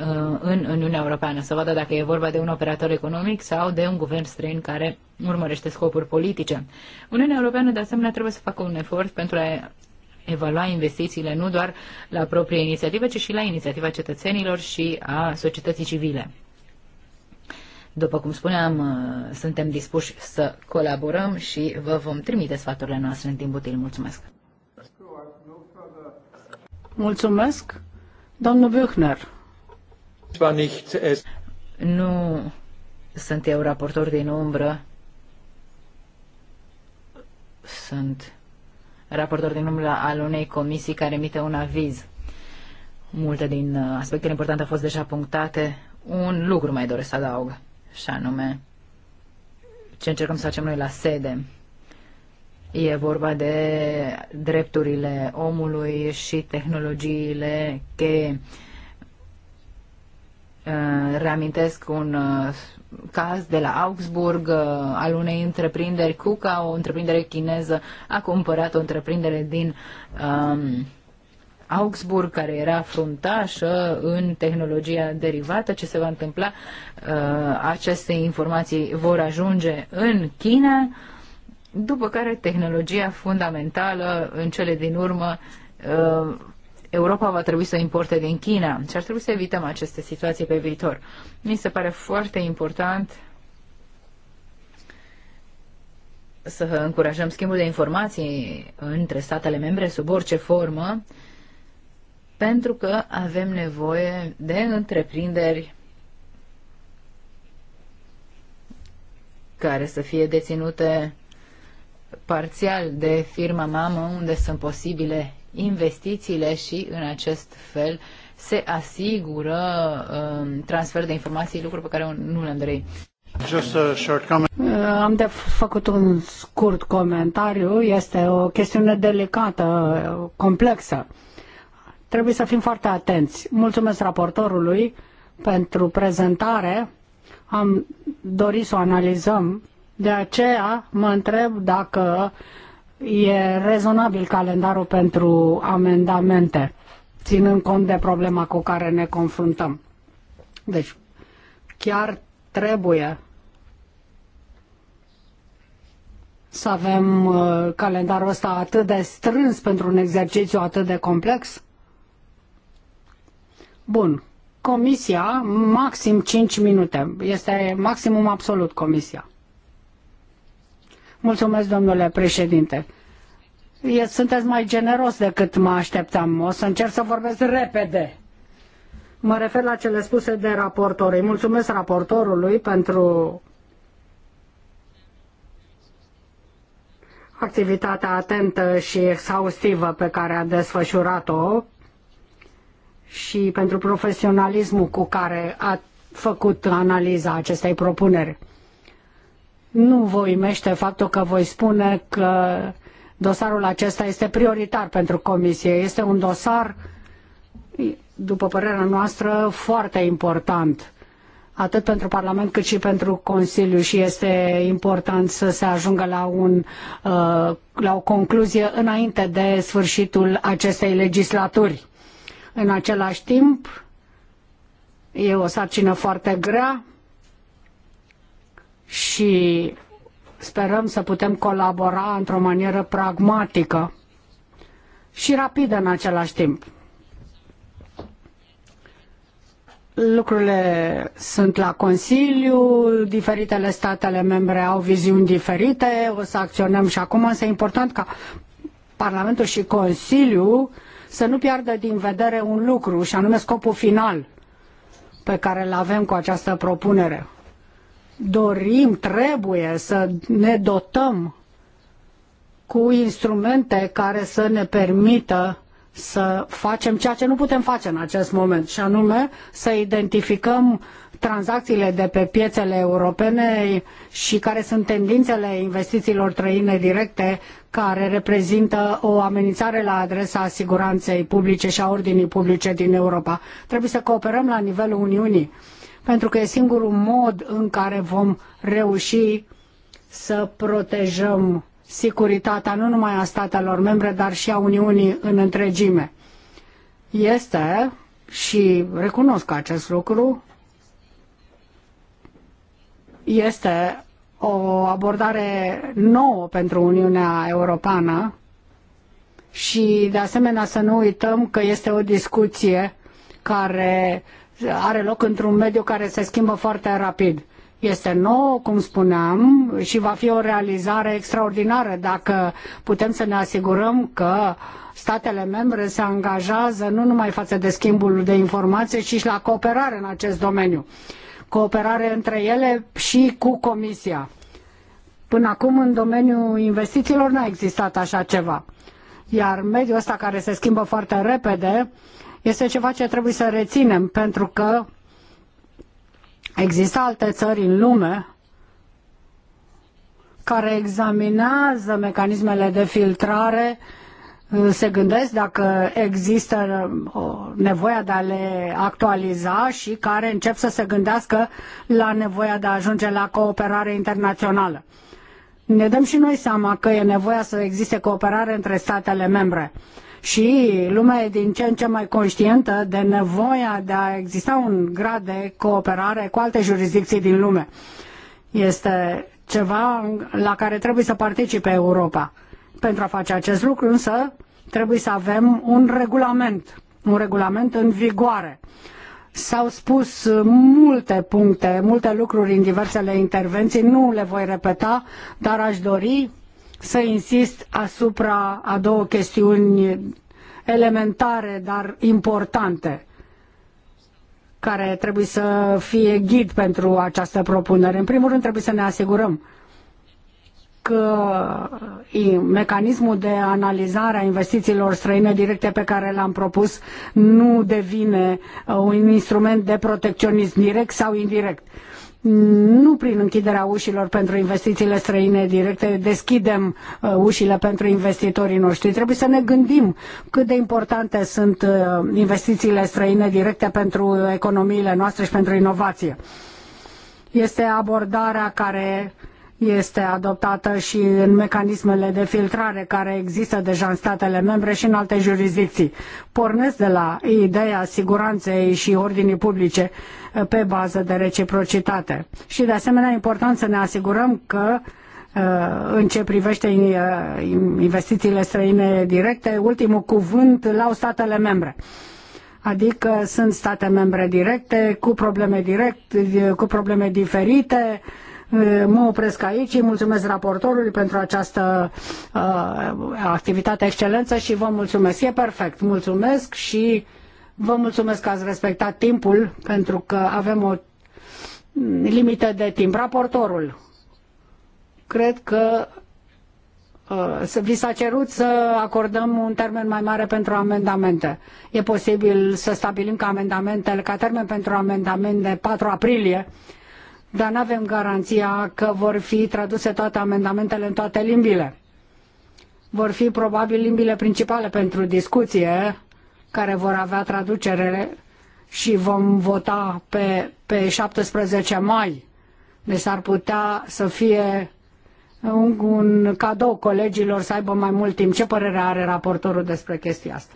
Uh, în Uniunea Europeană, să vadă dacă e vorba de un operator economic sau de un guvern străin care urmărește scopuri politice. Uniunea Europeană, de asemenea, trebuie să facă un efort pentru a evalua investițiile nu doar la proprie inițiative, ci și la inițiativa cetățenilor și a societății civile. După cum spuneam, uh, suntem dispuși să colaborăm și vă vom trimite sfaturile noastre în timp util. Mulțumesc! Mulțumesc, domnul Buchner! Äh, nu sunt eu raportor din umbră. Sunt raportor din umbră al unei comisii care emite un aviz. Multe din uh, aspectele importante au fost deja punctate. Un lucru mai doresc să adaug, și anume ce încercăm să facem noi la sede. E vorba de drepturile omului și tehnologiile cheie Eh, reamintesc un eh, caz de la Augsburg eh, al unei întreprinderi, Cuca, o întreprindere chineză, a cumpărat o întreprindere din um, Augsburg, care era fruntașă în tehnologia derivată. Ce se va întâmpla? Uh, aceste informații vor ajunge în China, după care tehnologia fundamentală, în cele din urmă, uh, Europa va trebui să importe din China și ar trebui să evităm aceste situații pe viitor. Mi se pare foarte important să încurajăm schimbul de informații între statele membre sub orice formă, pentru că avem nevoie de întreprinderi care să fie deținute parțial de firma mamă, unde sunt posibile investițiile și în acest fel se asigură um, transfer de informații, lucruri pe care nu le-am dorit. Just a short comment. Uh, am de făcut un scurt comentariu. Este o chestiune delicată, complexă. Trebuie să fim foarte atenți. Mulțumesc raportorului pentru prezentare. Am dorit să o analizăm. De aceea mă întreb dacă uh, E rezonabil calendarul pentru amendamente, ținând cont de problema cu care ne confruntăm. Deci, chiar trebuie să avem uh, calendarul ăsta atât de strâns pentru un exercițiu atât de complex? Bun. Comisia, maxim 5 minute. Este maximum absolut comisia. Mulțumesc, domnule președinte. Sunteți mai generos decât mă așteptam. O să încerc să vorbesc repede. Mă refer la cele spuse de raportor. Îi mulțumesc raportorului pentru activitatea atentă și exhaustivă pe care a desfășurat-o și pentru profesionalismul cu care a făcut analiza acestei propuneri nu vă uimește faptul că voi spune că dosarul acesta este prioritar pentru Comisie. Este un dosar, după părerea noastră, foarte important atât pentru Parlament cât și pentru Consiliu și este important să se ajungă la, un, uh, la o concluzie înainte de sfârșitul acestei legislaturi. În același timp, e o sarcină foarte grea, și sperăm să putem colabora într-o manieră pragmatică și rapidă în același timp. lucrurile sunt la Consiliu, diferitele statele membre au viziuni diferite, o să acționăm și acum, însă e important ca Parlamentul și Consiliu să nu piardă din vedere un lucru, și anume scopul final pe care îl avem cu această propunere dorim, trebuie să ne dotăm cu instrumente care să ne permită să facem ceea ce nu putem face în acest moment, și anume să identificăm tranzacțiile de pe piețele europene și care sunt tendințele investițiilor trăine directe care reprezintă o amenințare la adresa siguranței publice și a ordinii publice din Europa. Trebuie să cooperăm la nivelul Uniunii pentru că e singurul mod în care vom reuși să protejăm securitatea nu numai a statelor membre, dar și a Uniunii în întregime. Este și recunosc acest lucru, este o abordare nouă pentru Uniunea Europeană și de asemenea să nu uităm că este o discuție care are loc într-un mediu care se schimbă foarte rapid. Este nou, cum spuneam, și va fi o realizare extraordinară dacă putem să ne asigurăm că statele membre se angajează nu numai față de schimbul de informații, ci și la cooperare în acest domeniu. Cooperare între ele și cu Comisia. Până acum, în domeniul investițiilor, n-a existat așa ceva. Iar mediul ăsta care se schimbă foarte repede, este ceva ce trebuie să reținem, pentru că există alte țări în lume care examinează mecanismele de filtrare, se gândesc dacă există uh, nevoia de a le actualiza și care încep să se gândească la nevoia de a ajunge la cooperare internațională. Ne dăm și noi seama că e nevoia să existe cooperare între statele membre și lumea e din ce în ce mai conștientă de nevoia de a exista un grad de cooperare cu alte jurisdicții din lume. Este ceva la care trebuie să participe Europa. Pentru a face acest lucru însă trebuie să avem un regulament, un regulament în vigoare. S-au spus multe puncte, multe lucruri în diversele intervenții, nu le voi repeta, dar aș dori să insist asupra a două chestiuni elementare, dar importante, care trebuie să fie ghid pentru această propunere. În primul rând, trebuie să ne asigurăm că mecanismul de analizare a investițiilor străine directe pe care l-am propus nu devine uh, un instrument de protecționism direct sau indirect nu prin închiderea ușilor pentru investițiile străine directe, deschidem uh, ușile pentru investitorii noștri. Trebuie să ne gândim cât de importante sunt uh, investițiile străine directe pentru economiile noastre și pentru inovație. Este abordarea care este adoptată și în mecanismele de filtrare care există deja în statele membre și în alte jurisdicții. Pornesc de la ideea siguranței și ordinii publice eh, pe bază de reciprocitate. Și de asemenea important să ne asigurăm că eh, în ce privește eh, investițiile străine directe, ultimul cuvânt la statele membre. Adică sunt state membre directe, cu probleme direct, cu probleme diferite, uh, Eh, mă opresc aici, mulțumesc raportorului pentru această uh, activitate excelență și vă mulțumesc. E perfect, mulțumesc și vă mulțumesc că ați respectat timpul pentru că avem o limită de timp. Raportorul, cred că uh, vi s-a cerut să acordăm un termen mai mare pentru amendamente. E posibil să stabilim ca amendamentele, ca termen pentru amendamente 4 aprilie, dar nu avem garanția că vor fi traduse toate amendamentele în toate limbile. Vor fi probabil limbile principale pentru discuție, care vor avea traducere și vom vota pe, pe 17 mai. Deci ar putea să fie un, un cadou colegilor să aibă mai mult timp. Ce părere are raportorul despre chestia asta?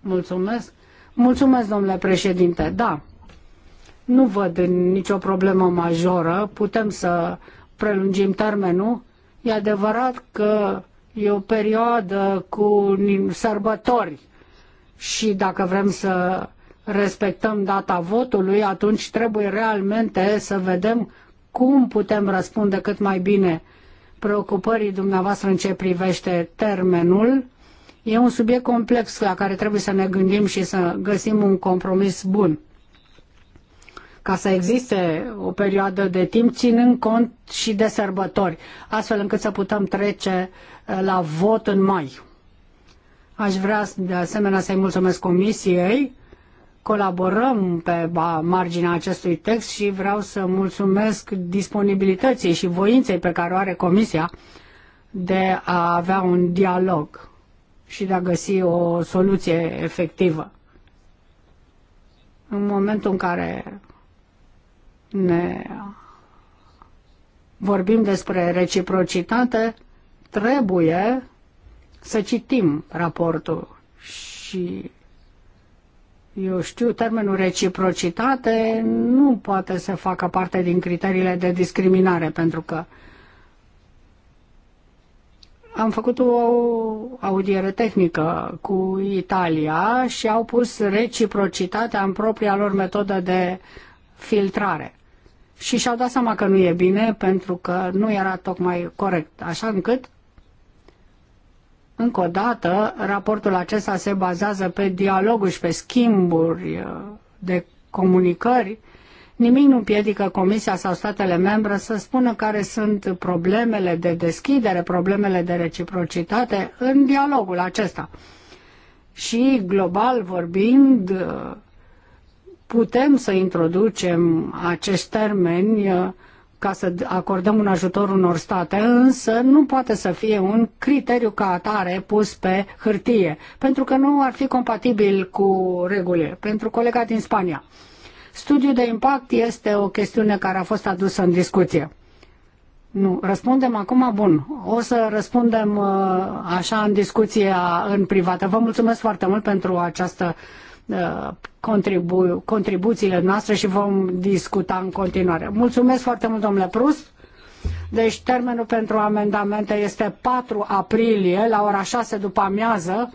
Mulțumesc. Mulțumesc, domnule președinte. Da. Nu văd nicio problemă majoră, putem să prelungim termenul. E adevărat că e o perioadă cu sărbători și dacă vrem să respectăm data votului, atunci trebuie realmente să vedem cum putem răspunde cât mai bine preocupării dumneavoastră în ce privește termenul. E un subiect complex la care trebuie să ne gândim și să găsim un compromis bun ca să existe o perioadă de timp ținând cont și de sărbători, astfel încât să putem trece eh, la vot în mai. Aș vrea de asemenea să-i mulțumesc Comisiei colaborăm pe marginea acestui text și vreau să mulțumesc disponibilității și voinței pe care o are Comisia de a avea un dialog și de a găsi o soluție efectivă. În momentul în care ne vorbim despre reciprocitate, trebuie să citim raportul și eu știu, termenul reciprocitate nu poate să facă parte din criteriile de discriminare, pentru că am făcut o audiere tehnică cu Italia și au pus reciprocitatea în propria lor metodă de filtrare și și-au dat seama că nu e bine pentru că nu era tocmai corect, așa încât încă o dată, raportul acesta se bazează pe dialoguri și pe schimburi uh, de comunicări. Nimic nu împiedică Comisia sau statele membre să spună care sunt problemele de deschidere, problemele de reciprocitate în dialogul acesta. Și global vorbind, uh, putem să introducem acest termen, uh, ca să acordăm un ajutor unor state, însă nu poate să fie un criteriu ca atare pus pe hârtie, pentru că nu ar fi compatibil cu regulile. Pentru colega din Spania, studiul de impact este o chestiune care a fost adusă în discuție. Nu, răspundem acum, bun. O să răspundem uh, așa în discuția în privată. Vă mulțumesc foarte mult pentru această uh, Uh, contribu- contribuțiile noastre și vom discuta în continuare. Mulțumesc foarte mult, domnule Prus. Deci termenul pentru amendamente este 4 aprilie la ora 6 după amiază.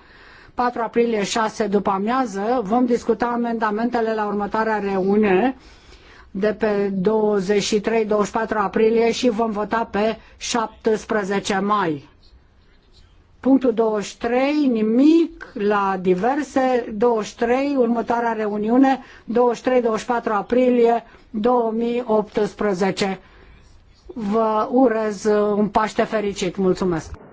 4 aprilie 6 după amiază vom discuta amendamentele la următoarea reuniune de pe 23-24 aprilie și vom vota pe 17 mai. Punctul 23, nimic la diverse. 23, următoarea reuniune, 23-24 aprilie 2018. Vă urez un Paște fericit. Mulțumesc!